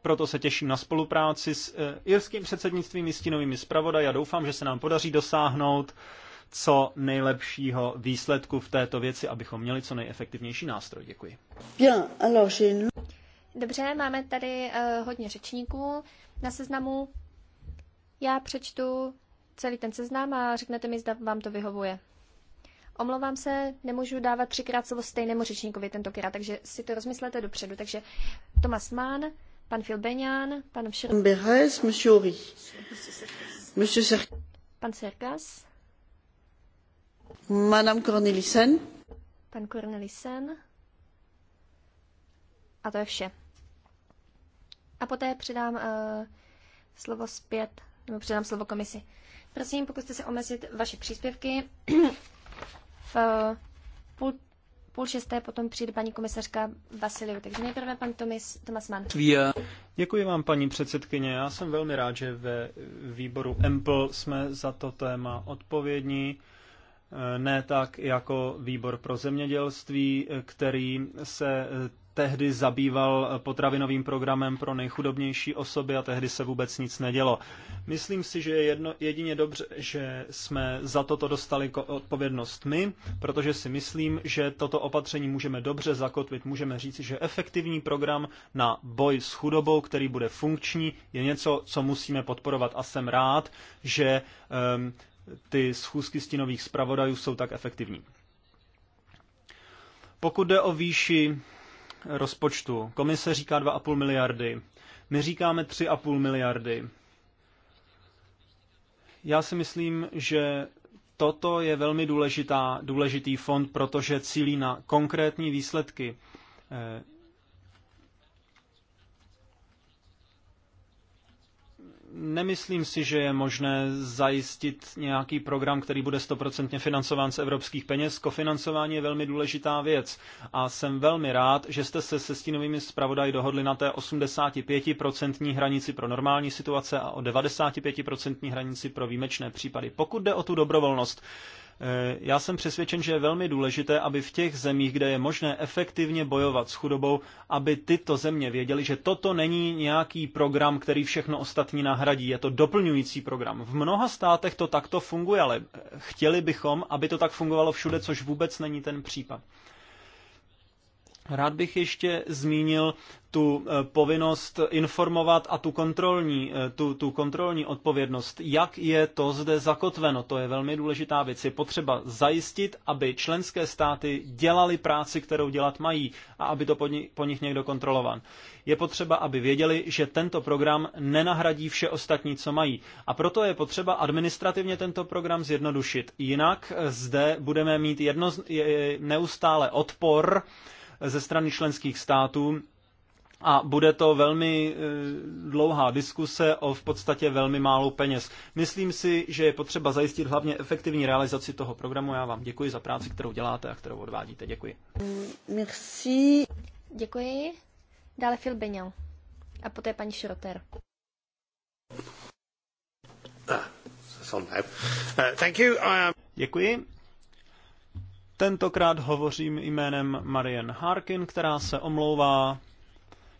Proto se těším na spolupráci s irským předsednictvím, i stínovými zpravodaji a doufám, že se nám podaří dosáhnout co nejlepšího výsledku v této věci, abychom měli co nejefektivnější nástroj. Děkuji. Dobře, máme tady uh, hodně řečníků na seznamu. Já přečtu celý ten seznam a řeknete mi, zda vám to vyhovuje. Omlouvám se, nemůžu dávat třikrát slovo stejnému řečníkovi tentokrát, takže si to rozmyslete dopředu. Takže Tomas Mann, pan Filbeňán, pan Všer... Beres, monsieur Ori. Monsieur Pan Serkas. Madame Cornelissen. Pan Cornelissen. A to je vše. A poté předám uh, slovo zpět, nebo předám slovo komisi. Prosím, pokuste se omezit vaše příspěvky. (clears throat) v eh, půl, půl šesté potom přijde paní komisařka Vasiliu. Takže nejprve pan Tomis, Tomas Mann. Děkuji vám, paní předsedkyně. Já jsem velmi rád, že ve výboru EMPL jsme za to téma odpovědní ne tak jako výbor pro zemědělství, který se eh, tehdy zabýval eh, potravinovým programem pro nejchudobnější osoby a tehdy se vůbec nic nedělo. Myslím si, že je jedno, jedině dobře, že jsme za toto dostali odpovědnost my, protože si myslím, že toto opatření můžeme dobře zakotvit. Můžeme říci, že efektivní program na boj s chudobou, který bude funkční, je něco, co musíme podporovat a jsem rád, že um, ty schůzky stínových zpravodajů jsou tak efektivní. Pokud jde o výši rozpočtu, komise říká 2,5 miliardy, my říkáme 3,5 miliardy. Já si myslím, že toto je velmi důležitá, důležitý fond, protože cílí na konkrétní výsledky. Eh, Nemyslím si, že je možné zajistit nějaký program, který bude stoprocentně financován z evropských peněz. Kofinancování je velmi důležitá věc a jsem velmi rád, že jste se se stínovými zpravodaji dohodli na té 85% hranici pro normální situace a o 95% hranici pro výjimečné případy. Pokud jde o tu dobrovolnost, Eh, já jsem přesvědčen, že je velmi důležité, aby v těch zemích, kde je možné efektivně bojovat s chudobou, aby tyto země věděly, že toto není nějaký program, který všechno ostatní nahradí. Je to doplňující program. V mnoha státech to takto funguje, ale eh, chtěli bychom, aby to tak fungovalo všude, což vůbec není ten případ. Rád bych ještě zmínil tu eh, povinnost informovat a tu kontrolní, eh, tu, tu kontrolní odpovědnost. Jak je to zde zakotveno? To je velmi důležitá věc. Je potřeba zajistit, aby členské státy dělali práci, kterou dělat mají a aby to po, ni, po nich někdo kontroloval. Je potřeba, aby věděli, že tento program nenahradí vše ostatní, co mají. A proto je potřeba administrativně tento program zjednodušit. Jinak eh, zde budeme mít jedno, neustále odpor, ze strany členských států a bude to velmi eh, dlouhá diskuse o v podstatě velmi málo peněz. Myslím si, že je potřeba zajistit hlavně efektivní realizaci toho programu. Já vám děkuji za práci, kterou děláte a kterou odvádíte. Děkuji. Merci. Děkuji. Dále Phil Beňal. A poté paní Šroter. Děkuji. Ah, euh, am... Děkuji. Tentokrát hovořím jménem Marian Harkin, která se omlouvá,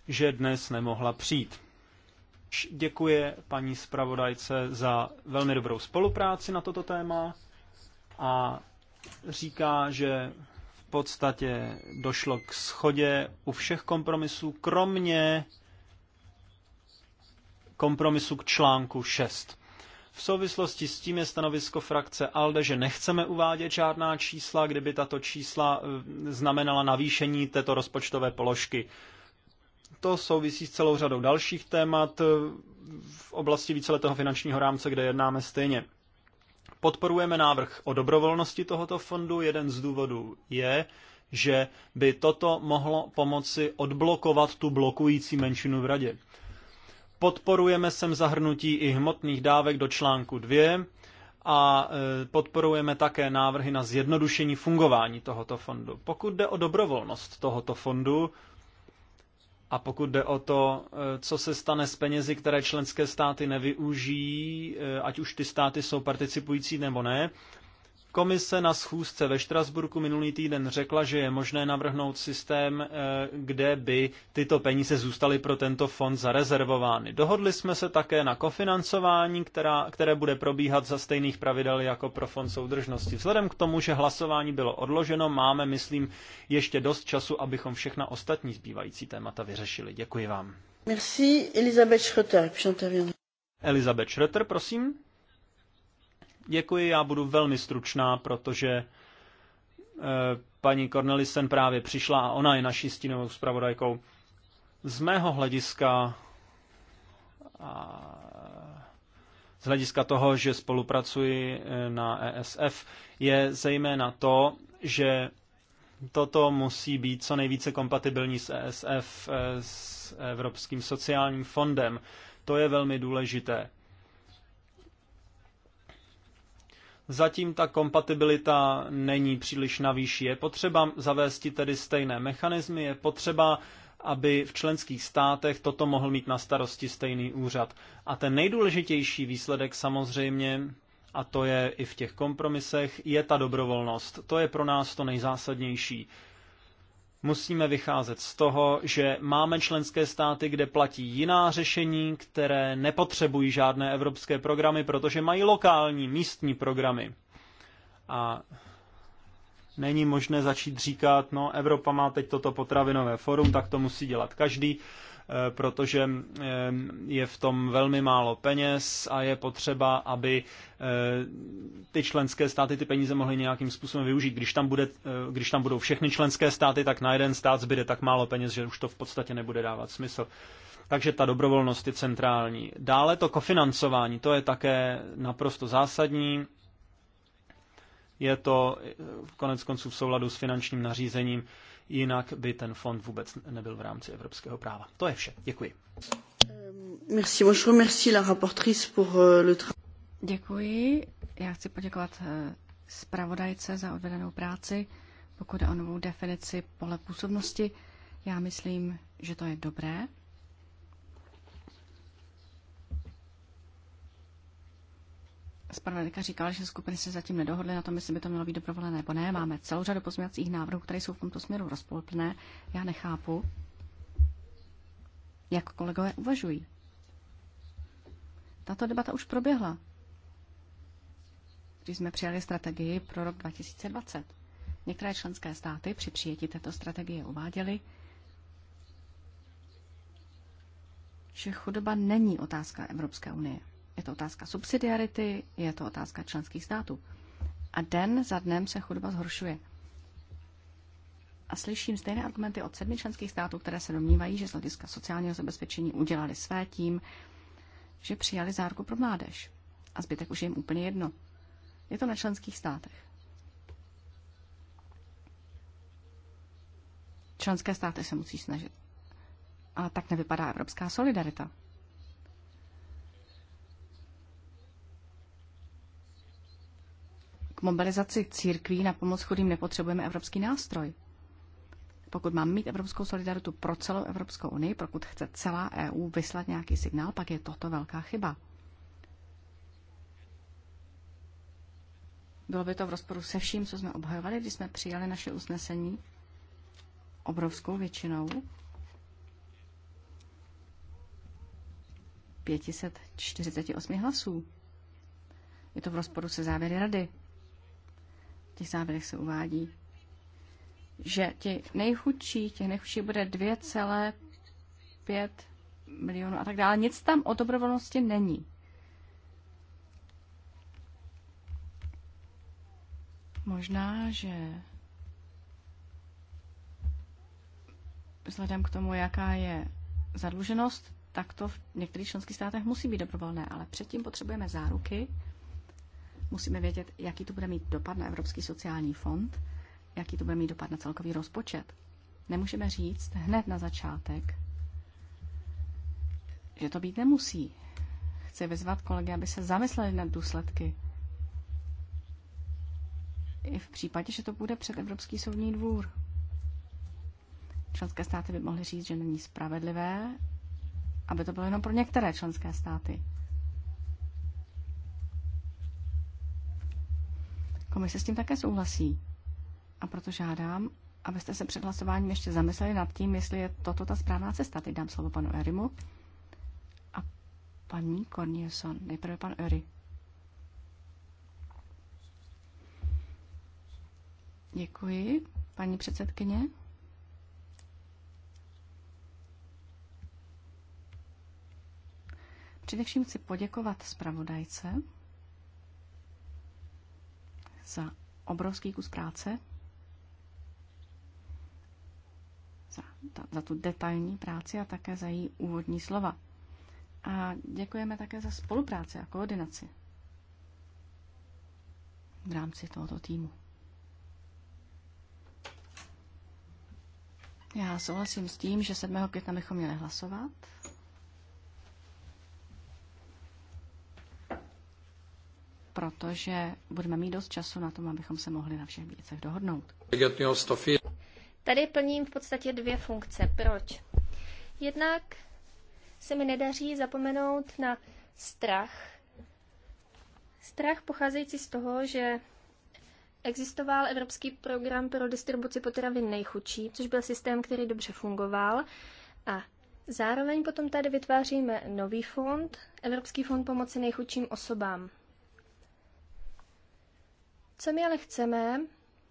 že dnes nemohla přijít. Děkuje paní zpravodajce za velmi dobrou spolupráci na toto téma a říká, že v podstatě došlo k schodě u všech kompromisů, kromě kompromisu k článku 6. V souvislosti s tím je stanovisko frakce ALDE, že nechceme uvádět žádná čísla, kdyby tato čísla eh, znamenala navýšení této rozpočtové položky. To souvisí s celou řadou dalších témat eh, v oblasti víceletého finančního rámce, kde jednáme stejně. Podporujeme návrh o dobrovolnosti tohoto fondu. Jeden z důvodů je, že by toto mohlo pomoci odblokovat tu blokující menšinu v radě. Podporujeme sem zahrnutí i hmotných dávek do článku 2 a e, podporujeme také návrhy na zjednodušení fungování tohoto fondu. Pokud jde o dobrovolnost tohoto fondu a pokud jde o to, e, co se stane s penězi, které členské státy nevyužijí, e, ať už ty státy jsou participující nebo ne, Komise na schůzce ve Štrasburku minulý týden řekla, že je možné navrhnout systém, eh, kde by tyto peníze zůstaly pro tento fond zarezervovány. Dohodli jsme se také na kofinancování, která, které bude probíhat za stejných pravidel jako pro fond soudržnosti. Vzhledem k tomu, že hlasování bylo odloženo, máme, myslím, ještě dost času, abychom všechna ostatní zbývající témata vyřešili. Děkuji vám. Merci, Elizabeth Schröter, Elizabeth prosím. Děkuji, já budu velmi stručná, protože eh, paní Cornelisen právě přišla a ona je naší stínovou zpravodajkou. Z mého hlediska a z hlediska toho, že spolupracuji eh, na ESF, je zejména to, že toto musí být co nejvíce kompatibilní s ESF, eh, s Evropským sociálním fondem. To je velmi důležité. Zatím ta kompatibilita není příliš na výši. Je potřeba zavést tedy stejné mechanismy, je potřeba, aby v členských státech toto mohl mít na starosti stejný úřad. A ten nejdůležitější výsledek samozřejmě, a to je i v těch kompromisech, je ta dobrovolnost. To je pro nás to nejzásadnější musíme vycházet z toho, že máme členské státy, kde platí jiná řešení, které nepotřebují žádné evropské programy, protože mají lokální, místní programy. A není možné začít říkat, no Evropa má teď toto potravinové forum, tak to musí dělat každý, Eh, protože eh, je v tom velmi málo peněz a je potřeba, aby eh, ty členské státy ty peníze mohly nějakým způsobem využít. Když tam, bude, když tam budou všechny členské státy, tak na jeden stát zbyde tak málo peněz, že už to v podstatě nebude dávat smysl. Takže ta dobrovolnost je centrální. Dále to kofinancování, to je také naprosto zásadní. Je to konec konců v souladu s finančním nařízením jinak by ten fond vůbec nebyl v rámci evropského práva. To je vše. Děkuji. Euh, merci, la rapportrice pour euh, le Děkuji. Já chci poděkovat eh, zpravodajce za odvedenou práci. Pokud jde o novou definici pole působnosti, já myslím, že to je dobré, Spravedlika říkala, že skupiny se zatím nedohodly na tom, jestli by to mělo být dobrovolné nebo ne. Máme celou řadu pozměňovacích návrhů, které jsou v tomto směru rozpolplné. Já nechápu, jak kolegové uvažují. Tato debata už proběhla, když jsme přijali strategii pro rok 2020. Některé členské státy při přijetí této strategie uváděly, že chudoba není otázka Evropské unie. Je to otázka subsidiarity, je to otázka členských států. A den za dnem se chudoba zhoršuje. A slyším stejné argumenty od sedmi členských států, které se domnívají, že z hlediska sociálního zabezpečení udělali své tím, že přijali zárku pro mládež. A zbytek už je jim úplně jedno. Je to na členských státech. Členské státy se musí snažit. Ale tak nevypadá evropská solidarita. mobilizaci církví na pomoc chudým nepotřebujeme evropský nástroj. Pokud mám mít evropskou solidaritu pro celou Evropskou unii, pokud chce celá EU vyslat nějaký signál, pak je toto velká chyba. Bylo by to v rozporu se vším, co jsme obhajovali, když jsme přijali naše usnesení obrovskou většinou. 548 hlasů. Je to v rozporu se závěry rady v těch závěrech se uvádí, že těch nejchudší, těch nejchudší bude 2,5 milionů a tak dále. Nic tam o dobrovolnosti není. Možná, že vzhledem k tomu, jaká je zadluženost, tak to v některých členských státech musí být dobrovolné, ale předtím potřebujeme záruky, musíme vědět, jaký to bude mít dopad na Evropský sociální fond, jaký to bude mít dopad na celkový rozpočet. Nemůžeme říct hned na začátek, že to být nemusí. Chci vyzvat kolegy, aby se zamysleli nad důsledky. I v případě, že to bude před Evropský soudní dvůr. Členské státy by mohly říct, že není spravedlivé, aby to bylo jenom pro některé členské státy. Komise s tím také souhlasí. A proto žádám, abyste se před hlasováním ještě zamysleli nad tím, jestli je toto ta správná cesta. Teď dám slovo panu Erimu a paní Cornelson. Nejprve pan Ery. Děkuji, paní předsedkyně. Především chci poděkovat zpravodajce za obrovský kus práce, za, ta, za tu detailní práci a také za její úvodní slova. A děkujeme také za spolupráci a koordinaci v rámci tohoto týmu. Já souhlasím s tím, že 7. května bychom měli hlasovat protože budeme mít dost času na tom, abychom se mohli na všech věcech dohodnout. Tady plním v podstatě dvě funkce. Proč? Jednak se mi nedaří zapomenout na strach. Strach pocházející z toho, že existoval evropský program pro distribuci potravin nejchučí, což byl systém, který dobře fungoval. A zároveň potom tady vytváříme nový fond, Evropský fond pomoci nejchučím osobám. Co my ale chceme,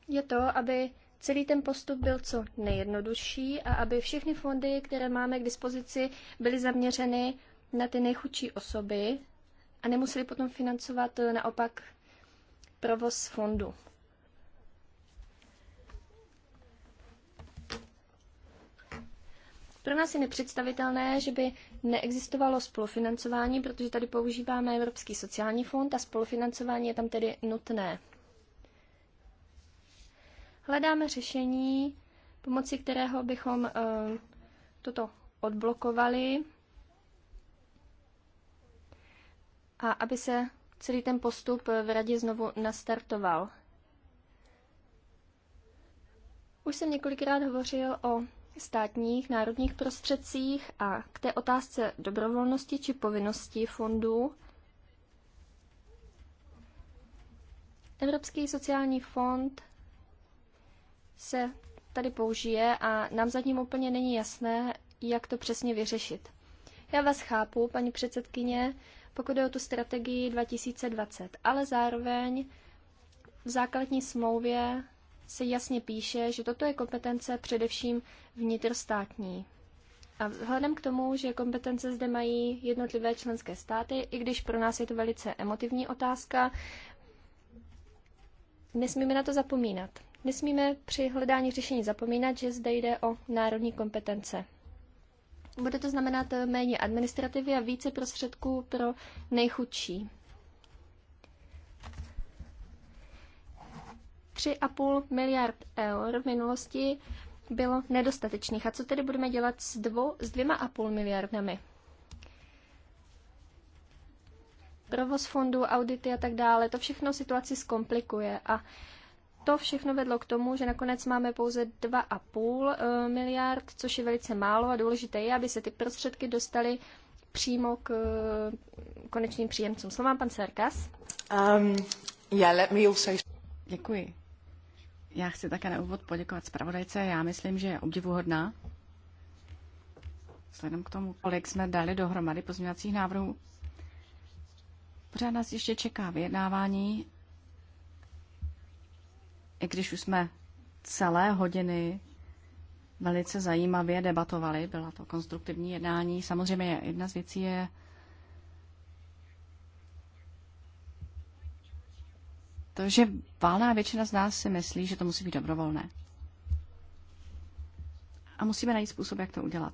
je to, aby celý ten postup byl co nejjednodušší a aby všechny fondy, které máme k dispozici, byly zaměřeny na ty nejchudší osoby a nemuseli potom financovat eh, naopak provoz fondu. Pro nás je nepředstavitelné, že by neexistovalo spolufinancování, protože tady používáme Evropský sociální fond a spolufinancování je tam tedy nutné. Hledáme řešení, pomocí kterého bychom eh, toto odblokovali a aby se celý ten postup v radě znovu nastartoval. Už jsem několikrát hovořil o státních národních prostředcích a k té otázce dobrovolnosti či povinnosti fondů. Evropský sociální fond se tady použije a nám zatím úplně není jasné, jak to přesně vyřešit. Já vás chápu, paní předsedkyně, pokud jde o tu strategii 2020, ale zároveň v základní smlouvě se jasně píše, že toto je kompetence především vnitrostátní. A vzhledem k tomu, že kompetence zde mají jednotlivé členské státy, i když pro nás je to velice emotivní otázka, nesmíme na to zapomínat. Nesmíme při hledání řešení zapomínat, že zde jde o národní kompetence. Bude to znamenat méně administrativy a více prostředků pro nejchudší. 3,5 miliard eur v minulosti bylo nedostatečných. A co tedy budeme dělat s, dvou, s dvěma a půl miliardami? Provoz fondů, audity a tak dále, to všechno situaci zkomplikuje a to všechno vedlo k tomu, že nakonec máme pouze 2,5 eh, miliard, což je velice málo a důležité je, aby se ty prostředky dostaly přímo k eh, konečným příjemcům. Slovo pan Serkas. Um, yeah, let me also... Děkuji. Já chci také na úvod poděkovat zpravodajce. Já myslím, že je obdivuhodná. Vzhledem k tomu, kolik jsme dali dohromady pozměňovacích návrhů, pořád nás ještě čeká vyjednávání i když už jsme celé hodiny velice zajímavě debatovali, byla to konstruktivní jednání. Samozřejmě jedna z věcí je, to, že válná většina z nás si myslí, že to musí být dobrovolné. A musíme najít způsob, jak to udělat.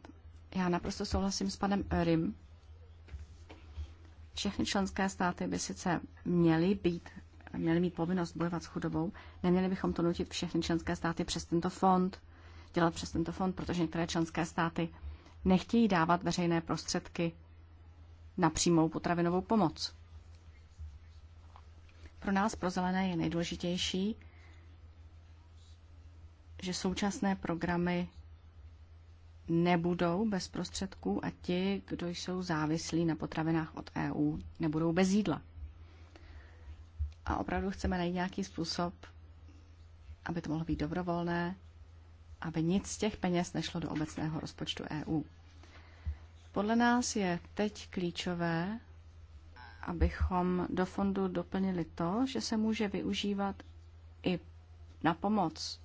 Já naprosto souhlasím s panem Örim. Všechny členské státy by sice měly být měli mít povinnost bojovat s chudobou, neměli bychom to nutit všechny členské státy přes tento fond, dělat přes tento fond, protože některé členské státy nechtějí dávat veřejné prostředky na přímou potravinovou pomoc. Pro nás, pro zelené, je nejdůležitější, že současné programy nebudou bez prostředků a ti, kdo jsou závislí na potravinách od EU, nebudou bez jídla. A opravdu chceme najít nějaký způsob, aby to mohlo být dobrovolné, aby nic z těch peněz nešlo do obecného rozpočtu EU. Podle nás je teď klíčové, abychom do fondu doplnili to, že se může využívat i na pomoc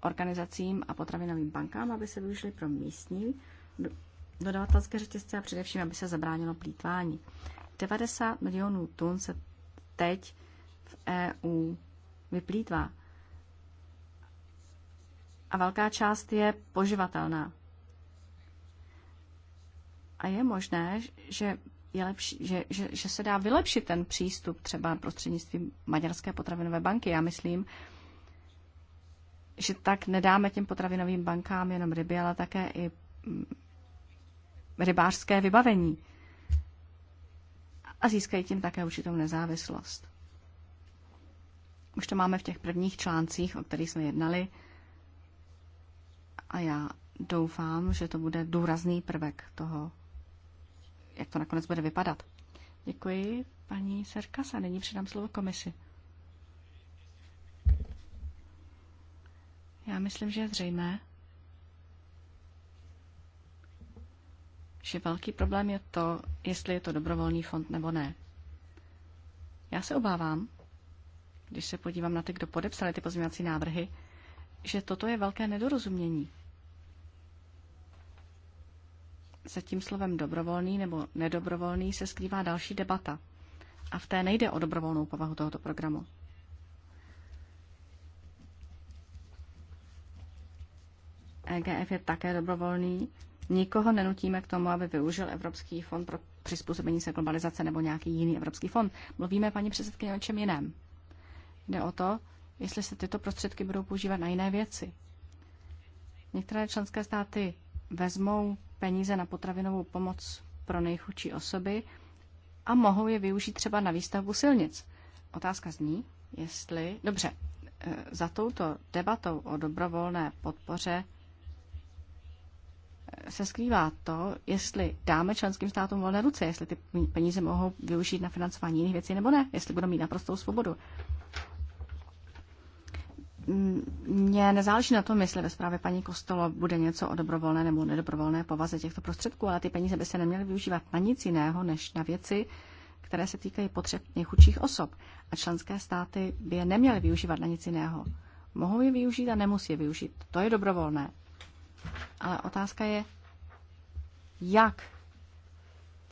organizacím a potravinovým bankám, aby se využili pro místní dodavatelské řetězce a především, aby se zabránilo plítvání. 90 milionů tun se teď v EU vyplýtvá. A velká část je poživatelná. A je možné, že, je lepší, že, že, že se dá vylepšit ten přístup třeba prostřednictvím Maďarské potravinové banky. Já myslím, že tak nedáme těm potravinovým bankám jenom ryby, ale také i mm, rybářské vybavení. A získají tím také určitou nezávislost. Už to máme v těch prvních článcích, o kterých jsme jednali. A já doufám, že to bude důrazný prvek toho, jak to nakonec bude vypadat. Děkuji, paní Serkas, a nyní předám slovo komisi. Já myslím, že je zřejmé, že velký problém je to, jestli je to dobrovolný fond nebo ne. Já se obávám, když se podívám na ty, kdo podepsali ty pozměňovací návrhy, že toto je velké nedorozumění. Za tím slovem dobrovolný nebo nedobrovolný se skrývá další debata. A v té nejde o dobrovolnou povahu tohoto programu. EGF je také dobrovolný. Nikoho nenutíme k tomu, aby využil Evropský fond pro přizpůsobení se globalizace nebo nějaký jiný Evropský fond. Mluvíme, paní předsedkyně, o čem jiném. Jde o to, jestli se tyto prostředky budou používat na jiné věci. Některé členské státy vezmou peníze na potravinovou pomoc pro nejchudší osoby a mohou je využít třeba na výstavbu silnic. Otázka zní, jestli... Dobře, e, za touto debatou o dobrovolné podpoře e, se skrývá to, jestli dáme členským státům volné ruce, jestli ty peníze mohou využít na financování jiných věcí nebo ne, jestli budou mít naprostou svobodu. Mně nezáleží na tom, jestli ve zprávě paní Kostolo bude něco o dobrovolné nebo nedobrovolné povaze těchto prostředků, ale ty peníze by se neměly využívat na nic jiného, než na věci, které se týkají potřeb nejchudších osob. A členské státy by je neměly využívat na nic jiného. Mohou je využít a nemusí je využít. To je dobrovolné. Ale otázka je, jak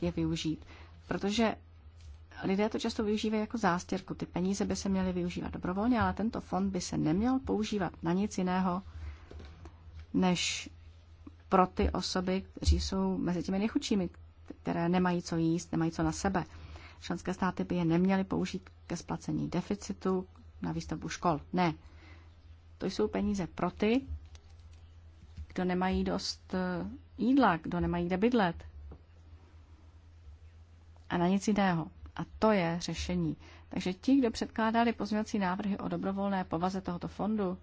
je využít. Protože lidé to často využívají jako zástěrku. Ty peníze by se měly využívat dobrovolně, ale tento fond by se neměl používat na nic jiného, než pro ty osoby, kteří jsou mezi těmi nejchudšími, které nemají co jíst, nemají co na sebe. Členské státy by je neměly použít ke splacení deficitu na výstavbu škol. Ne. To jsou peníze pro ty, kdo nemají dost eh, jídla, kdo nemají kde bydlet. A na nic jiného. A to je řešení. Takže ti, kdo předkládali pozměňovací návrhy o dobrovolné povaze tohoto fondu,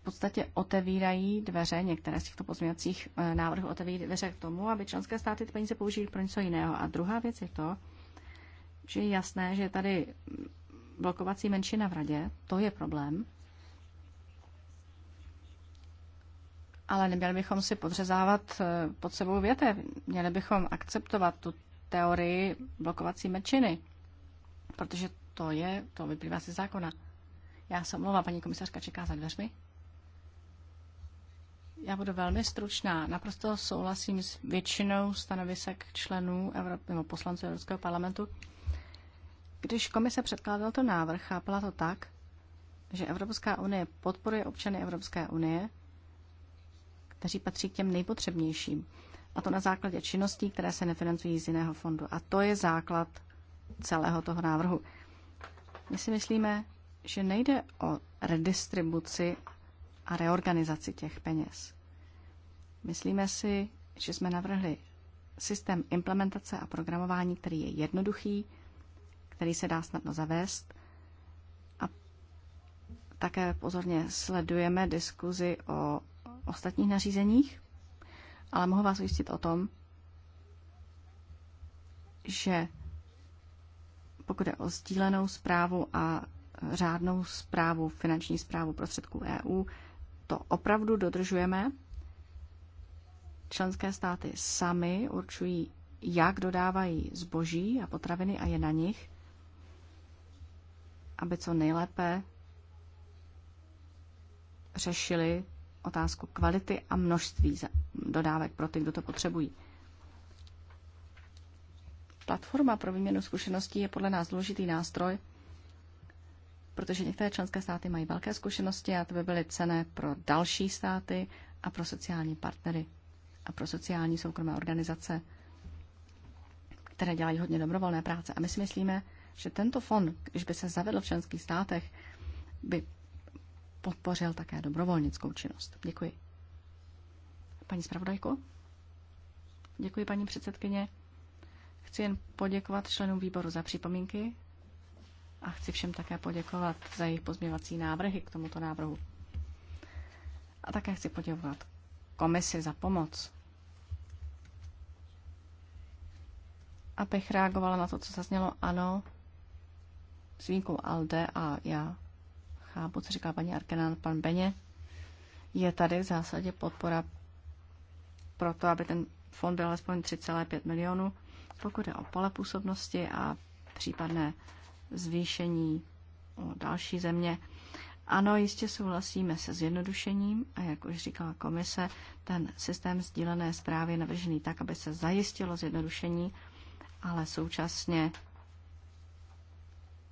v podstatě otevírají dveře, některé z těchto pozměňovacích eh, návrhů otevírají dveře k tomu, aby členské státy ty peníze použili pro něco jiného. A druhá věc je to, že je jasné, že je tady blokovací menšina v radě, to je problém, ale neměli bychom si podřezávat eh, pod sebou větev. Měli bychom akceptovat tu teorii blokovací mečiny, protože to je, to vyplývá si zákona. Já se omlouvám, paní komisařka čeká za dveřmi. Já budu velmi stručná. Naprosto souhlasím s většinou stanovisek členů Evropy, nebo poslanců Evropského parlamentu. Když komise předkládala to návrh, chápala to tak, že Evropská unie podporuje občany Evropské unie kteří patří k těm nejpotřebnějším. A to na základě činností, které se nefinancují z jiného fondu. A to je základ celého toho návrhu. My si myslíme, že nejde o redistribuci a reorganizaci těch peněz. Myslíme si, že jsme navrhli systém implementace a programování, který je jednoduchý, který se dá snadno zavést. A také pozorně sledujeme diskuzi o ostatních nařízeních, ale mohu vás ujistit o tom, že pokud je o sdílenou zprávu a řádnou zprávu, finanční zprávu prostředků EU, to opravdu dodržujeme. Členské státy sami určují, jak dodávají zboží a potraviny a je na nich, aby co nejlépe řešili otázku kvality a množství dodávek pro ty, kdo to potřebují. Platforma pro výměnu zkušeností je podle nás důležitý nástroj, protože některé členské státy mají velké zkušenosti a to by byly cené pro další státy a pro sociální partnery a pro sociální soukromé organizace, které dělají hodně dobrovolné práce. A my si myslíme, že tento fond, když by se zavedl v členských státech, by podpořil také dobrovolnickou činnost. Děkuji. Paní zpravodajko? Děkuji, paní předsedkyně. Chci jen poděkovat členům výboru za připomínky a chci všem také poděkovat za jejich pozměvací návrhy k tomuto návrhu. A také chci poděkovat komisi za pomoc. Abych reagovala na to, co zaznělo, ano, s výjimkou Alde a já chápu, co říká paní Arkenán, pan Beně, je tady v zásadě podpora pro to, aby ten fond byl alespoň 3,5 milionů, pokud je o pole působnosti a případné zvýšení o další země. Ano, jistě souhlasíme se zjednodušením a jak už říkala komise, ten systém sdílené zprávy je navržený tak, aby se zajistilo zjednodušení, ale současně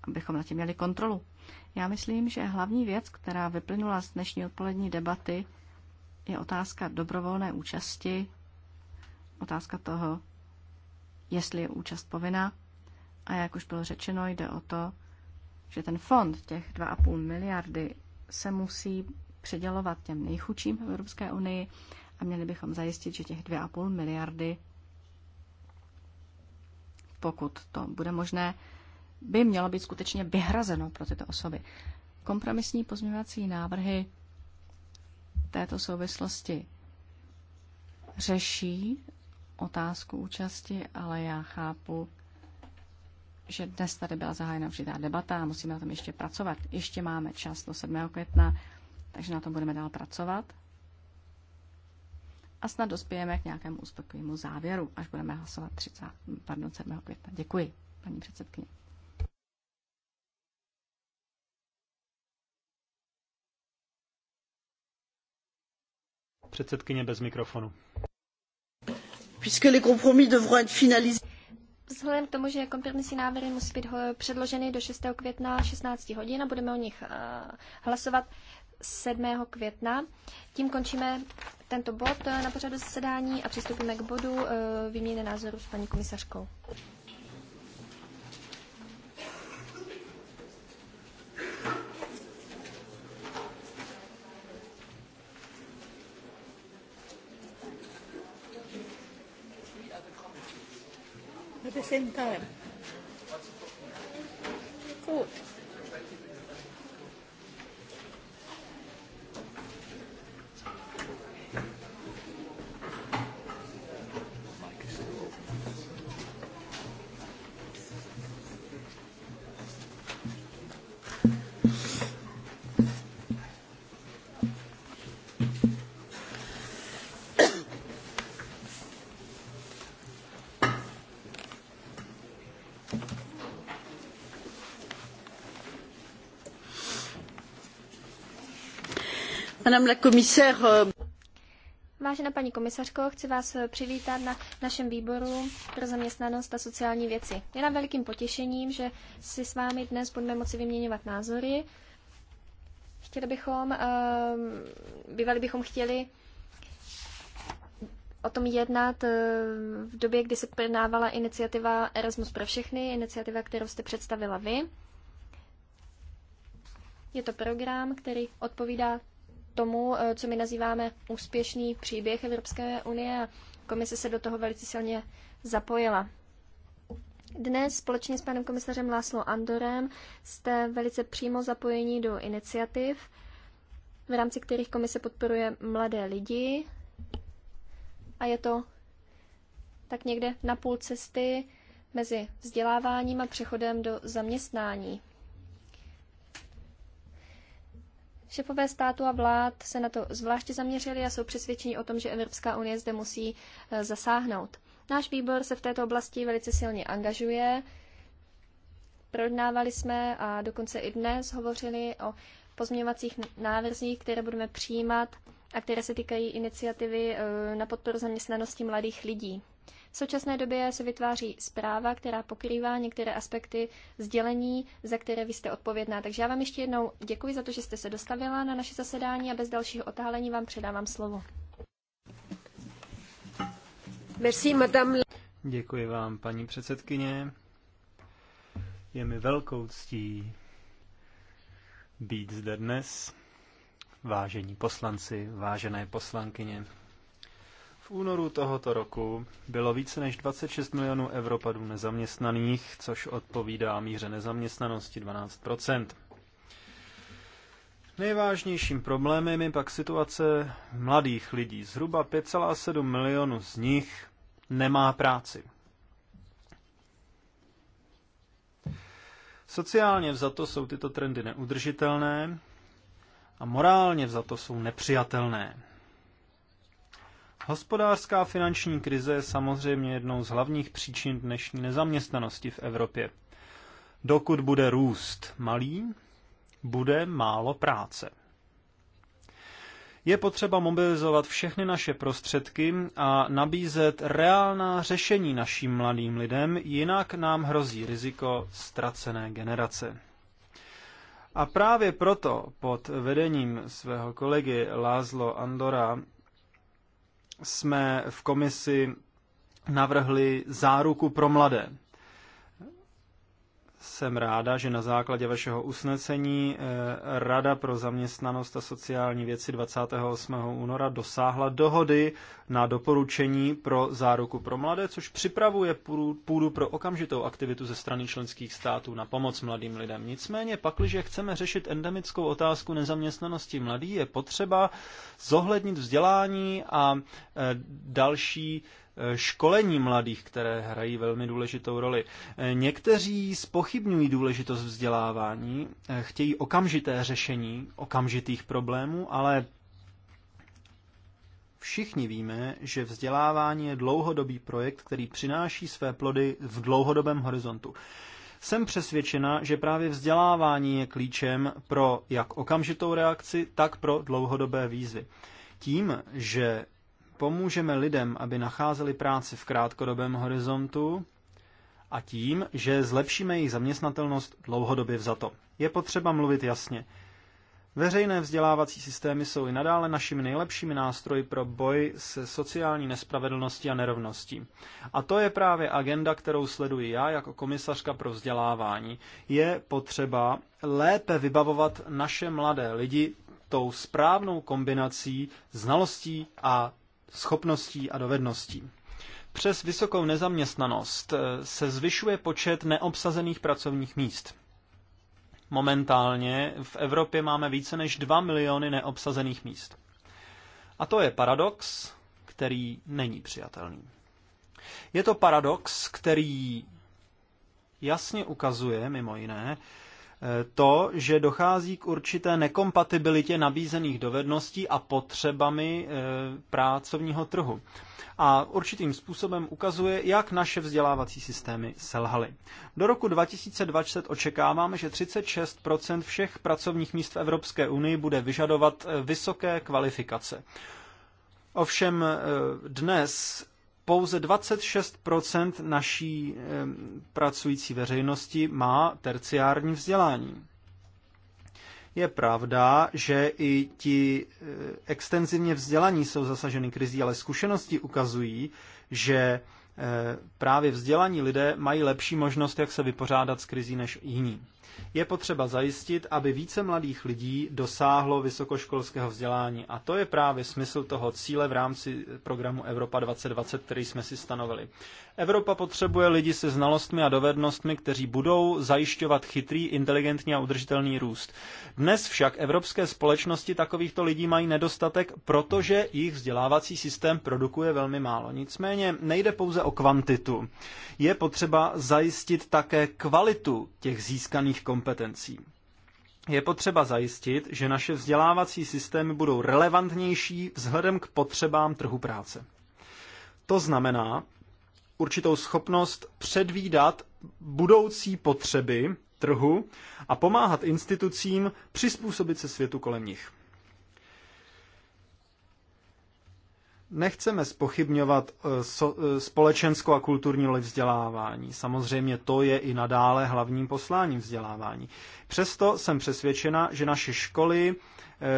abychom na tím měli kontrolu. Já myslím, že hlavní věc, která vyplynula z dnešní odpolední debaty, je otázka dobrovolné účasti, otázka toho, jestli je účast povinná. A jak už bylo řečeno, jde o to, že ten fond těch 2,5 miliardy se musí předělovat těm nejchudším v Evropské unii a měli bychom zajistit, že těch 2,5 miliardy, pokud to bude možné, by mělo být skutečně vyhrazeno pro tyto osoby. Kompromisní pozměňovací návrhy této souvislosti řeší otázku účasti, ale já chápu, že dnes tady byla zahájena určitá debata a musíme na tom ještě pracovat. Ještě máme čas do 7. května, takže na tom budeme dál pracovat. A snad dospějeme k nějakému uspokojivému závěru, až budeme hlasovat 30, pardon, 7. května. Děkuji, paní předsedkyně. Předsedkyně bez mikrofonu. Vzhledem k tomu, že kompromisní návrhy musí být předloženy do 6. května 16 hodin a budeme o nich eh, hlasovat 7. května. Tím končíme tento bod eh, na pořadu zasedání a přistoupíme k bodu eh, výměny názorů s paní komisařkou. same time. Good. Euh, Vážená paní komisařko, chci vás eh, přivítat na našem výboru pro zaměstnanost a sociální věci. Je nám velikým potěšením, že si s vámi dnes budeme moci vyměňovat názory. Chtěli bychom, eh, bývali bychom chtěli o tom jednat eh, v době, kdy se projednávala iniciativa Erasmus pro všechny, iniciativa, kterou jste představila vy. Je to program, který odpovídá tomu, eh, co my nazýváme úspěšný příběh Evropské unie a komise se do toho velice silně zapojila. Dnes společně s panem komisařem Láslo Andorem jste velice přímo zapojení do iniciativ, v rámci kterých komise podporuje mladé lidi a je to tak někde na půl cesty mezi vzděláváním a přechodem do zaměstnání. Šefové státu a vlád se na to zvláště zaměřili a jsou přesvědčeni o tom, že Evropská unie zde musí eh, zasáhnout. Náš výbor se v této oblasti velice silně angažuje. Projednávali jsme a dokonce i dnes hovořili o pozměňovacích návrzích, které budeme přijímat a které se týkají iniciativy eh, na podporu zaměstnanosti mladých lidí současné době se vytváří zpráva, která pokrývá některé aspekty sdělení, za které vy jste odpovědná. Takže já vám ještě jednou děkuji za to, že jste se dostavila na naše zasedání a bez dalšího otálení vám předávám slovo. Merci, madame. Děkuji vám, paní předsedkyně. Je mi velkou ctí být zde dnes. Vážení poslanci, vážené poslankyně, únoru tohoto roku bylo více než 26 milionů Evropadů nezaměstnaných, což odpovídá míře nezaměstnanosti 12 Nejvážnějším problémem je pak situace mladých lidí. Zhruba 5,7 milionů z nich nemá práci. Sociálně vzato jsou tyto trendy neudržitelné a morálně vzato jsou nepřijatelné. Hospodářská finanční krize je samozřejmě jednou z hlavních příčin dnešní nezaměstnanosti v Evropě. Dokud bude růst malý, bude málo práce. Je potřeba mobilizovat všechny naše prostředky a nabízet reálná řešení našim mladým lidem, jinak nám hrozí riziko ztracené generace. A právě proto pod vedením svého kolegy Lázlo Andora jsme v komisi navrhli záruku pro mladé jsem ráda, že na základě vašeho usnesení eh, Rada pro zaměstnanost a sociální věci 28. února dosáhla dohody na doporučení pro záruku pro mladé, což připravuje půdu pro okamžitou aktivitu ze strany členských států na pomoc mladým lidem. Nicméně, pakliže chceme řešit endemickou otázku nezaměstnanosti mladých, je potřeba zohlednit vzdělání a eh, další školení mladých, které hrají velmi důležitou roli. Někteří spochybňují důležitost vzdělávání, chtějí okamžité řešení okamžitých problémů, ale Všichni víme, že vzdělávání je dlouhodobý projekt, který přináší své plody v dlouhodobém horizontu. Jsem přesvědčena, že právě vzdělávání je klíčem pro jak okamžitou reakci, tak pro dlouhodobé výzvy. Tím, že pomůžeme lidem, aby nacházeli práci v krátkodobém horizontu a tím, že zlepšíme jejich zaměstnatelnost dlouhodobě vzato. Je potřeba mluvit jasně. Veřejné vzdělávací systémy jsou i nadále našimi nejlepšími nástroji pro boj se sociální nespravedlností a nerovností. A to je právě agenda, kterou sleduji já jako komisařka pro vzdělávání. Je potřeba lépe vybavovat naše mladé lidi tou správnou kombinací znalostí a schopností a dovedností. Přes vysokou nezaměstnanost eh, se zvyšuje počet neobsazených pracovních míst. Momentálně v Evropě máme více než 2 miliony neobsazených míst. A to je paradox, který není přijatelný. Je to paradox, který jasně ukazuje, mimo jiné, to, že dochází k určité nekompatibilitě nabízených dovedností a potřebami e, pracovního trhu. A určitým způsobem ukazuje, jak naše vzdělávací systémy selhaly. Do roku 2020 očekáváme, že 36 všech pracovních míst v Evropské unii bude vyžadovat e, vysoké kvalifikace. Ovšem e, dnes pouze 26 naší pracující veřejnosti má terciární vzdělání. Je pravda, že i ti eh, extenzivně vzdělaní jsou zasaženi krizí, ale zkušenosti ukazují, že eh, právě vzdělaní lidé mají lepší možnost, jak se vypořádat s krizí než jiní je potřeba zajistit, aby více mladých lidí dosáhlo vysokoškolského vzdělání. A to je právě smysl toho cíle v rámci programu Evropa 2020, který jsme si stanovili. Evropa potřebuje lidi se znalostmi a dovednostmi, kteří budou zajišťovat chytrý, inteligentní a udržitelný růst. Dnes však evropské společnosti takovýchto lidí mají nedostatek, protože jejich vzdělávací systém produkuje velmi málo. Nicméně nejde pouze o kvantitu. Je potřeba zajistit také kvalitu těch získaných kompetencí. Je potřeba zajistit, že naše vzdělávací systémy budou relevantnější vzhledem k potřebám trhu práce. To znamená, určitou schopnost předvídat budoucí potřeby trhu a pomáhat institucím přizpůsobit se světu kolem nich. Nechceme spochybňovat eh, eh, společenskou a kulturní roli vzdělávání. Samozřejmě to je i nadále hlavním posláním vzdělávání. Přesto jsem přesvědčena, že naše školy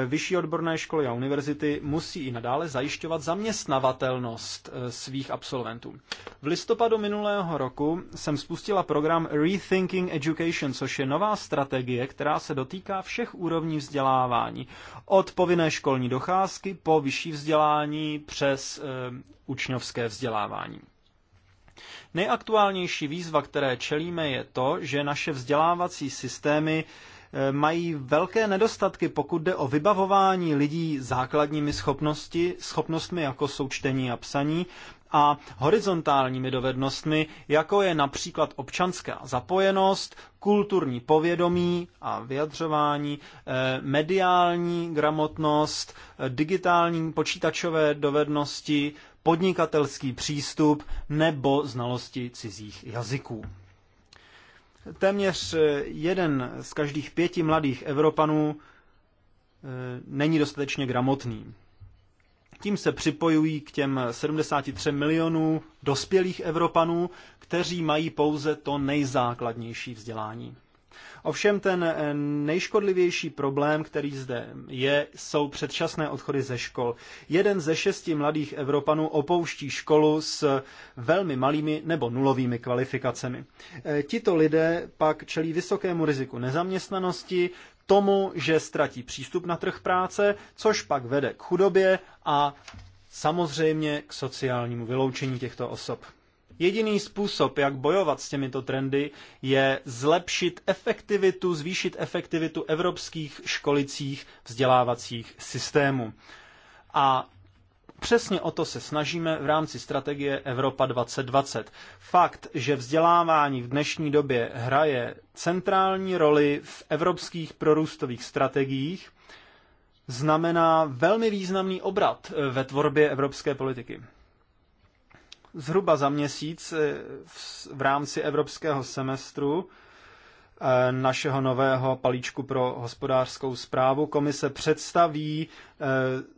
Vyšší odborné školy a univerzity musí i nadále zajišťovat zaměstnavatelnost eh, svých absolventů. V listopadu minulého roku jsem spustila program Rethinking Education, což je nová strategie, která se dotýká všech úrovní vzdělávání. Od povinné školní docházky po vyšší vzdělání přes e, učňovské vzdělávání. Nejaktuálnější výzva, které čelíme, je to, že naše vzdělávací systémy mají velké nedostatky, pokud jde o vybavování lidí základními schopnosti, schopnostmi, jako jsou čtení a psaní, a horizontálními dovednostmi, jako je například občanská zapojenost, kulturní povědomí a vyjadřování, eh, mediální gramotnost, eh, digitální počítačové dovednosti, podnikatelský přístup nebo znalosti cizích jazyků. Téměř eh, jeden z každých pěti mladých Evropanů eh, není dostatečně gramotný. Tím se připojují k těm 73 milionů dospělých Evropanů, kteří mají pouze to nejzákladnější vzdělání. Ovšem ten eh, nejškodlivější problém, který zde je, jsou předčasné odchody ze škol. Jeden ze šesti mladých Evropanů opouští školu s velmi malými nebo nulovými kvalifikacemi. Eh, tito lidé pak čelí vysokému riziku nezaměstnanosti, tomu, že ztratí přístup na trh práce, což pak vede k chudobě a samozřejmě k sociálnímu vyloučení těchto osob. Jediný způsob, jak bojovat s těmito trendy, je zlepšit efektivitu, zvýšit efektivitu evropských školicích vzdělávacích systémů. A Přesně o to se snažíme v rámci strategie Evropa 2020. Fakt, že vzdělávání v dnešní době hraje centrální roli v evropských prorůstových strategiích, znamená velmi významný obrat eh, ve tvorbě evropské politiky zhruba za měsíc eh, v rámci evropského semestru eh, našeho nového palíčku pro hospodářskou zprávu. Komise představí eh,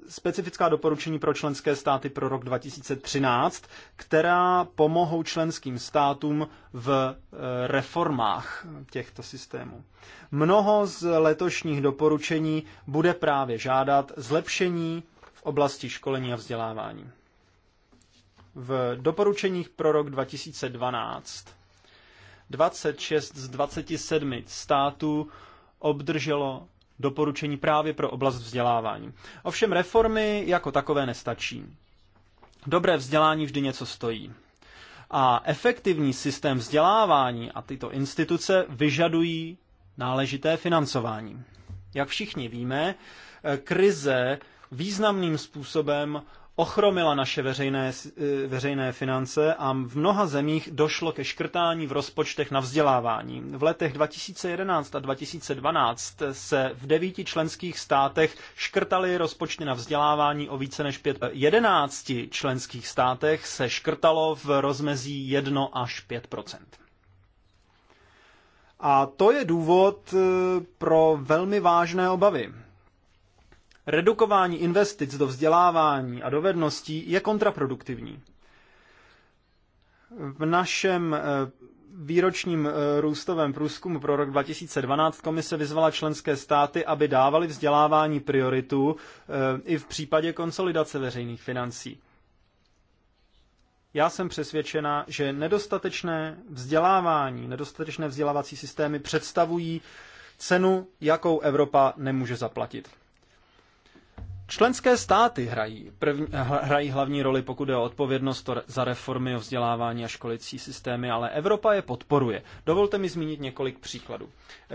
specifická doporučení pro členské státy pro rok 2013, která pomohou členským státům v reformách těchto systémů. Mnoho z letošních doporučení bude právě žádat zlepšení v oblasti školení a vzdělávání. V doporučeních pro rok 2012 26 z 27 států obdrželo doporučení právě pro oblast vzdělávání. Ovšem reformy jako takové nestačí. Dobré vzdělání vždy něco stojí. A efektivní systém vzdělávání a tyto instituce vyžadují náležité financování. Jak všichni víme, eh, krize významným způsobem ochromila naše veřejné, eh, veřejné finance a v mnoha zemích došlo ke škrtání v rozpočtech na vzdělávání. V letech 2011 a 2012 se v devíti členských státech škrtaly rozpočty na vzdělávání o více než V eh, jedenácti členských státech se škrtalo v rozmezí 1 až 5 a to je důvod eh, pro velmi vážné obavy redukování investic do vzdělávání a dovedností je kontraproduktivní. V našem eh, výročním eh, růstovém průzkumu pro rok 2012 komise vyzvala členské státy, aby dávali vzdělávání prioritu eh, i v případě konsolidace veřejných financí. Já jsem přesvědčena, že nedostatečné vzdělávání, nedostatečné vzdělávací systémy představují cenu, jakou Evropa nemůže zaplatit. Členské státy hrají, první, hrají hlavní roli, pokud je o odpovědnost za reformy o vzdělávání a školicí systémy, ale Evropa je podporuje. Dovolte mi zmínit několik příkladů.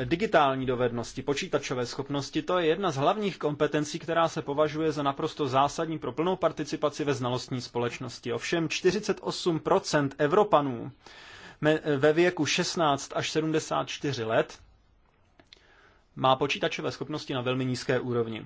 Digitální dovednosti, počítačové schopnosti, to je jedna z hlavních kompetencí, která se považuje za naprosto zásadní pro plnou participaci ve znalostní společnosti. Ovšem 48% Evropanů ve věku 16 až 74 let má počítačové schopnosti na velmi nízké úrovni.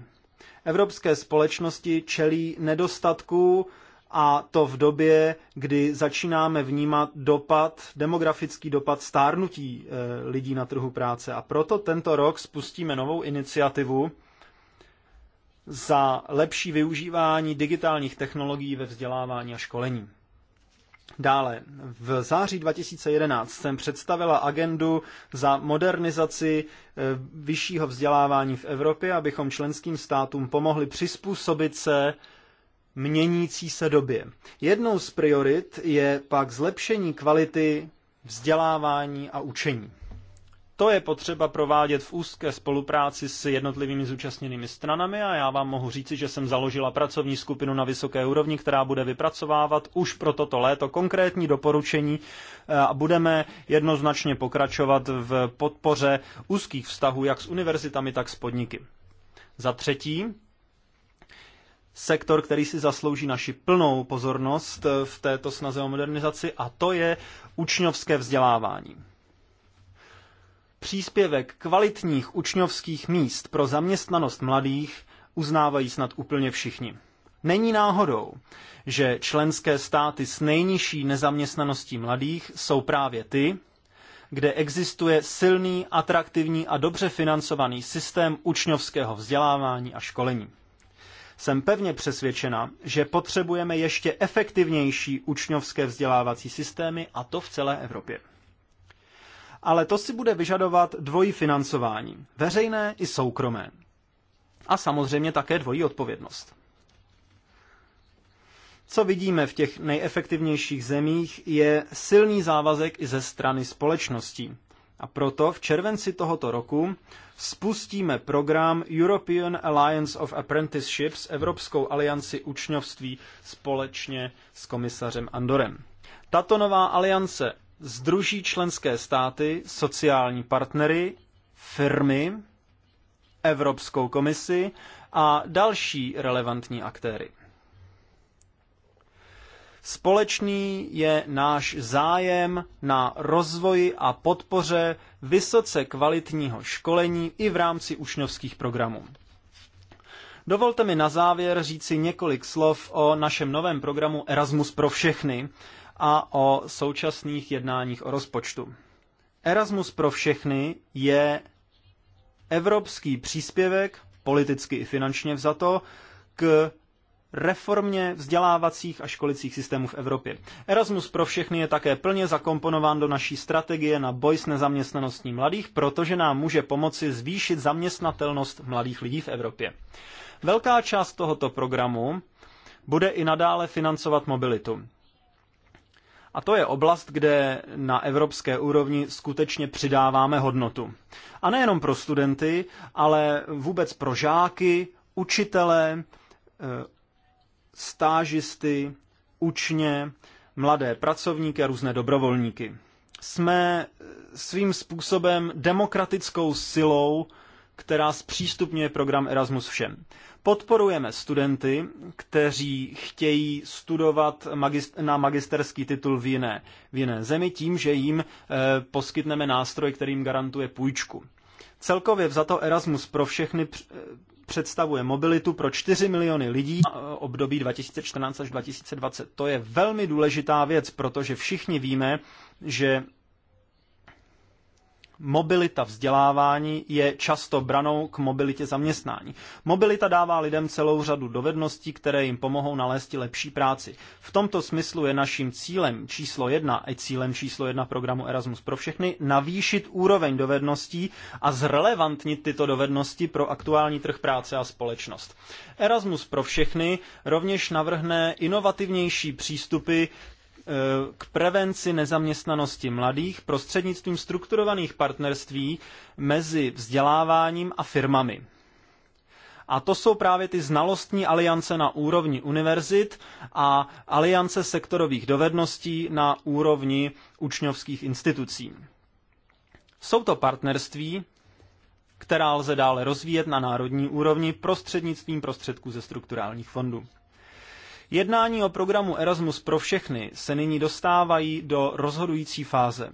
Evropské společnosti čelí nedostatku a to v době, kdy začínáme vnímat dopad, demografický dopad stárnutí eh, lidí na trhu práce. A proto tento rok spustíme novou iniciativu za lepší využívání digitálních technologií ve vzdělávání a školení. Dále, v září 2011 jsem představila agendu za modernizaci eh, vyššího vzdělávání v Evropě, abychom členským státům pomohli přizpůsobit se měnící se době. Jednou z priorit je pak zlepšení kvality vzdělávání a učení to je potřeba provádět v úzké spolupráci s jednotlivými zúčastněnými stranami a já vám mohu říci, že jsem založila pracovní skupinu na vysoké úrovni, která bude vypracovávat už pro toto léto konkrétní doporučení eh, a budeme jednoznačně pokračovat v podpoře úzkých vztahů jak s univerzitami, tak s podniky. Za třetí, sektor, který si zaslouží naši plnou pozornost eh, v této snaze o modernizaci, a to je učňovské vzdělávání. Příspěvek kvalitních učňovských míst pro zaměstnanost mladých uznávají snad úplně všichni. Není náhodou, že členské státy s nejnižší nezaměstnaností mladých jsou právě ty, kde existuje silný, atraktivní a dobře financovaný systém učňovského vzdělávání a školení. Jsem pevně přesvědčena, že potřebujeme ještě efektivnější učňovské vzdělávací systémy a to v celé Evropě ale to si bude vyžadovat dvojí financování, veřejné i soukromé. A samozřejmě také dvojí odpovědnost. Co vidíme v těch nejefektivnějších zemích, je silný závazek i ze strany společností. A proto v červenci tohoto roku spustíme program European Alliance of Apprenticeships, Evropskou alianci učňovství, společně s komisařem Andorem. Tato nová aliance združí členské státy, sociální partnery, firmy, Evropskou komisi a další relevantní aktéry. Společný je náš zájem na rozvoji a podpoře vysoce kvalitního školení i v rámci ušňovských programů. Dovolte mi na závěr říci několik slov o našem novém programu Erasmus pro všechny, a o současných jednáních o rozpočtu. Erasmus pro všechny je evropský příspěvek, politicky i finančně vzato, k reformě vzdělávacích a školicích systémů v Evropě. Erasmus pro všechny je také plně zakomponován do naší strategie na boj s nezaměstnaností mladých, protože nám může pomoci zvýšit zaměstnatelnost mladých lidí v Evropě. Velká část tohoto programu bude i nadále financovat mobilitu. A to je oblast, kde na evropské úrovni skutečně přidáváme hodnotu. A nejenom pro studenty, ale vůbec pro žáky, učitele, e, stážisty, učně, mladé pracovníky a různé dobrovolníky. Jsme e, svým způsobem demokratickou silou která zpřístupňuje program Erasmus všem. Podporujeme studenty, kteří chtějí studovat na magisterský titul v jiné, v jiné zemi tím, že jim eh, poskytneme nástroj, kterým garantuje půjčku. Celkově vzato Erasmus pro všechny představuje mobilitu pro 4 miliony lidí eh, období 2014 až 2020. To je velmi důležitá věc, protože všichni víme, že mobilita vzdělávání je často branou k mobilitě zaměstnání. Mobilita dává lidem celou řadu dovedností, které jim pomohou nalézt lepší práci. V tomto smyslu je naším cílem číslo jedna a cílem číslo jedna programu Erasmus pro všechny navýšit úroveň dovedností a zrelevantnit tyto dovednosti pro aktuální trh práce a společnost. Erasmus pro všechny rovněž navrhne inovativnější přístupy Eh, k prevenci nezaměstnanosti mladých prostřednictvím strukturovaných partnerství mezi vzděláváním a firmami. A to jsou právě ty znalostní aliance na úrovni univerzit a aliance sektorových dovedností na úrovni učňovských institucí. Jsou to partnerství, která lze dále rozvíjet na národní úrovni prostřednictvím prostředků ze strukturálních fondů. Jednání o programu Erasmus pro všechny se nyní dostávají do rozhodující fáze.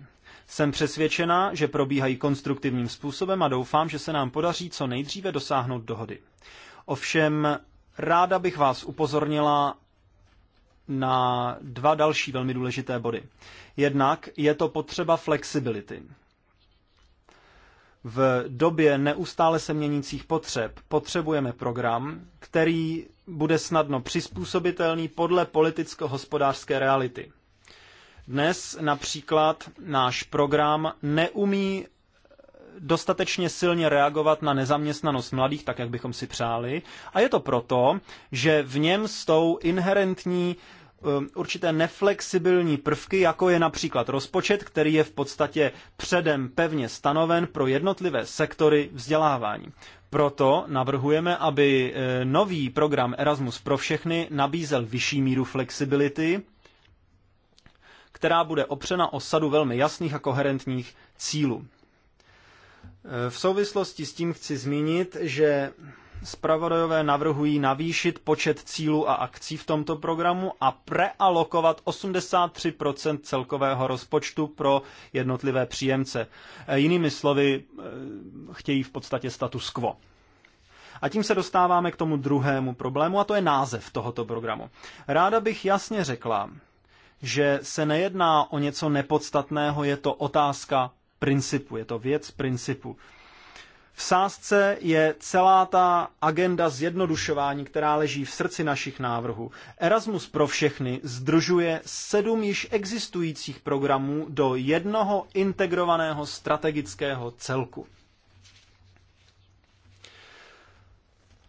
Jsem přesvědčená, že probíhají konstruktivním způsobem a doufám, že se nám podaří co nejdříve dosáhnout dohody. Ovšem, ráda bych vás upozornila na dva další velmi důležité body. Jednak je to potřeba flexibility. V době neustále se měnících potřeb potřebujeme program, který bude snadno přizpůsobitelný podle politicko-hospodářské reality. Dnes například náš program neumí eh, dostatečně silně reagovat na nezaměstnanost mladých, tak jak bychom si přáli. A je to proto, že v něm tou inherentní Um, určité neflexibilní prvky, jako je například rozpočet, který je v podstatě předem pevně stanoven pro jednotlivé sektory vzdělávání. Proto navrhujeme, aby eh, nový program Erasmus pro všechny nabízel vyšší míru flexibility, která bude opřena o sadu velmi jasných a koherentních cílů. Eh, v souvislosti s tím chci zmínit, že Spravodajové navrhují navýšit počet cílů a akcí v tomto programu a prealokovat 83 celkového rozpočtu pro jednotlivé příjemce. Eh, jinými slovy, eh, chtějí v podstatě status quo. A tím se dostáváme k tomu druhému problému, a to je název tohoto programu. Ráda bych jasně řekla, že se nejedná o něco nepodstatného, je to otázka principu, je to věc principu. V sázce je celá ta agenda zjednodušování, která leží v srdci našich návrhů. Erasmus pro všechny združuje sedm již existujících programů do jednoho integrovaného strategického celku.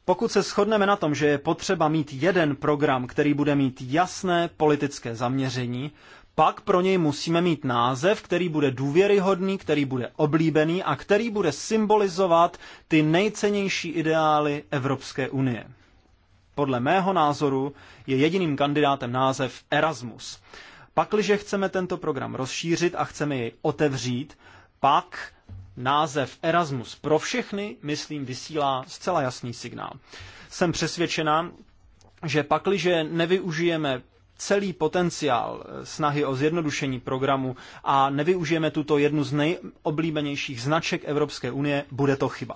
Pokud se shodneme na tom, že je potřeba mít jeden program, který bude mít jasné politické zaměření, pak pro něj musíme mít název, který bude důvěryhodný, který bude oblíbený a který bude symbolizovat ty nejcennější ideály Evropské unie. Podle mého názoru je jediným kandidátem název Erasmus. Pakliže chceme tento program rozšířit a chceme jej otevřít, pak název Erasmus pro všechny, myslím, vysílá zcela jasný signál. Jsem přesvědčena, že pakliže nevyužijeme celý potenciál eh, snahy o zjednodušení programu a nevyužijeme tuto jednu z nejoblíbenějších značek Evropské unie, bude to chyba.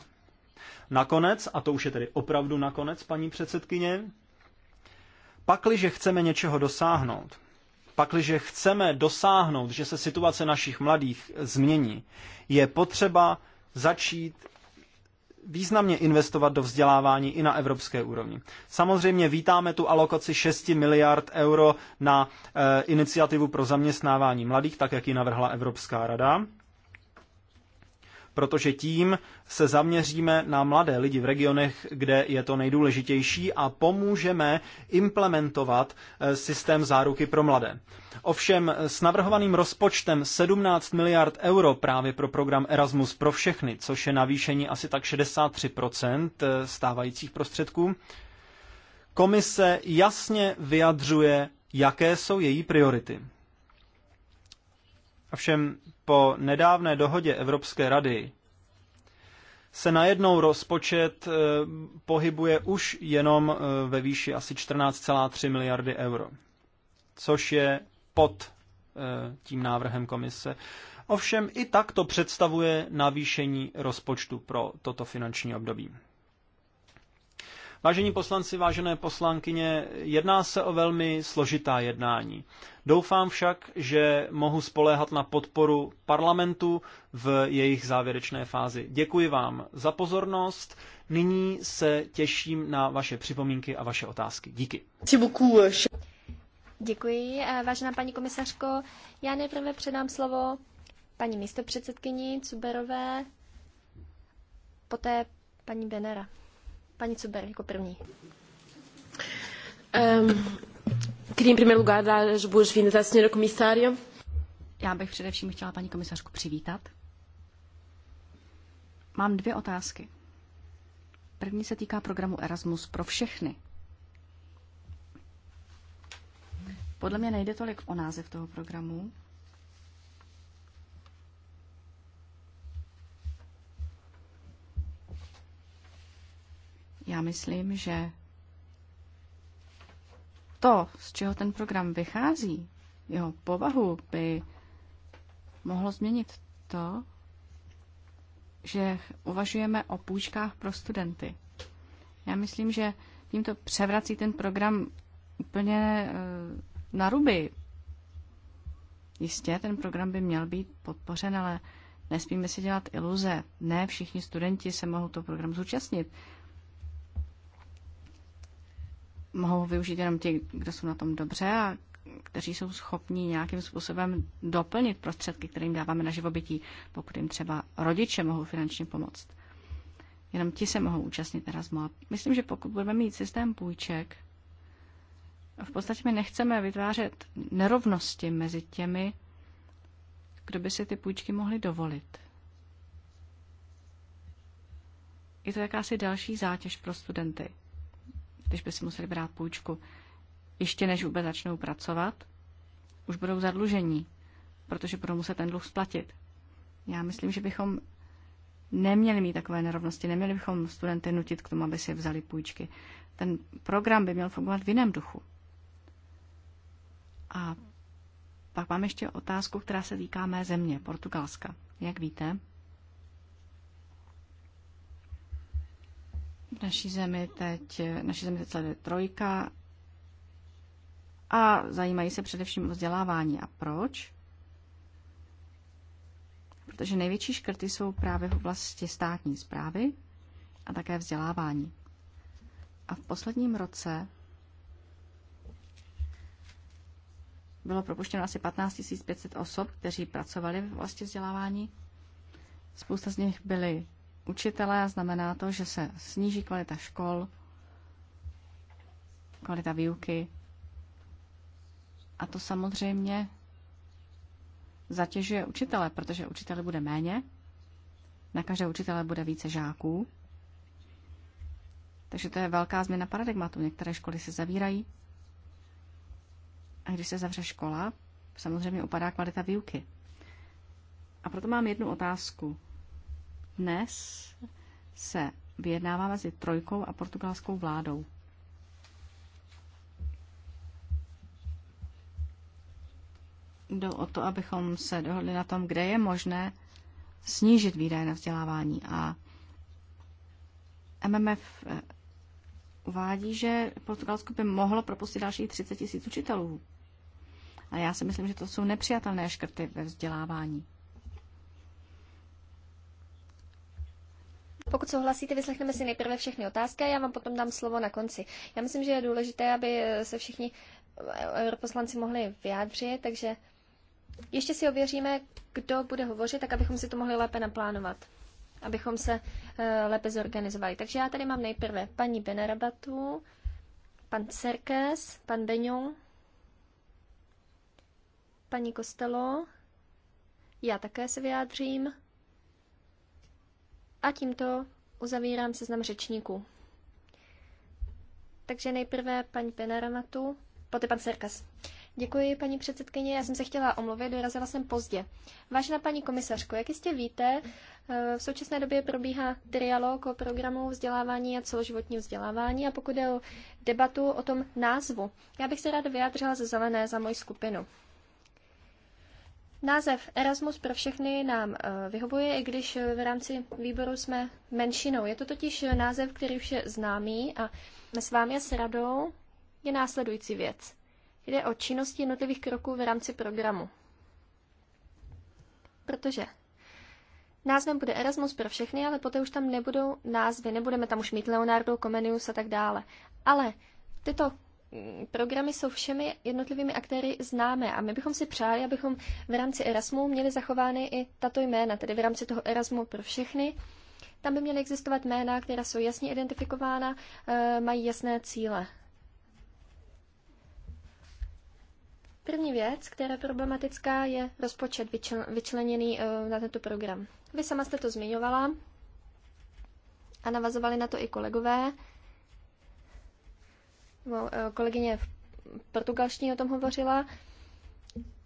Nakonec, a to už je tedy opravdu nakonec, paní předsedkyně, pakliže chceme něčeho dosáhnout, pakliže chceme dosáhnout, že se situace našich mladých změní, je potřeba začít významně investovat do vzdělávání i na evropské úrovni. Samozřejmě vítáme tu alokaci 6 miliard euro na eh, iniciativu pro zaměstnávání mladých, tak jak ji navrhla Evropská rada protože tím se zaměříme na mladé lidi v regionech, kde je to nejdůležitější a pomůžeme implementovat eh, systém záruky pro mladé. Ovšem s navrhovaným rozpočtem 17 miliard euro právě pro program Erasmus pro všechny, což je navýšení asi tak 63% eh, stávajících prostředků, komise jasně vyjadřuje, jaké jsou její priority. Avšem po nedávné dohodě Evropské rady se najednou rozpočet eh, pohybuje už jenom eh, ve výši asi 14,3 miliardy euro, což je pod eh, tím návrhem komise. Ovšem i tak to představuje navýšení rozpočtu pro toto finanční období. Vážení poslanci, vážené poslankyně, jedná se o velmi složitá jednání. Doufám však, že mohu spoléhat na podporu parlamentu v jejich závěrečné fázi. Děkuji vám za pozornost. Nyní se těším na vaše připomínky a vaše otázky. Díky. Euh, Děkuji, eh, vážená paní komisařko. Já nejprve předám slovo paní místopředsedkyni Cuberové, poté paní Benera. Pani Cuber jako první. Um, Kdy jim primeiro lugar dar as boas-vindas à senhora comissária. Já bych především chtěla paní komisařku přivítat. Mám dvě otázky. První se týká programu Erasmus pro všechny. Podle mě nejde tolik o název toho programu, Já myslím, že to, z čeho ten program vychází, jeho povahu by mohlo změnit to, že uvažujeme o půjčkách pro studenty. Já myslím, že tímto převrací ten program úplně eh, na ruby. Jistě, ten program by měl být podpořen, ale nesmíme si dělat iluze. Ne všichni studenti se mohou toho programu zúčastnit mohou využít jenom ti, kdo jsou na tom dobře a kteří jsou schopni nějakým způsobem doplnit prostředky, kterým dáváme na živobytí, pokud jim třeba rodiče mohou finančně pomoct. Jenom ti se mohou účastnit Erasma. Myslím, že pokud budeme mít systém půjček, v podstatě my nechceme vytvářet nerovnosti mezi těmi, kdo by si ty půjčky mohli dovolit. Je to jakási další zátěž pro studenty když by si museli brát půjčku. Ještě než vůbec začnou pracovat, už budou zadlužení, protože budou muset ten dluh splatit. Já myslím, že bychom neměli mít takové nerovnosti, neměli bychom studenty nutit k tomu, aby si vzali půjčky. Ten program by měl fungovat v jiném duchu. A pak mám ještě otázku, která se týká mé země, Portugalska. Jak víte, naší zemi teď, naší zemi teď trojka a zajímají se především o vzdělávání. A proč? Protože největší škrty jsou právě v oblasti státní zprávy a také vzdělávání. A v posledním roce bylo propuštěno asi 15 500 osob, kteří pracovali v oblasti vzdělávání. Spousta z nich byli učitele a znamená to, že se sníží kvalita škol, kvalita výuky a to samozřejmě zatěžuje učitele, protože učitele bude méně, na každé učitele bude více žáků. Takže to je velká změna paradigmatu. Některé školy se zavírají. A když se zavře škola, samozřejmě upadá kvalita výuky. A proto mám jednu otázku. Dnes se vyjednává mezi trojkou a portugalskou vládou. Jde o to, abychom se dohodli na tom, kde je možné snížit výdaje na vzdělávání. A MMF eh, uvádí, že Portugalsko by mohlo propustit dalších 30 tisíc učitelů. A já si myslím, že to jsou nepřijatelné škrty ve vzdělávání. Pokud souhlasíte, vyslechneme si nejprve všechny otázky a já vám potom dám slovo na konci. Já myslím, že je důležité, aby se všichni europoslanci mohli vyjádřit, takže ještě si ověříme, kdo bude hovořit, tak abychom si to mohli lépe naplánovat, abychom se eh, lépe zorganizovali. Takže já tady mám nejprve paní Benarabatu, pan Cerkes, pan Benjong, paní Kostelo, já také se vyjádřím. A tímto uzavírám seznam řečníků. Takže nejprve paní Penaramatu, poté pan Serkas. Děkuji, paní předsedkyně. Já jsem se chtěla omluvit, dorazila jsem pozdě. Vážená paní komisařko, jak jistě víte, eh, v současné době probíhá trialog o programu vzdělávání a celoživotní vzdělávání a pokud je o debatu o tom názvu, já bych se ráda vyjádřila ze zelené za moji skupinu. Název Erasmus pro všechny nám eh, vyhovuje, i když eh, v rámci výboru jsme menšinou. Je to totiž eh, název, který už je známý a s vámi a s radou je následující věc. Jde o činnosti jednotlivých kroků v rámci programu. Protože názvem bude Erasmus pro všechny, ale poté už tam nebudou názvy, nebudeme tam už mít Leonardo, Comenius a tak dále. Ale tyto programy jsou všemi jednotlivými aktéry známé a my bychom si přáli, abychom v rámci Erasmu měli zachovány i tato jména, tedy v rámci toho Erasmu pro všechny. Tam by měly existovat jména, která jsou jasně identifikována, eh, mají jasné cíle. První věc, která je problematická, je rozpočet vyčleněný eh, na tento program. Vy sama jste to zmiňovala a navazovali na to i kolegové. Eh, kolegyně v portugalštině o tom hovořila.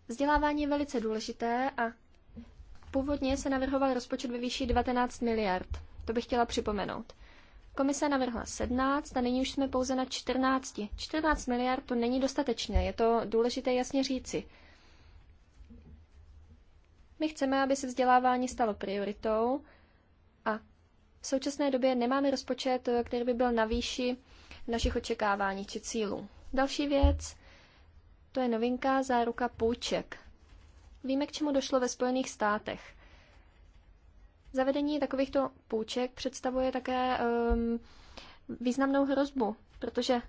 Vzdělávání je velice důležité a původně se navrhoval rozpočet ve výši 19 miliard. To bych chtěla připomenout. Komise navrhla 17 a nyní už jsme pouze na 14. 14 miliard to není dostatečné, je to důležité jasně říci. My chceme, aby se vzdělávání stalo prioritou a v současné době nemáme rozpočet, eh, který by byl na výši našich očekávání či cílů. Další věc, to je novinka záruka půjček. Víme, k čemu došlo ve Spojených státech. Zavedení takovýchto půjček představuje také um, významnou hrozbu, protože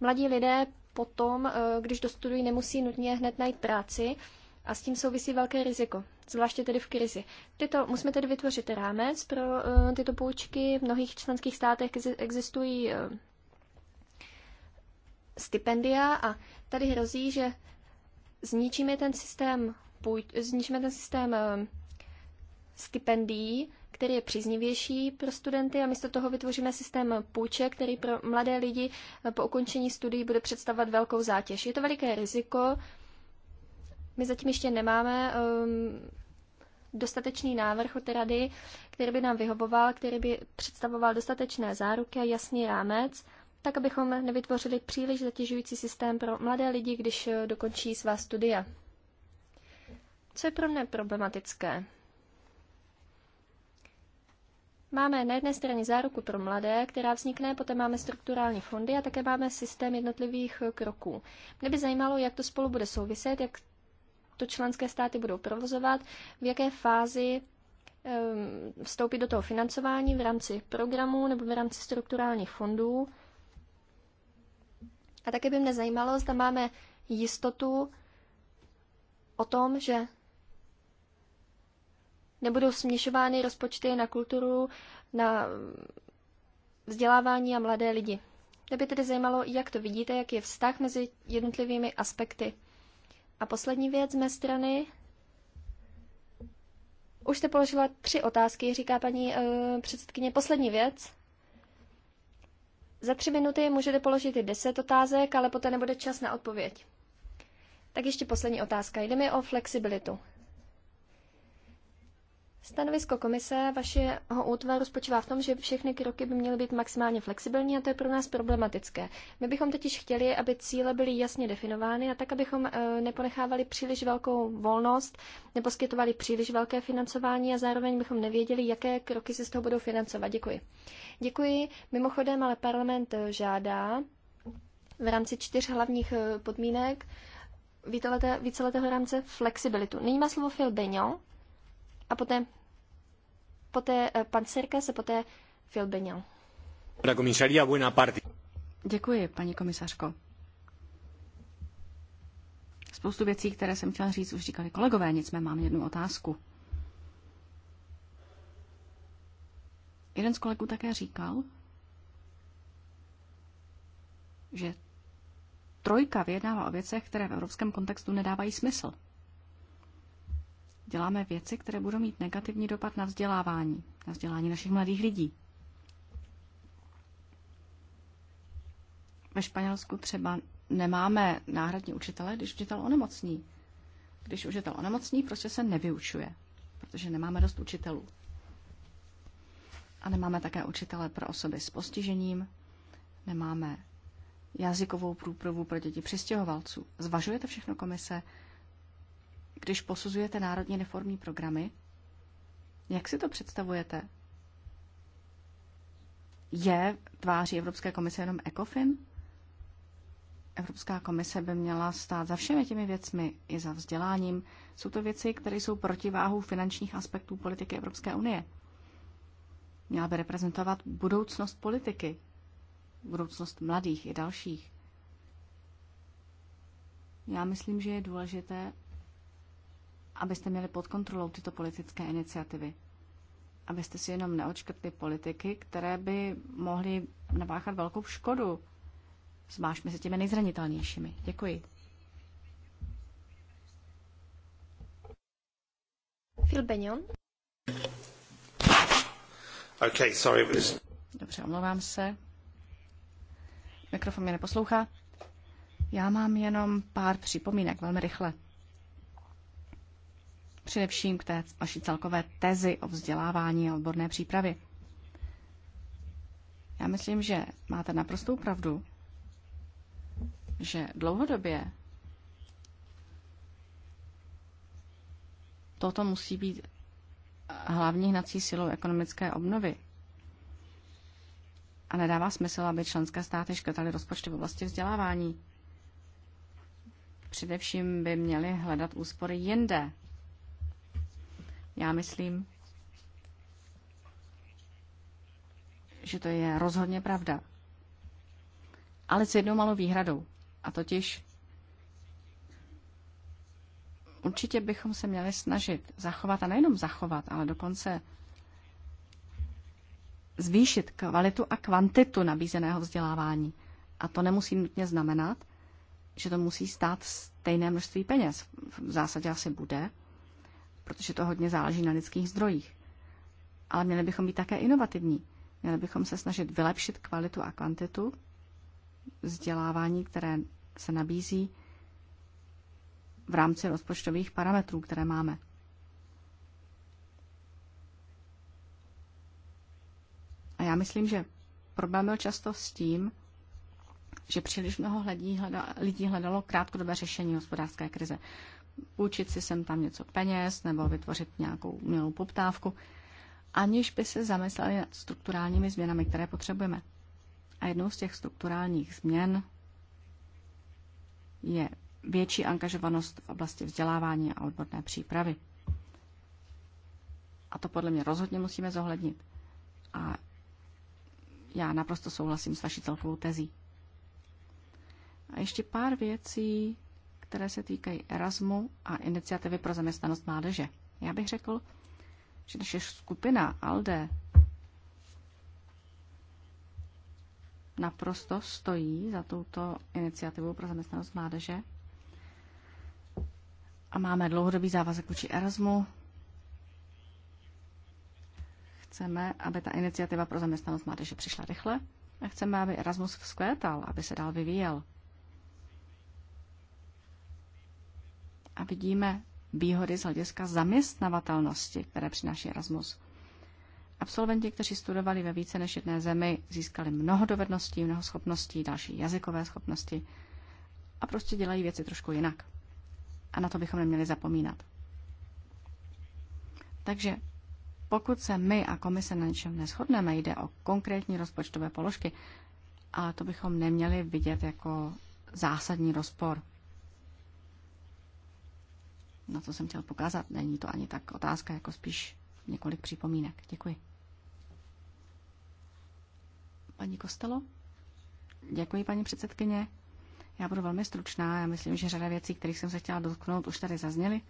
mladí lidé potom, uh, když dostudují, nemusí nutně hned najít práci a s tím souvisí velké riziko, zvláště tedy v krizi. Tyto, musíme tedy vytvořit rámec pro uh, tyto půjčky. V mnohých členských státech existují uh, stipendia a tady hrozí, že zničíme ten systém, půj, zničíme ten systém eh, stipendií, který je příznivější pro studenty a místo toho vytvoříme systém půjček, který pro mladé lidi eh, po ukončení studií bude představovat velkou zátěž. Je to veliké riziko. My zatím ještě nemáme um, dostatečný návrh od rady, který by nám vyhovoval, který by představoval dostatečné záruky a jasný rámec tak abychom nevytvořili příliš zatěžující systém pro mladé lidi, když eh, dokončí svá studia. Co je pro mě problematické? Máme na jedné straně záruku pro mladé, která vznikne, poté máme strukturální fondy a také máme systém jednotlivých eh, kroků. Mě by zajímalo, jak to spolu bude souviset, jak to členské státy budou provozovat, v jaké fázi ehm, vstoupit do toho financování v rámci programů nebo v rámci strukturálních fondů a také by mě zajímalo, zda máme jistotu o tom, že nebudou směšovány rozpočty na kulturu, na vzdělávání a mladé lidi. Mě by tedy zajímalo, jak to vidíte, jak je vztah mezi jednotlivými aspekty. A poslední věc z mé strany. Už jste položila tři otázky, říká paní uh, předsedkyně. Poslední věc. Za tři minuty můžete položit i deset otázek, ale poté nebude čas na odpověď. Tak ještě poslední otázka. Jde mi o flexibilitu. Stanovisko komise vašeho útvaru spočívá v tom, že všechny kroky by měly být maximálně flexibilní a to je pro nás problematické. My bychom totiž chtěli, aby cíle byly jasně definovány a tak, abychom e, neponechávali příliš velkou volnost, neposkytovali příliš velké financování a zároveň bychom nevěděli, jaké kroky se z toho budou financovat. Děkuji. Děkuji. Mimochodem, ale parlament e, žádá v rámci čtyř hlavních e, podmínek víceletého rámce flexibilitu. Nyní má slovo Phil Benyon a poté, poté eh, pan Sirka se poté filbenil. Děkuji, paní komisařko. Spoustu věcí, které jsem chtěla říct, už říkali kolegové, nicméně mám jednu otázku. Jeden z kolegů také říkal, že trojka vyjednává o věcech, které v evropském kontextu nedávají smysl děláme věci, které budou mít negativní dopad na vzdělávání, na vzdělání našich mladých lidí. Ve Španělsku třeba nemáme náhradní učitele, když učitel onemocní. Když učitel onemocní, prostě se nevyučuje, protože nemáme dost učitelů. A nemáme také učitele pro osoby s postižením, nemáme jazykovou průpravu pro děti přistěhovalců. Zvažujete všechno komise, když posuzujete národní reformní programy, jak si to představujete? Je tváří Evropské komise jenom ECOFIN? Evropská komise by měla stát za všemi těmi věcmi, i za vzděláním. Jsou to věci, které jsou protiváhou finančních aspektů politiky Evropské unie. Měla by reprezentovat budoucnost politiky, budoucnost mladých i dalších. Já myslím, že je důležité, abyste měli pod kontrolou tyto politické iniciativy. Abyste si jenom neočkrtli politiky, které by mohly napáchat velkou škodu, zvlášť se těmi nejzranitelnějšími. Děkuji. Phil Benyon. Okay, sorry, was... Dobře, omlouvám se. Mikrofon mě neposlouchá. Já mám jenom pár připomínek, velmi rychle především k té vaší celkové tezi o vzdělávání a odborné přípravě. Já myslím, že máte naprostou pravdu, že dlouhodobě toto musí být hlavní hnací silou ekonomické obnovy. A nedává smysl, aby členské státy škrtaly rozpočty v oblasti vzdělávání. Především by měly hledat úspory jinde, já myslím, že to je rozhodně pravda. Ale s jednou malou výhradou. A totiž určitě bychom se měli snažit zachovat, a nejenom zachovat, ale dokonce zvýšit kvalitu a kvantitu nabízeného vzdělávání. A to nemusí nutně znamenat, že to musí stát stejné množství peněz. V zásadě asi bude, protože to hodně záleží na lidských zdrojích. Ale měli bychom být také inovativní. Měli bychom se snažit vylepšit kvalitu a kvantitu vzdělávání, které se nabízí v rámci rozpočtových parametrů, které máme. A já myslím, že problém byl často s tím, že příliš mnoho lidí, lidí hledalo krátkodobé řešení hospodářské krize půjčit si sem tam něco peněz nebo vytvořit nějakou umělou poptávku, aniž by se zamysleli nad strukturálními změnami, které potřebujeme. A jednou z těch strukturálních změn je větší angažovanost v oblasti vzdělávání a odborné přípravy. A to podle mě rozhodně musíme zohlednit. A já naprosto souhlasím s vaší celkovou tezí. A ještě pár věcí které se týkají Erasmu a iniciativy pro zaměstnanost mládeže. Já bych řekl, že naše skupina ALDE naprosto stojí za touto iniciativou pro zaměstnanost mládeže a máme dlouhodobý závazek vůči Erasmu. Chceme, aby ta iniciativa pro zaměstnanost mládeže přišla rychle a chceme, aby Erasmus vzkvétal, aby se dál vyvíjel. a vidíme výhody z hlediska zaměstnavatelnosti, které přináší Erasmus. Absolventi, kteří studovali ve více než jedné zemi, získali mnoho dovedností, mnoho schopností, další jazykové schopnosti a prostě dělají věci trošku jinak. A na to bychom neměli zapomínat. Takže pokud se my a komise na něčem neschodneme, jde o konkrétní rozpočtové položky, ale to bychom neměli vidět jako zásadní rozpor. Na co jsem chtěl pokázat. Není to ani tak otázka, jako spíš několik připomínek. Děkuji. Paní Kostelo? Děkuji, paní předsedkyně. Já budu velmi stručná. Já myslím, že řada věcí, kterých jsem se chtěla dotknout, už tady zazněly.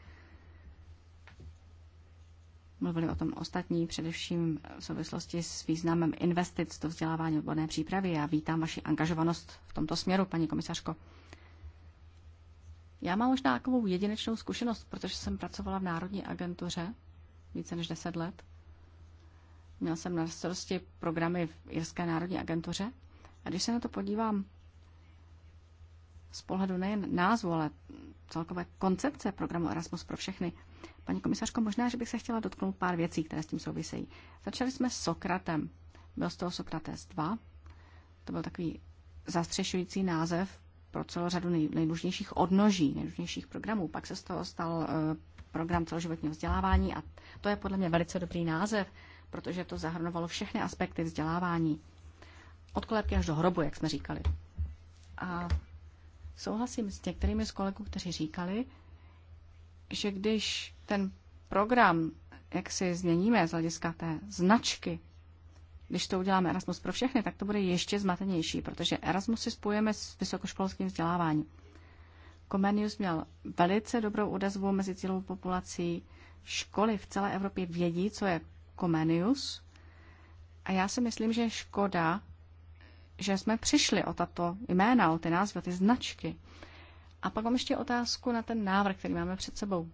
Mluvili o tom ostatní, především v souvislosti s významem investic do vzdělávání odborné přípravy. Já vítám vaši angažovanost v tomto směru, paní komisařko. Já mám možná takovou jedinečnou zkušenost, protože jsem pracovala v Národní agentuře více než 10 let. Měl jsem na starosti programy v Jirské národní agentuře. A když se na to podívám z pohledu nejen názvu, ale celkové koncepce programu Erasmus pro všechny, paní komisařko, možná, že bych se chtěla dotknout pár věcí, které s tím souvisejí. Začali jsme s Sokratem. Byl z toho Sokrates 2. To byl takový zastřešující název pro celou řadu nejdůležitějších odnoží, nejdůležitějších programů. Pak se z toho stal eh, program celoživotního vzdělávání a to je podle mě velice dobrý název, protože to zahrnovalo všechny aspekty vzdělávání. Od kolébky až do hrobu, jak jsme říkali. A souhlasím s některými z kolegů, kteří říkali, že když ten program, jak si změníme z hlediska té značky, když to uděláme Erasmus pro všechny, tak to bude ještě zmatenější, protože Erasmus si spojujeme s vysokoškolským vzděláváním. Comenius měl velice dobrou odezvu mezi celou populací. Školy v celé Evropě vědí, co je Comenius. A já si myslím, že je škoda, že jsme přišli o tato jména, o ty názvy, o ty značky. A pak mám ještě otázku na ten návrh, který máme před sebou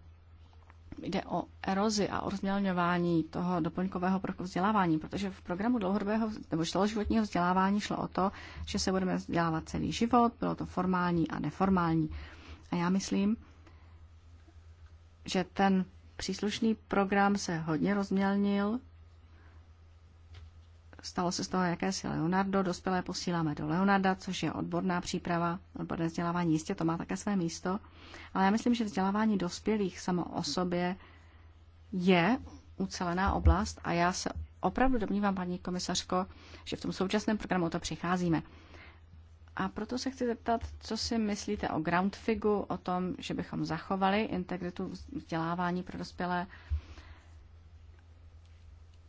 jde o erozi a o rozmělňování toho doplňkového prvku vzdělávání, protože v programu dlouhodobého nebo celoživotního vzdělávání šlo o to, že se budeme vzdělávat celý život, bylo to formální a neformální. A já myslím, že ten příslušný program se hodně rozmělnil stalo se z toho jakési Leonardo, dospělé posíláme do Leonarda, což je odborná příprava, odborné vzdělávání, jistě to má také své místo, ale já myslím, že vzdělávání dospělých samo o sobě je ucelená oblast a já se opravdu domnívám, paní komisařko, že v tom současném programu to přicházíme. A proto se chci zeptat, co si myslíte o ground figu, o tom, že bychom zachovali integritu vzdělávání pro dospělé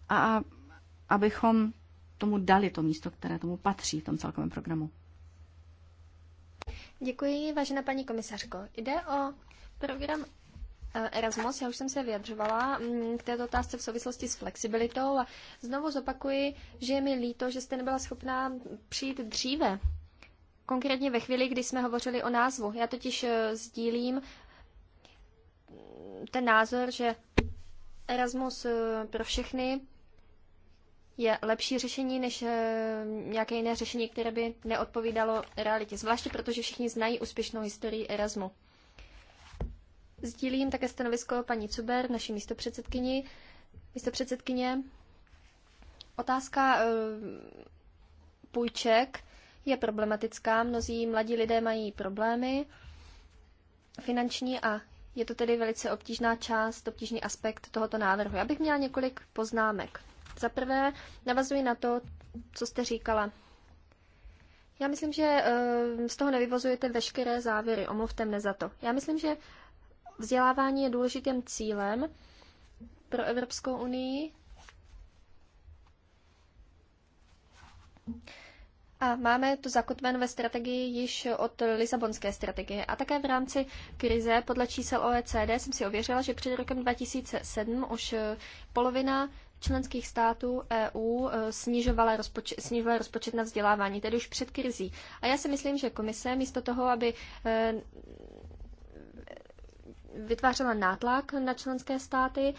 a abychom tomu dali to místo, které tomu patří v tom celkovém programu. Děkuji, vážená paní komisařko. Jde o program eh, Erasmus, já už jsem se vyjadřovala mm, k této otázce v souvislosti s flexibilitou a znovu zopakuji, že je mi líto, že jste nebyla schopná přijít dříve. Konkrétně ve chvíli, kdy jsme hovořili o názvu. Já totiž eh, sdílím mm, ten názor, že Erasmus eh, pro všechny je lepší řešení než eh, nějaké jiné řešení, které by neodpovídalo realitě, zvláště protože všichni znají úspěšnou historii Erasmu. Sdílím také stanovisko paní Cuber, naší místopředsedkyni. Místopředsedkyně, otázka eh, půjček je problematická. Mnozí mladí lidé mají problémy finanční a je to tedy velice obtížná část, obtížný aspekt tohoto návrhu. Já bych měla několik poznámek. Za prvé navazuji na to, co jste říkala. Já myslím, že eh, z toho nevyvozujete veškeré závěry, omluvte mne za to. Já myslím, že vzdělávání je důležitým cílem pro Evropskou unii. A máme to zakotven ve strategii již od Lisabonské strategie. A také v rámci krize podle čísel OECD jsem si ověřila, že před rokem 2007 už eh, polovina členských států EU e, snižovala rozpočet, snižovala rozpočet na vzdělávání, tedy už před krizí. A já si myslím, že komise místo toho, aby e, vytvářela nátlak na členské státy,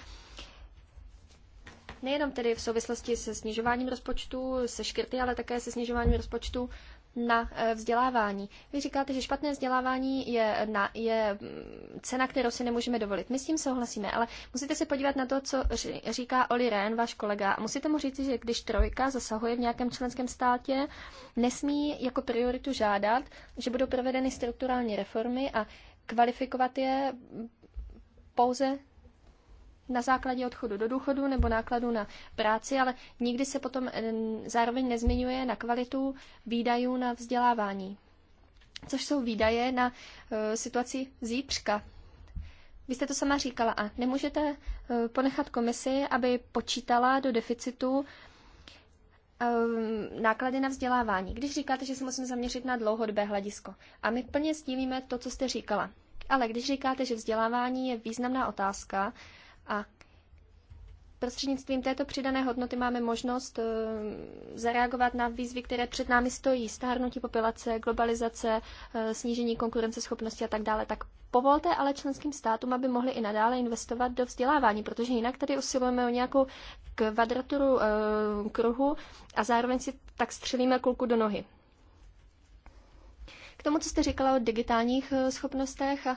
nejenom tedy v souvislosti se snižováním rozpočtu, se škrty, ale také se snižováním rozpočtu na eh, vzdělávání. Vy říkáte, že špatné vzdělávání je, na, je mm, cena, kterou si nemůžeme dovolit. My s tím souhlasíme, ale musíte se podívat na to, co říká Oli Ren, váš kolega. A musíte mu říct, že když trojka zasahuje v nějakém členském státě, nesmí jako prioritu žádat, že budou provedeny strukturální reformy a kvalifikovat je pouze na základě odchodu do důchodu nebo nákladu na práci, ale nikdy se potom eh, zároveň nezmiňuje na kvalitu výdajů na vzdělávání, což jsou výdaje na eh, situaci zítřka. Vy jste to sama říkala a nemůžete eh, ponechat komisi, aby počítala do deficitu náklady na vzdělávání. Když říkáte, že se musíme zaměřit na dlouhodobé hledisko, a my plně sdílíme to, co jste říkala. Ale když říkáte, že vzdělávání je významná otázka, a prostřednictvím této přidané hodnoty máme možnost eh, zareagovat na výzvy, které před námi stojí, stárnutí populace, globalizace, eh, snížení konkurenceschopnosti a tak dále. Tak povolte ale členským státům, aby mohli i nadále investovat do vzdělávání, protože jinak tady usilujeme o nějakou kvadraturu eh, kruhu a zároveň si tak střelíme kulku do nohy. K tomu, co jste říkala o digitálních schopnostech a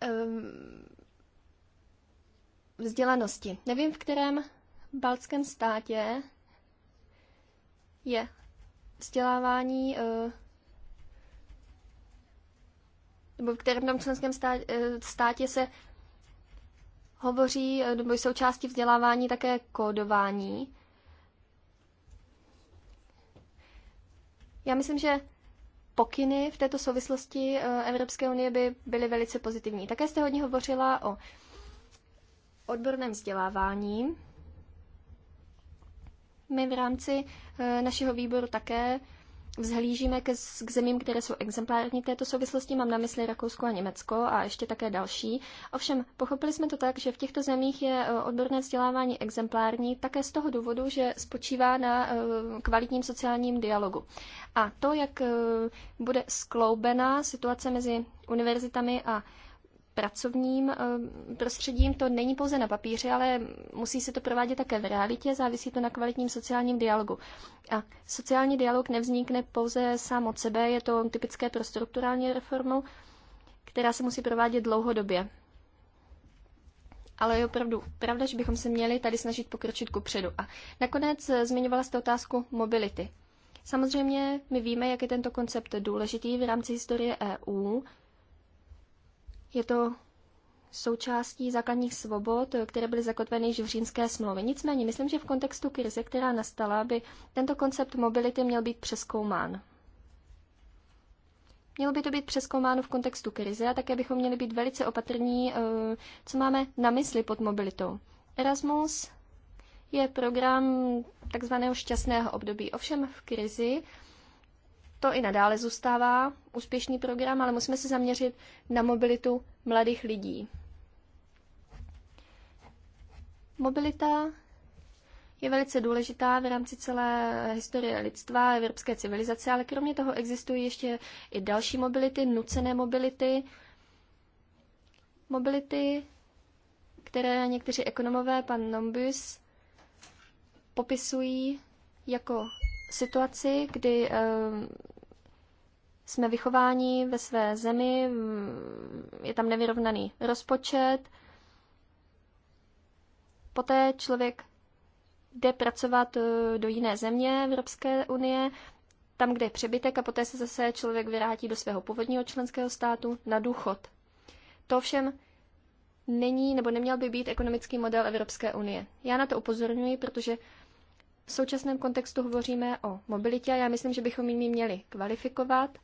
ehm, vzdělanosti. Nevím, v kterém baltském státě je vzdělávání eh, nebo v kterém tam členském eh, státě se hovoří, eh, nebo jsou části vzdělávání také kódování. Já myslím, že pokyny v této souvislosti Evropské unie by byly velice pozitivní. Také jste hodně hovořila o odborném vzdělávání. My v rámci eh, našeho výboru také vzhlížíme k, k zemím, které jsou exemplární v této souvislosti, mám na mysli Rakousko a Německo a ještě také další. Ovšem, pochopili jsme to tak, že v těchto zemích je eh, odborné vzdělávání exemplární také z toho důvodu, že spočívá na eh, kvalitním sociálním dialogu. A to, jak bude skloubená situace mezi univerzitami a pracovním eh, prostředím. To není pouze na papíře, ale musí se to provádět také v realitě, závisí to na kvalitním sociálním dialogu. A sociální dialog nevznikne pouze sám od sebe, je to typické pro strukturální reformu, která se musí provádět dlouhodobě. Ale je opravdu pravda, že bychom se měli tady snažit pokročit ku předu. A nakonec eh, zmiňovala jste otázku mobility. Samozřejmě my víme, jak je tento koncept důležitý v rámci historie EU, je to součástí základních svobod, které byly zakotveny již v římské smlouvě. Nicméně, myslím, že v kontextu krize, která nastala, by tento koncept mobility měl být přeskoumán. Mělo by to být přeskoumáno v kontextu krize a také bychom měli být velice opatrní, eh, co máme na mysli pod mobilitou. Erasmus je program takzvaného šťastného období. Ovšem v krizi to i nadále zůstává úspěšný program, ale musíme se zaměřit na mobilitu mladých lidí. Mobilita je velice důležitá v rámci celé historie lidstva, evropské civilizace, ale kromě toho existují ještě i další mobility, nucené mobility, mobility, které někteří ekonomové, pan Nombus, popisují jako situaci, kdy jsme vychováni ve své zemi, je tam nevyrovnaný rozpočet. Poté člověk jde pracovat eh, do jiné země Evropské unie, tam, kde je přebytek a poté se zase člověk vrátí do svého původního členského státu na důchod. To všem není nebo neměl by být ekonomický model Evropské unie. Já na to upozorňuji, protože v současném kontextu hovoříme o mobilitě a já myslím, že bychom ji měli kvalifikovat –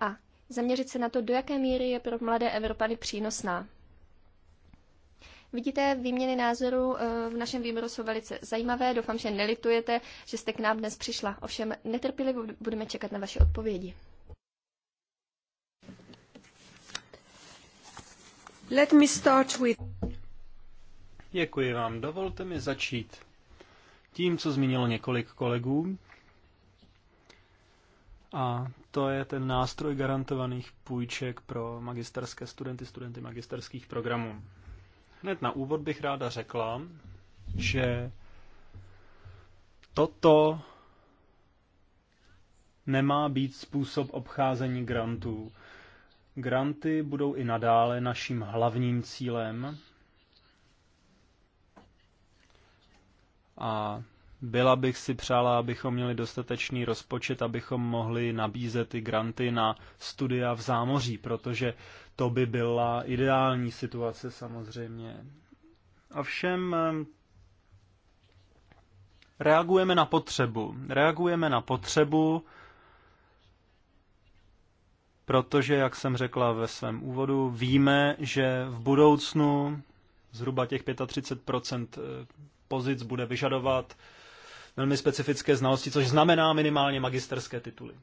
a zaměřit se na to, do jaké míry je pro mladé Evropany přínosná. Vidíte, výměny názorů eh, v našem výboru jsou velice zajímavé. Doufám, že nelitujete, že jste k nám dnes přišla. Ovšem netrpělivě budeme čekat na vaše odpovědi. Let me start with... Děkuji vám. Dovolte mi začít tím, co zmínilo několik kolegů, a to je ten nástroj garantovaných půjček pro magisterské studenty, studenty magisterských programů. Hned na úvod bych ráda řekla, že toto nemá být způsob obcházení grantů. Granty budou i nadále naším hlavním cílem a byla bych si přála, abychom měli dostatečný rozpočet, abychom mohli nabízet i granty na studia v zámoří, protože to by byla ideální situace samozřejmě. Ovšem eh, reagujeme na potřebu. Reagujeme na potřebu, protože, jak jsem řekla ve svém úvodu, víme, že v budoucnu zhruba těch 35 pozic bude vyžadovat velmi specifické znalosti, což znamená minimálně magisterské tituly.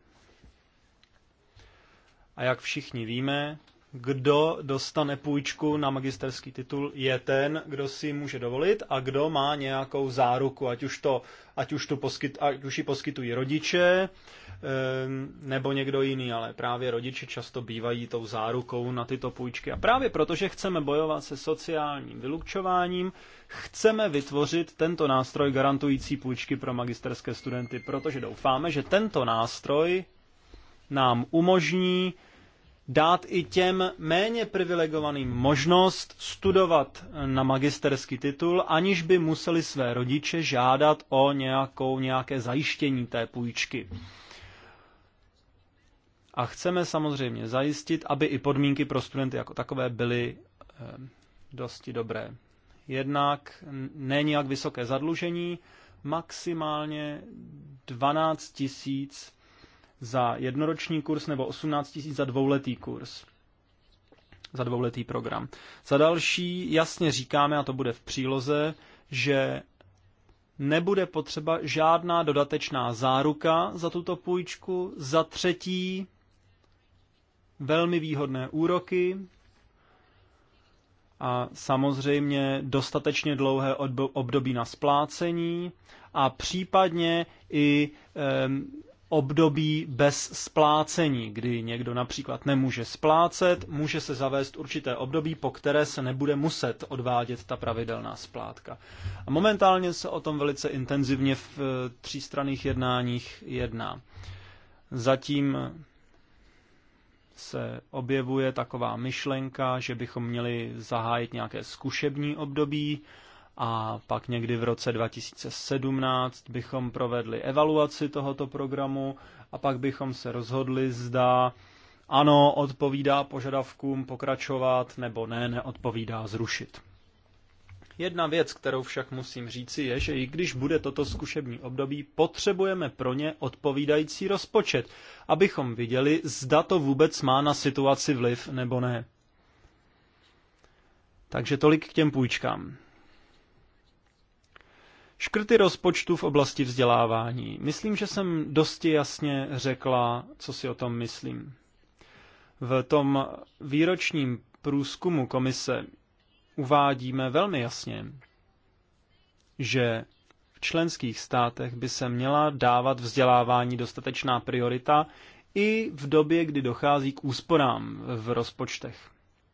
A jak všichni víme, kdo dostane půjčku na magisterský titul, je ten, kdo si může dovolit a kdo má nějakou záruku, ať už, to, ať už, tu poskyt, ať už ji poskytují rodiče ehm, nebo někdo jiný, ale právě rodiče často bývají tou zárukou na tyto půjčky. A právě protože chceme bojovat se sociálním vylučováním, chceme vytvořit tento nástroj garantující půjčky pro magisterské studenty, protože doufáme, že tento nástroj nám umožní dát i těm méně privilegovaným možnost studovat na magisterský titul, aniž by museli své rodiče žádat o nějakou, nějaké zajištění té půjčky. A chceme samozřejmě zajistit, aby i podmínky pro studenty jako takové byly eh, dosti dobré. Jednak není jak vysoké zadlužení, maximálně 12 tisíc za jednoroční kurz nebo 18 000 za dvouletý kurz za dvouletý program. Za další jasně říkáme, a to bude v příloze, že nebude potřeba žádná dodatečná záruka za tuto půjčku. Za třetí, velmi výhodné úroky a samozřejmě dostatečně dlouhé období na splácení a případně i období bez splácení, kdy někdo například nemůže splácet, může se zavést určité období, po které se nebude muset odvádět ta pravidelná splátka. A momentálně se o tom velice intenzivně v eh, třístranných jednáních jedná. Zatím se objevuje taková myšlenka, že bychom měli zahájit nějaké zkušební období, a pak někdy v roce 2017 bychom provedli evaluaci tohoto programu a pak bychom se rozhodli, zda ano, odpovídá požadavkům pokračovat nebo ne, neodpovídá zrušit. Jedna věc, kterou však musím říci, je, že i když bude toto zkušební období, potřebujeme pro ně odpovídající rozpočet, abychom viděli, zda to vůbec má na situaci vliv nebo ne. Takže tolik k těm půjčkám. Škrty rozpočtu v oblasti vzdělávání. Myslím, že jsem dosti jasně řekla, co si o tom myslím. V tom výročním průzkumu komise uvádíme velmi jasně, že v členských státech by se měla dávat vzdělávání dostatečná priorita i v době, kdy dochází k úsporám v rozpočtech.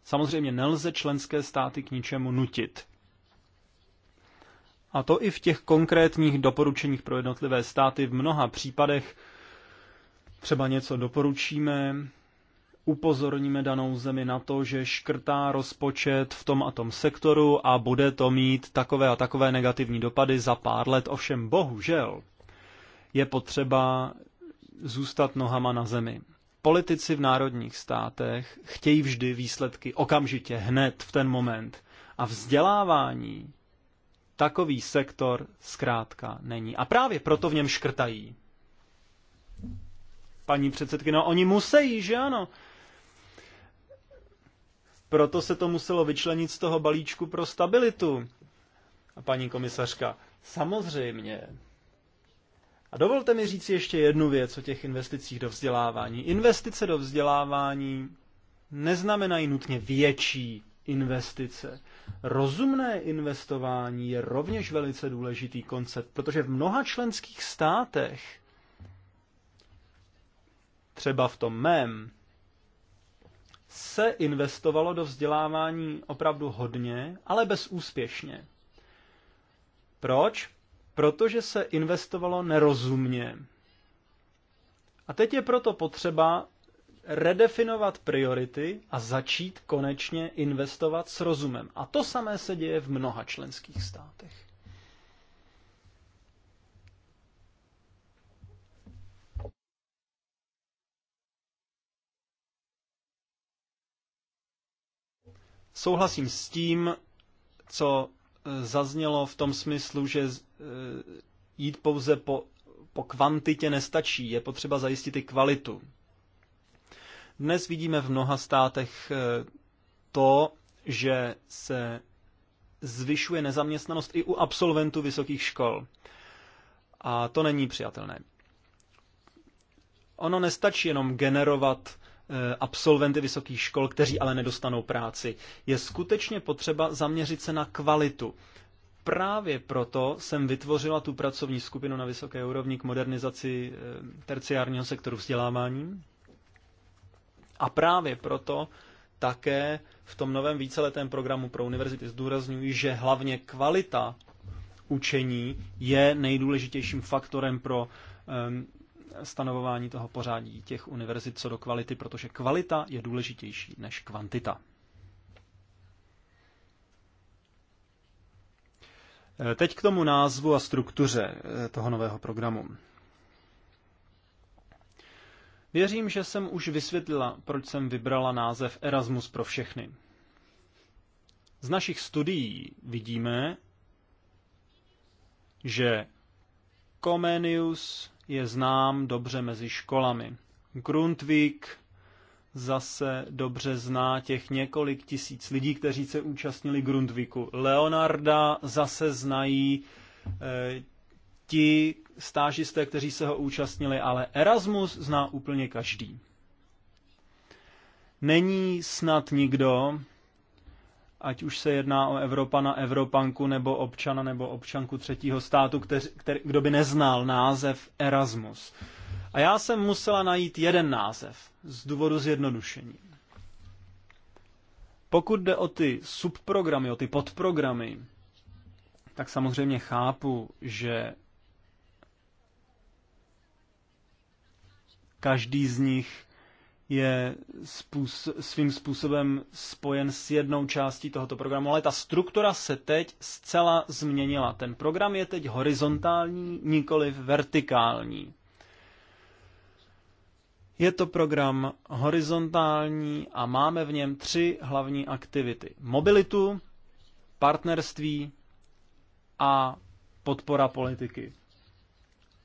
Samozřejmě nelze členské státy k ničemu nutit. A to i v těch konkrétních doporučeních pro jednotlivé státy. V mnoha případech třeba něco doporučíme, upozorníme danou zemi na to, že škrtá rozpočet v tom a tom sektoru a bude to mít takové a takové negativní dopady za pár let. Ovšem bohužel je potřeba zůstat nohama na zemi. Politici v národních státech chtějí vždy výsledky okamžitě, hned, v ten moment. A vzdělávání Takový sektor zkrátka není. A právě proto v něm škrtají. Paní předsedky, no oni musí, že ano? Proto se to muselo vyčlenit z toho balíčku pro stabilitu. A paní komisařka, samozřejmě. A dovolte mi říct ještě jednu věc o těch investicích do vzdělávání. Investice do vzdělávání neznamenají nutně větší investice. Rozumné investování je rovněž velice důležitý koncept, protože v mnoha členských státech, třeba v tom mém, se investovalo do vzdělávání opravdu hodně, ale bezúspěšně. Proč? Protože se investovalo nerozumně. A teď je proto potřeba redefinovat priority a začít konečně investovat s rozumem. A to samé se děje v mnoha členských státech. Souhlasím s tím, co e, zaznělo v tom smyslu, že e, jít pouze po, po kvantitě nestačí, je potřeba zajistit i kvalitu. Dnes vidíme v mnoha státech eh, to, že se zvyšuje nezaměstnanost i u absolventů vysokých škol. A to není přijatelné. Ono nestačí jenom generovat eh, absolventy vysokých škol, kteří ale nedostanou práci. Je skutečně potřeba zaměřit se na kvalitu. Právě proto jsem vytvořila tu pracovní skupinu na vysoké úrovni k modernizaci eh, terciárního sektoru vzdělávání, a právě proto také v tom novém víceletém programu pro univerzity zdůrazňuji, že hlavně kvalita učení je nejdůležitějším faktorem pro um, stanovování toho pořádí těch univerzit co do kvality, protože kvalita je důležitější než kvantita. Teď k tomu názvu a struktuře eh, toho nového programu. Věřím, že jsem už vysvětlila, proč jsem vybrala název Erasmus pro všechny. Z našich studií vidíme, že Comenius je znám dobře mezi školami. Grundtvig zase dobře zná těch několik tisíc lidí, kteří se účastnili Grundviku. Leonarda zase znají eh, ti stážisté, kteří se ho účastnili, ale Erasmus zná úplně každý. Není snad nikdo, ať už se jedná o Evropana, Evropanku nebo občana nebo občanku třetího státu, který, který, kdo by neznal název Erasmus. A já jsem musela najít jeden název z důvodu zjednodušení. Pokud jde o ty subprogramy, o ty podprogramy, tak samozřejmě chápu, že Každý z nich je svým způsobem spojen s jednou částí tohoto programu, ale ta struktura se teď zcela změnila. Ten program je teď horizontální, nikoli vertikální. Je to program horizontální a máme v něm tři hlavní aktivity. Mobilitu, partnerství a podpora politiky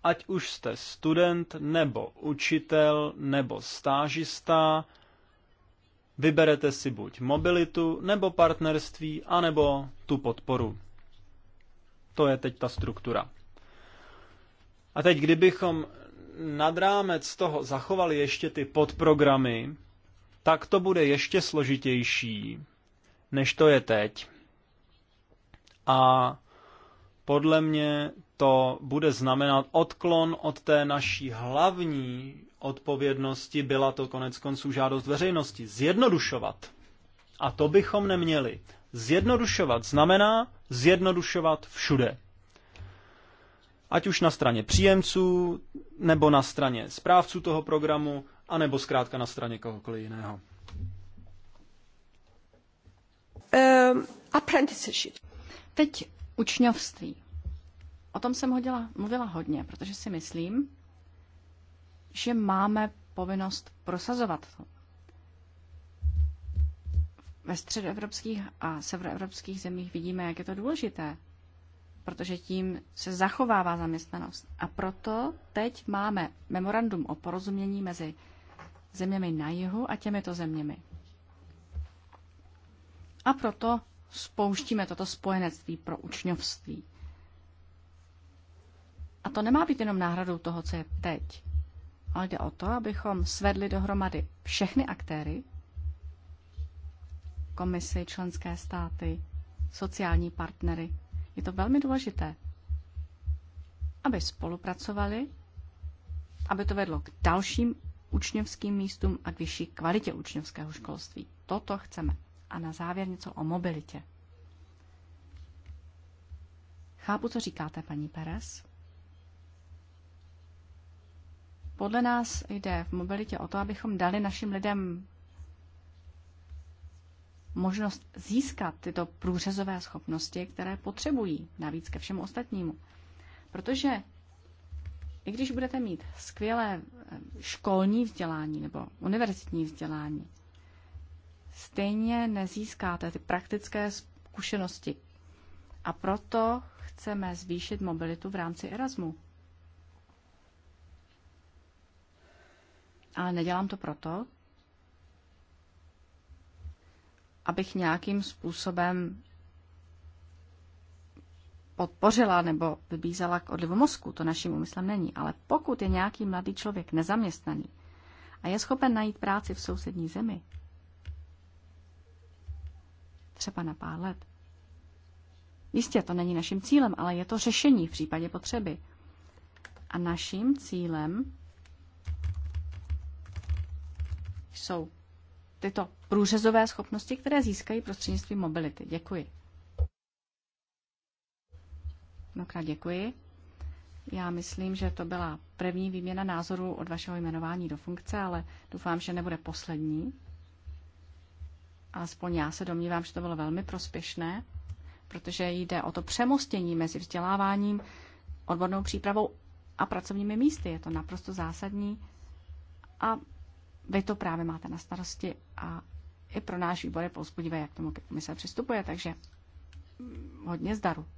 ať už jste student nebo učitel nebo stážista, vyberete si buď mobilitu nebo partnerství, anebo tu podporu. To je teď ta struktura. A teď, kdybychom nad rámec toho zachovali ještě ty podprogramy, tak to bude ještě složitější, než to je teď. A podle mě to bude znamenat odklon od té naší hlavní odpovědnosti, byla to konec konců žádost veřejnosti, zjednodušovat. A to bychom neměli. Zjednodušovat znamená zjednodušovat všude. Ať už na straně příjemců, nebo na straně správců toho programu, anebo zkrátka na straně kohokoliv jiného. Um, apprenticeship. Teď učňovství. O tom jsem hodila, mluvila hodně, protože si myslím, že máme povinnost prosazovat to. Ve středoevropských a severoevropských zemích vidíme, jak je to důležité, protože tím se zachovává zaměstnanost. A proto teď máme memorandum o porozumění mezi zeměmi na jihu a těmito zeměmi. A proto spouštíme toto spojenectví pro učňovství. A to nemá být jenom náhradou toho, co je teď. Ale jde o to, abychom svedli dohromady všechny aktéry, komisy, členské státy, sociální partnery. Je to velmi důležité, aby spolupracovali, aby to vedlo k dalším učňovským místům a k vyšší kvalitě učňovského školství. Toto chceme. A na závěr něco o mobilitě. Chápu, co říkáte, paní Perez. Podle nás jde v mobilitě o to, abychom dali našim lidem možnost získat tyto průřezové schopnosti, které potřebují, navíc ke všemu ostatnímu. Protože i když budete mít skvělé eh, školní vzdělání nebo univerzitní vzdělání, stejně nezískáte ty praktické zkušenosti. A proto chceme zvýšit mobilitu v rámci Erasmu. ale nedělám to proto, abych nějakým způsobem podpořila nebo vybízela k odlivu mozku, to naším úmyslem není. Ale pokud je nějaký mladý člověk nezaměstnaný a je schopen najít práci v sousední zemi, třeba na pár let, jistě to není naším cílem, ale je to řešení v případě potřeby. A naším cílem jsou tyto průřezové schopnosti, které získají prostřednictvím mobility. Děkuji. Mnohokrát děkuji. Já myslím, že to byla první výměna názoru od vašeho jmenování do funkce, ale doufám, že nebude poslední. Aspoň já se domnívám, že to bylo velmi prospěšné, protože jde o to přemostění mezi vzděláváním, odbornou přípravou a pracovními místy. Je to naprosto zásadní a vy to právě máte na starosti a i pro náš výbor je pouzbudivé, jak tomu komise přistupuje, takže hodně zdaru.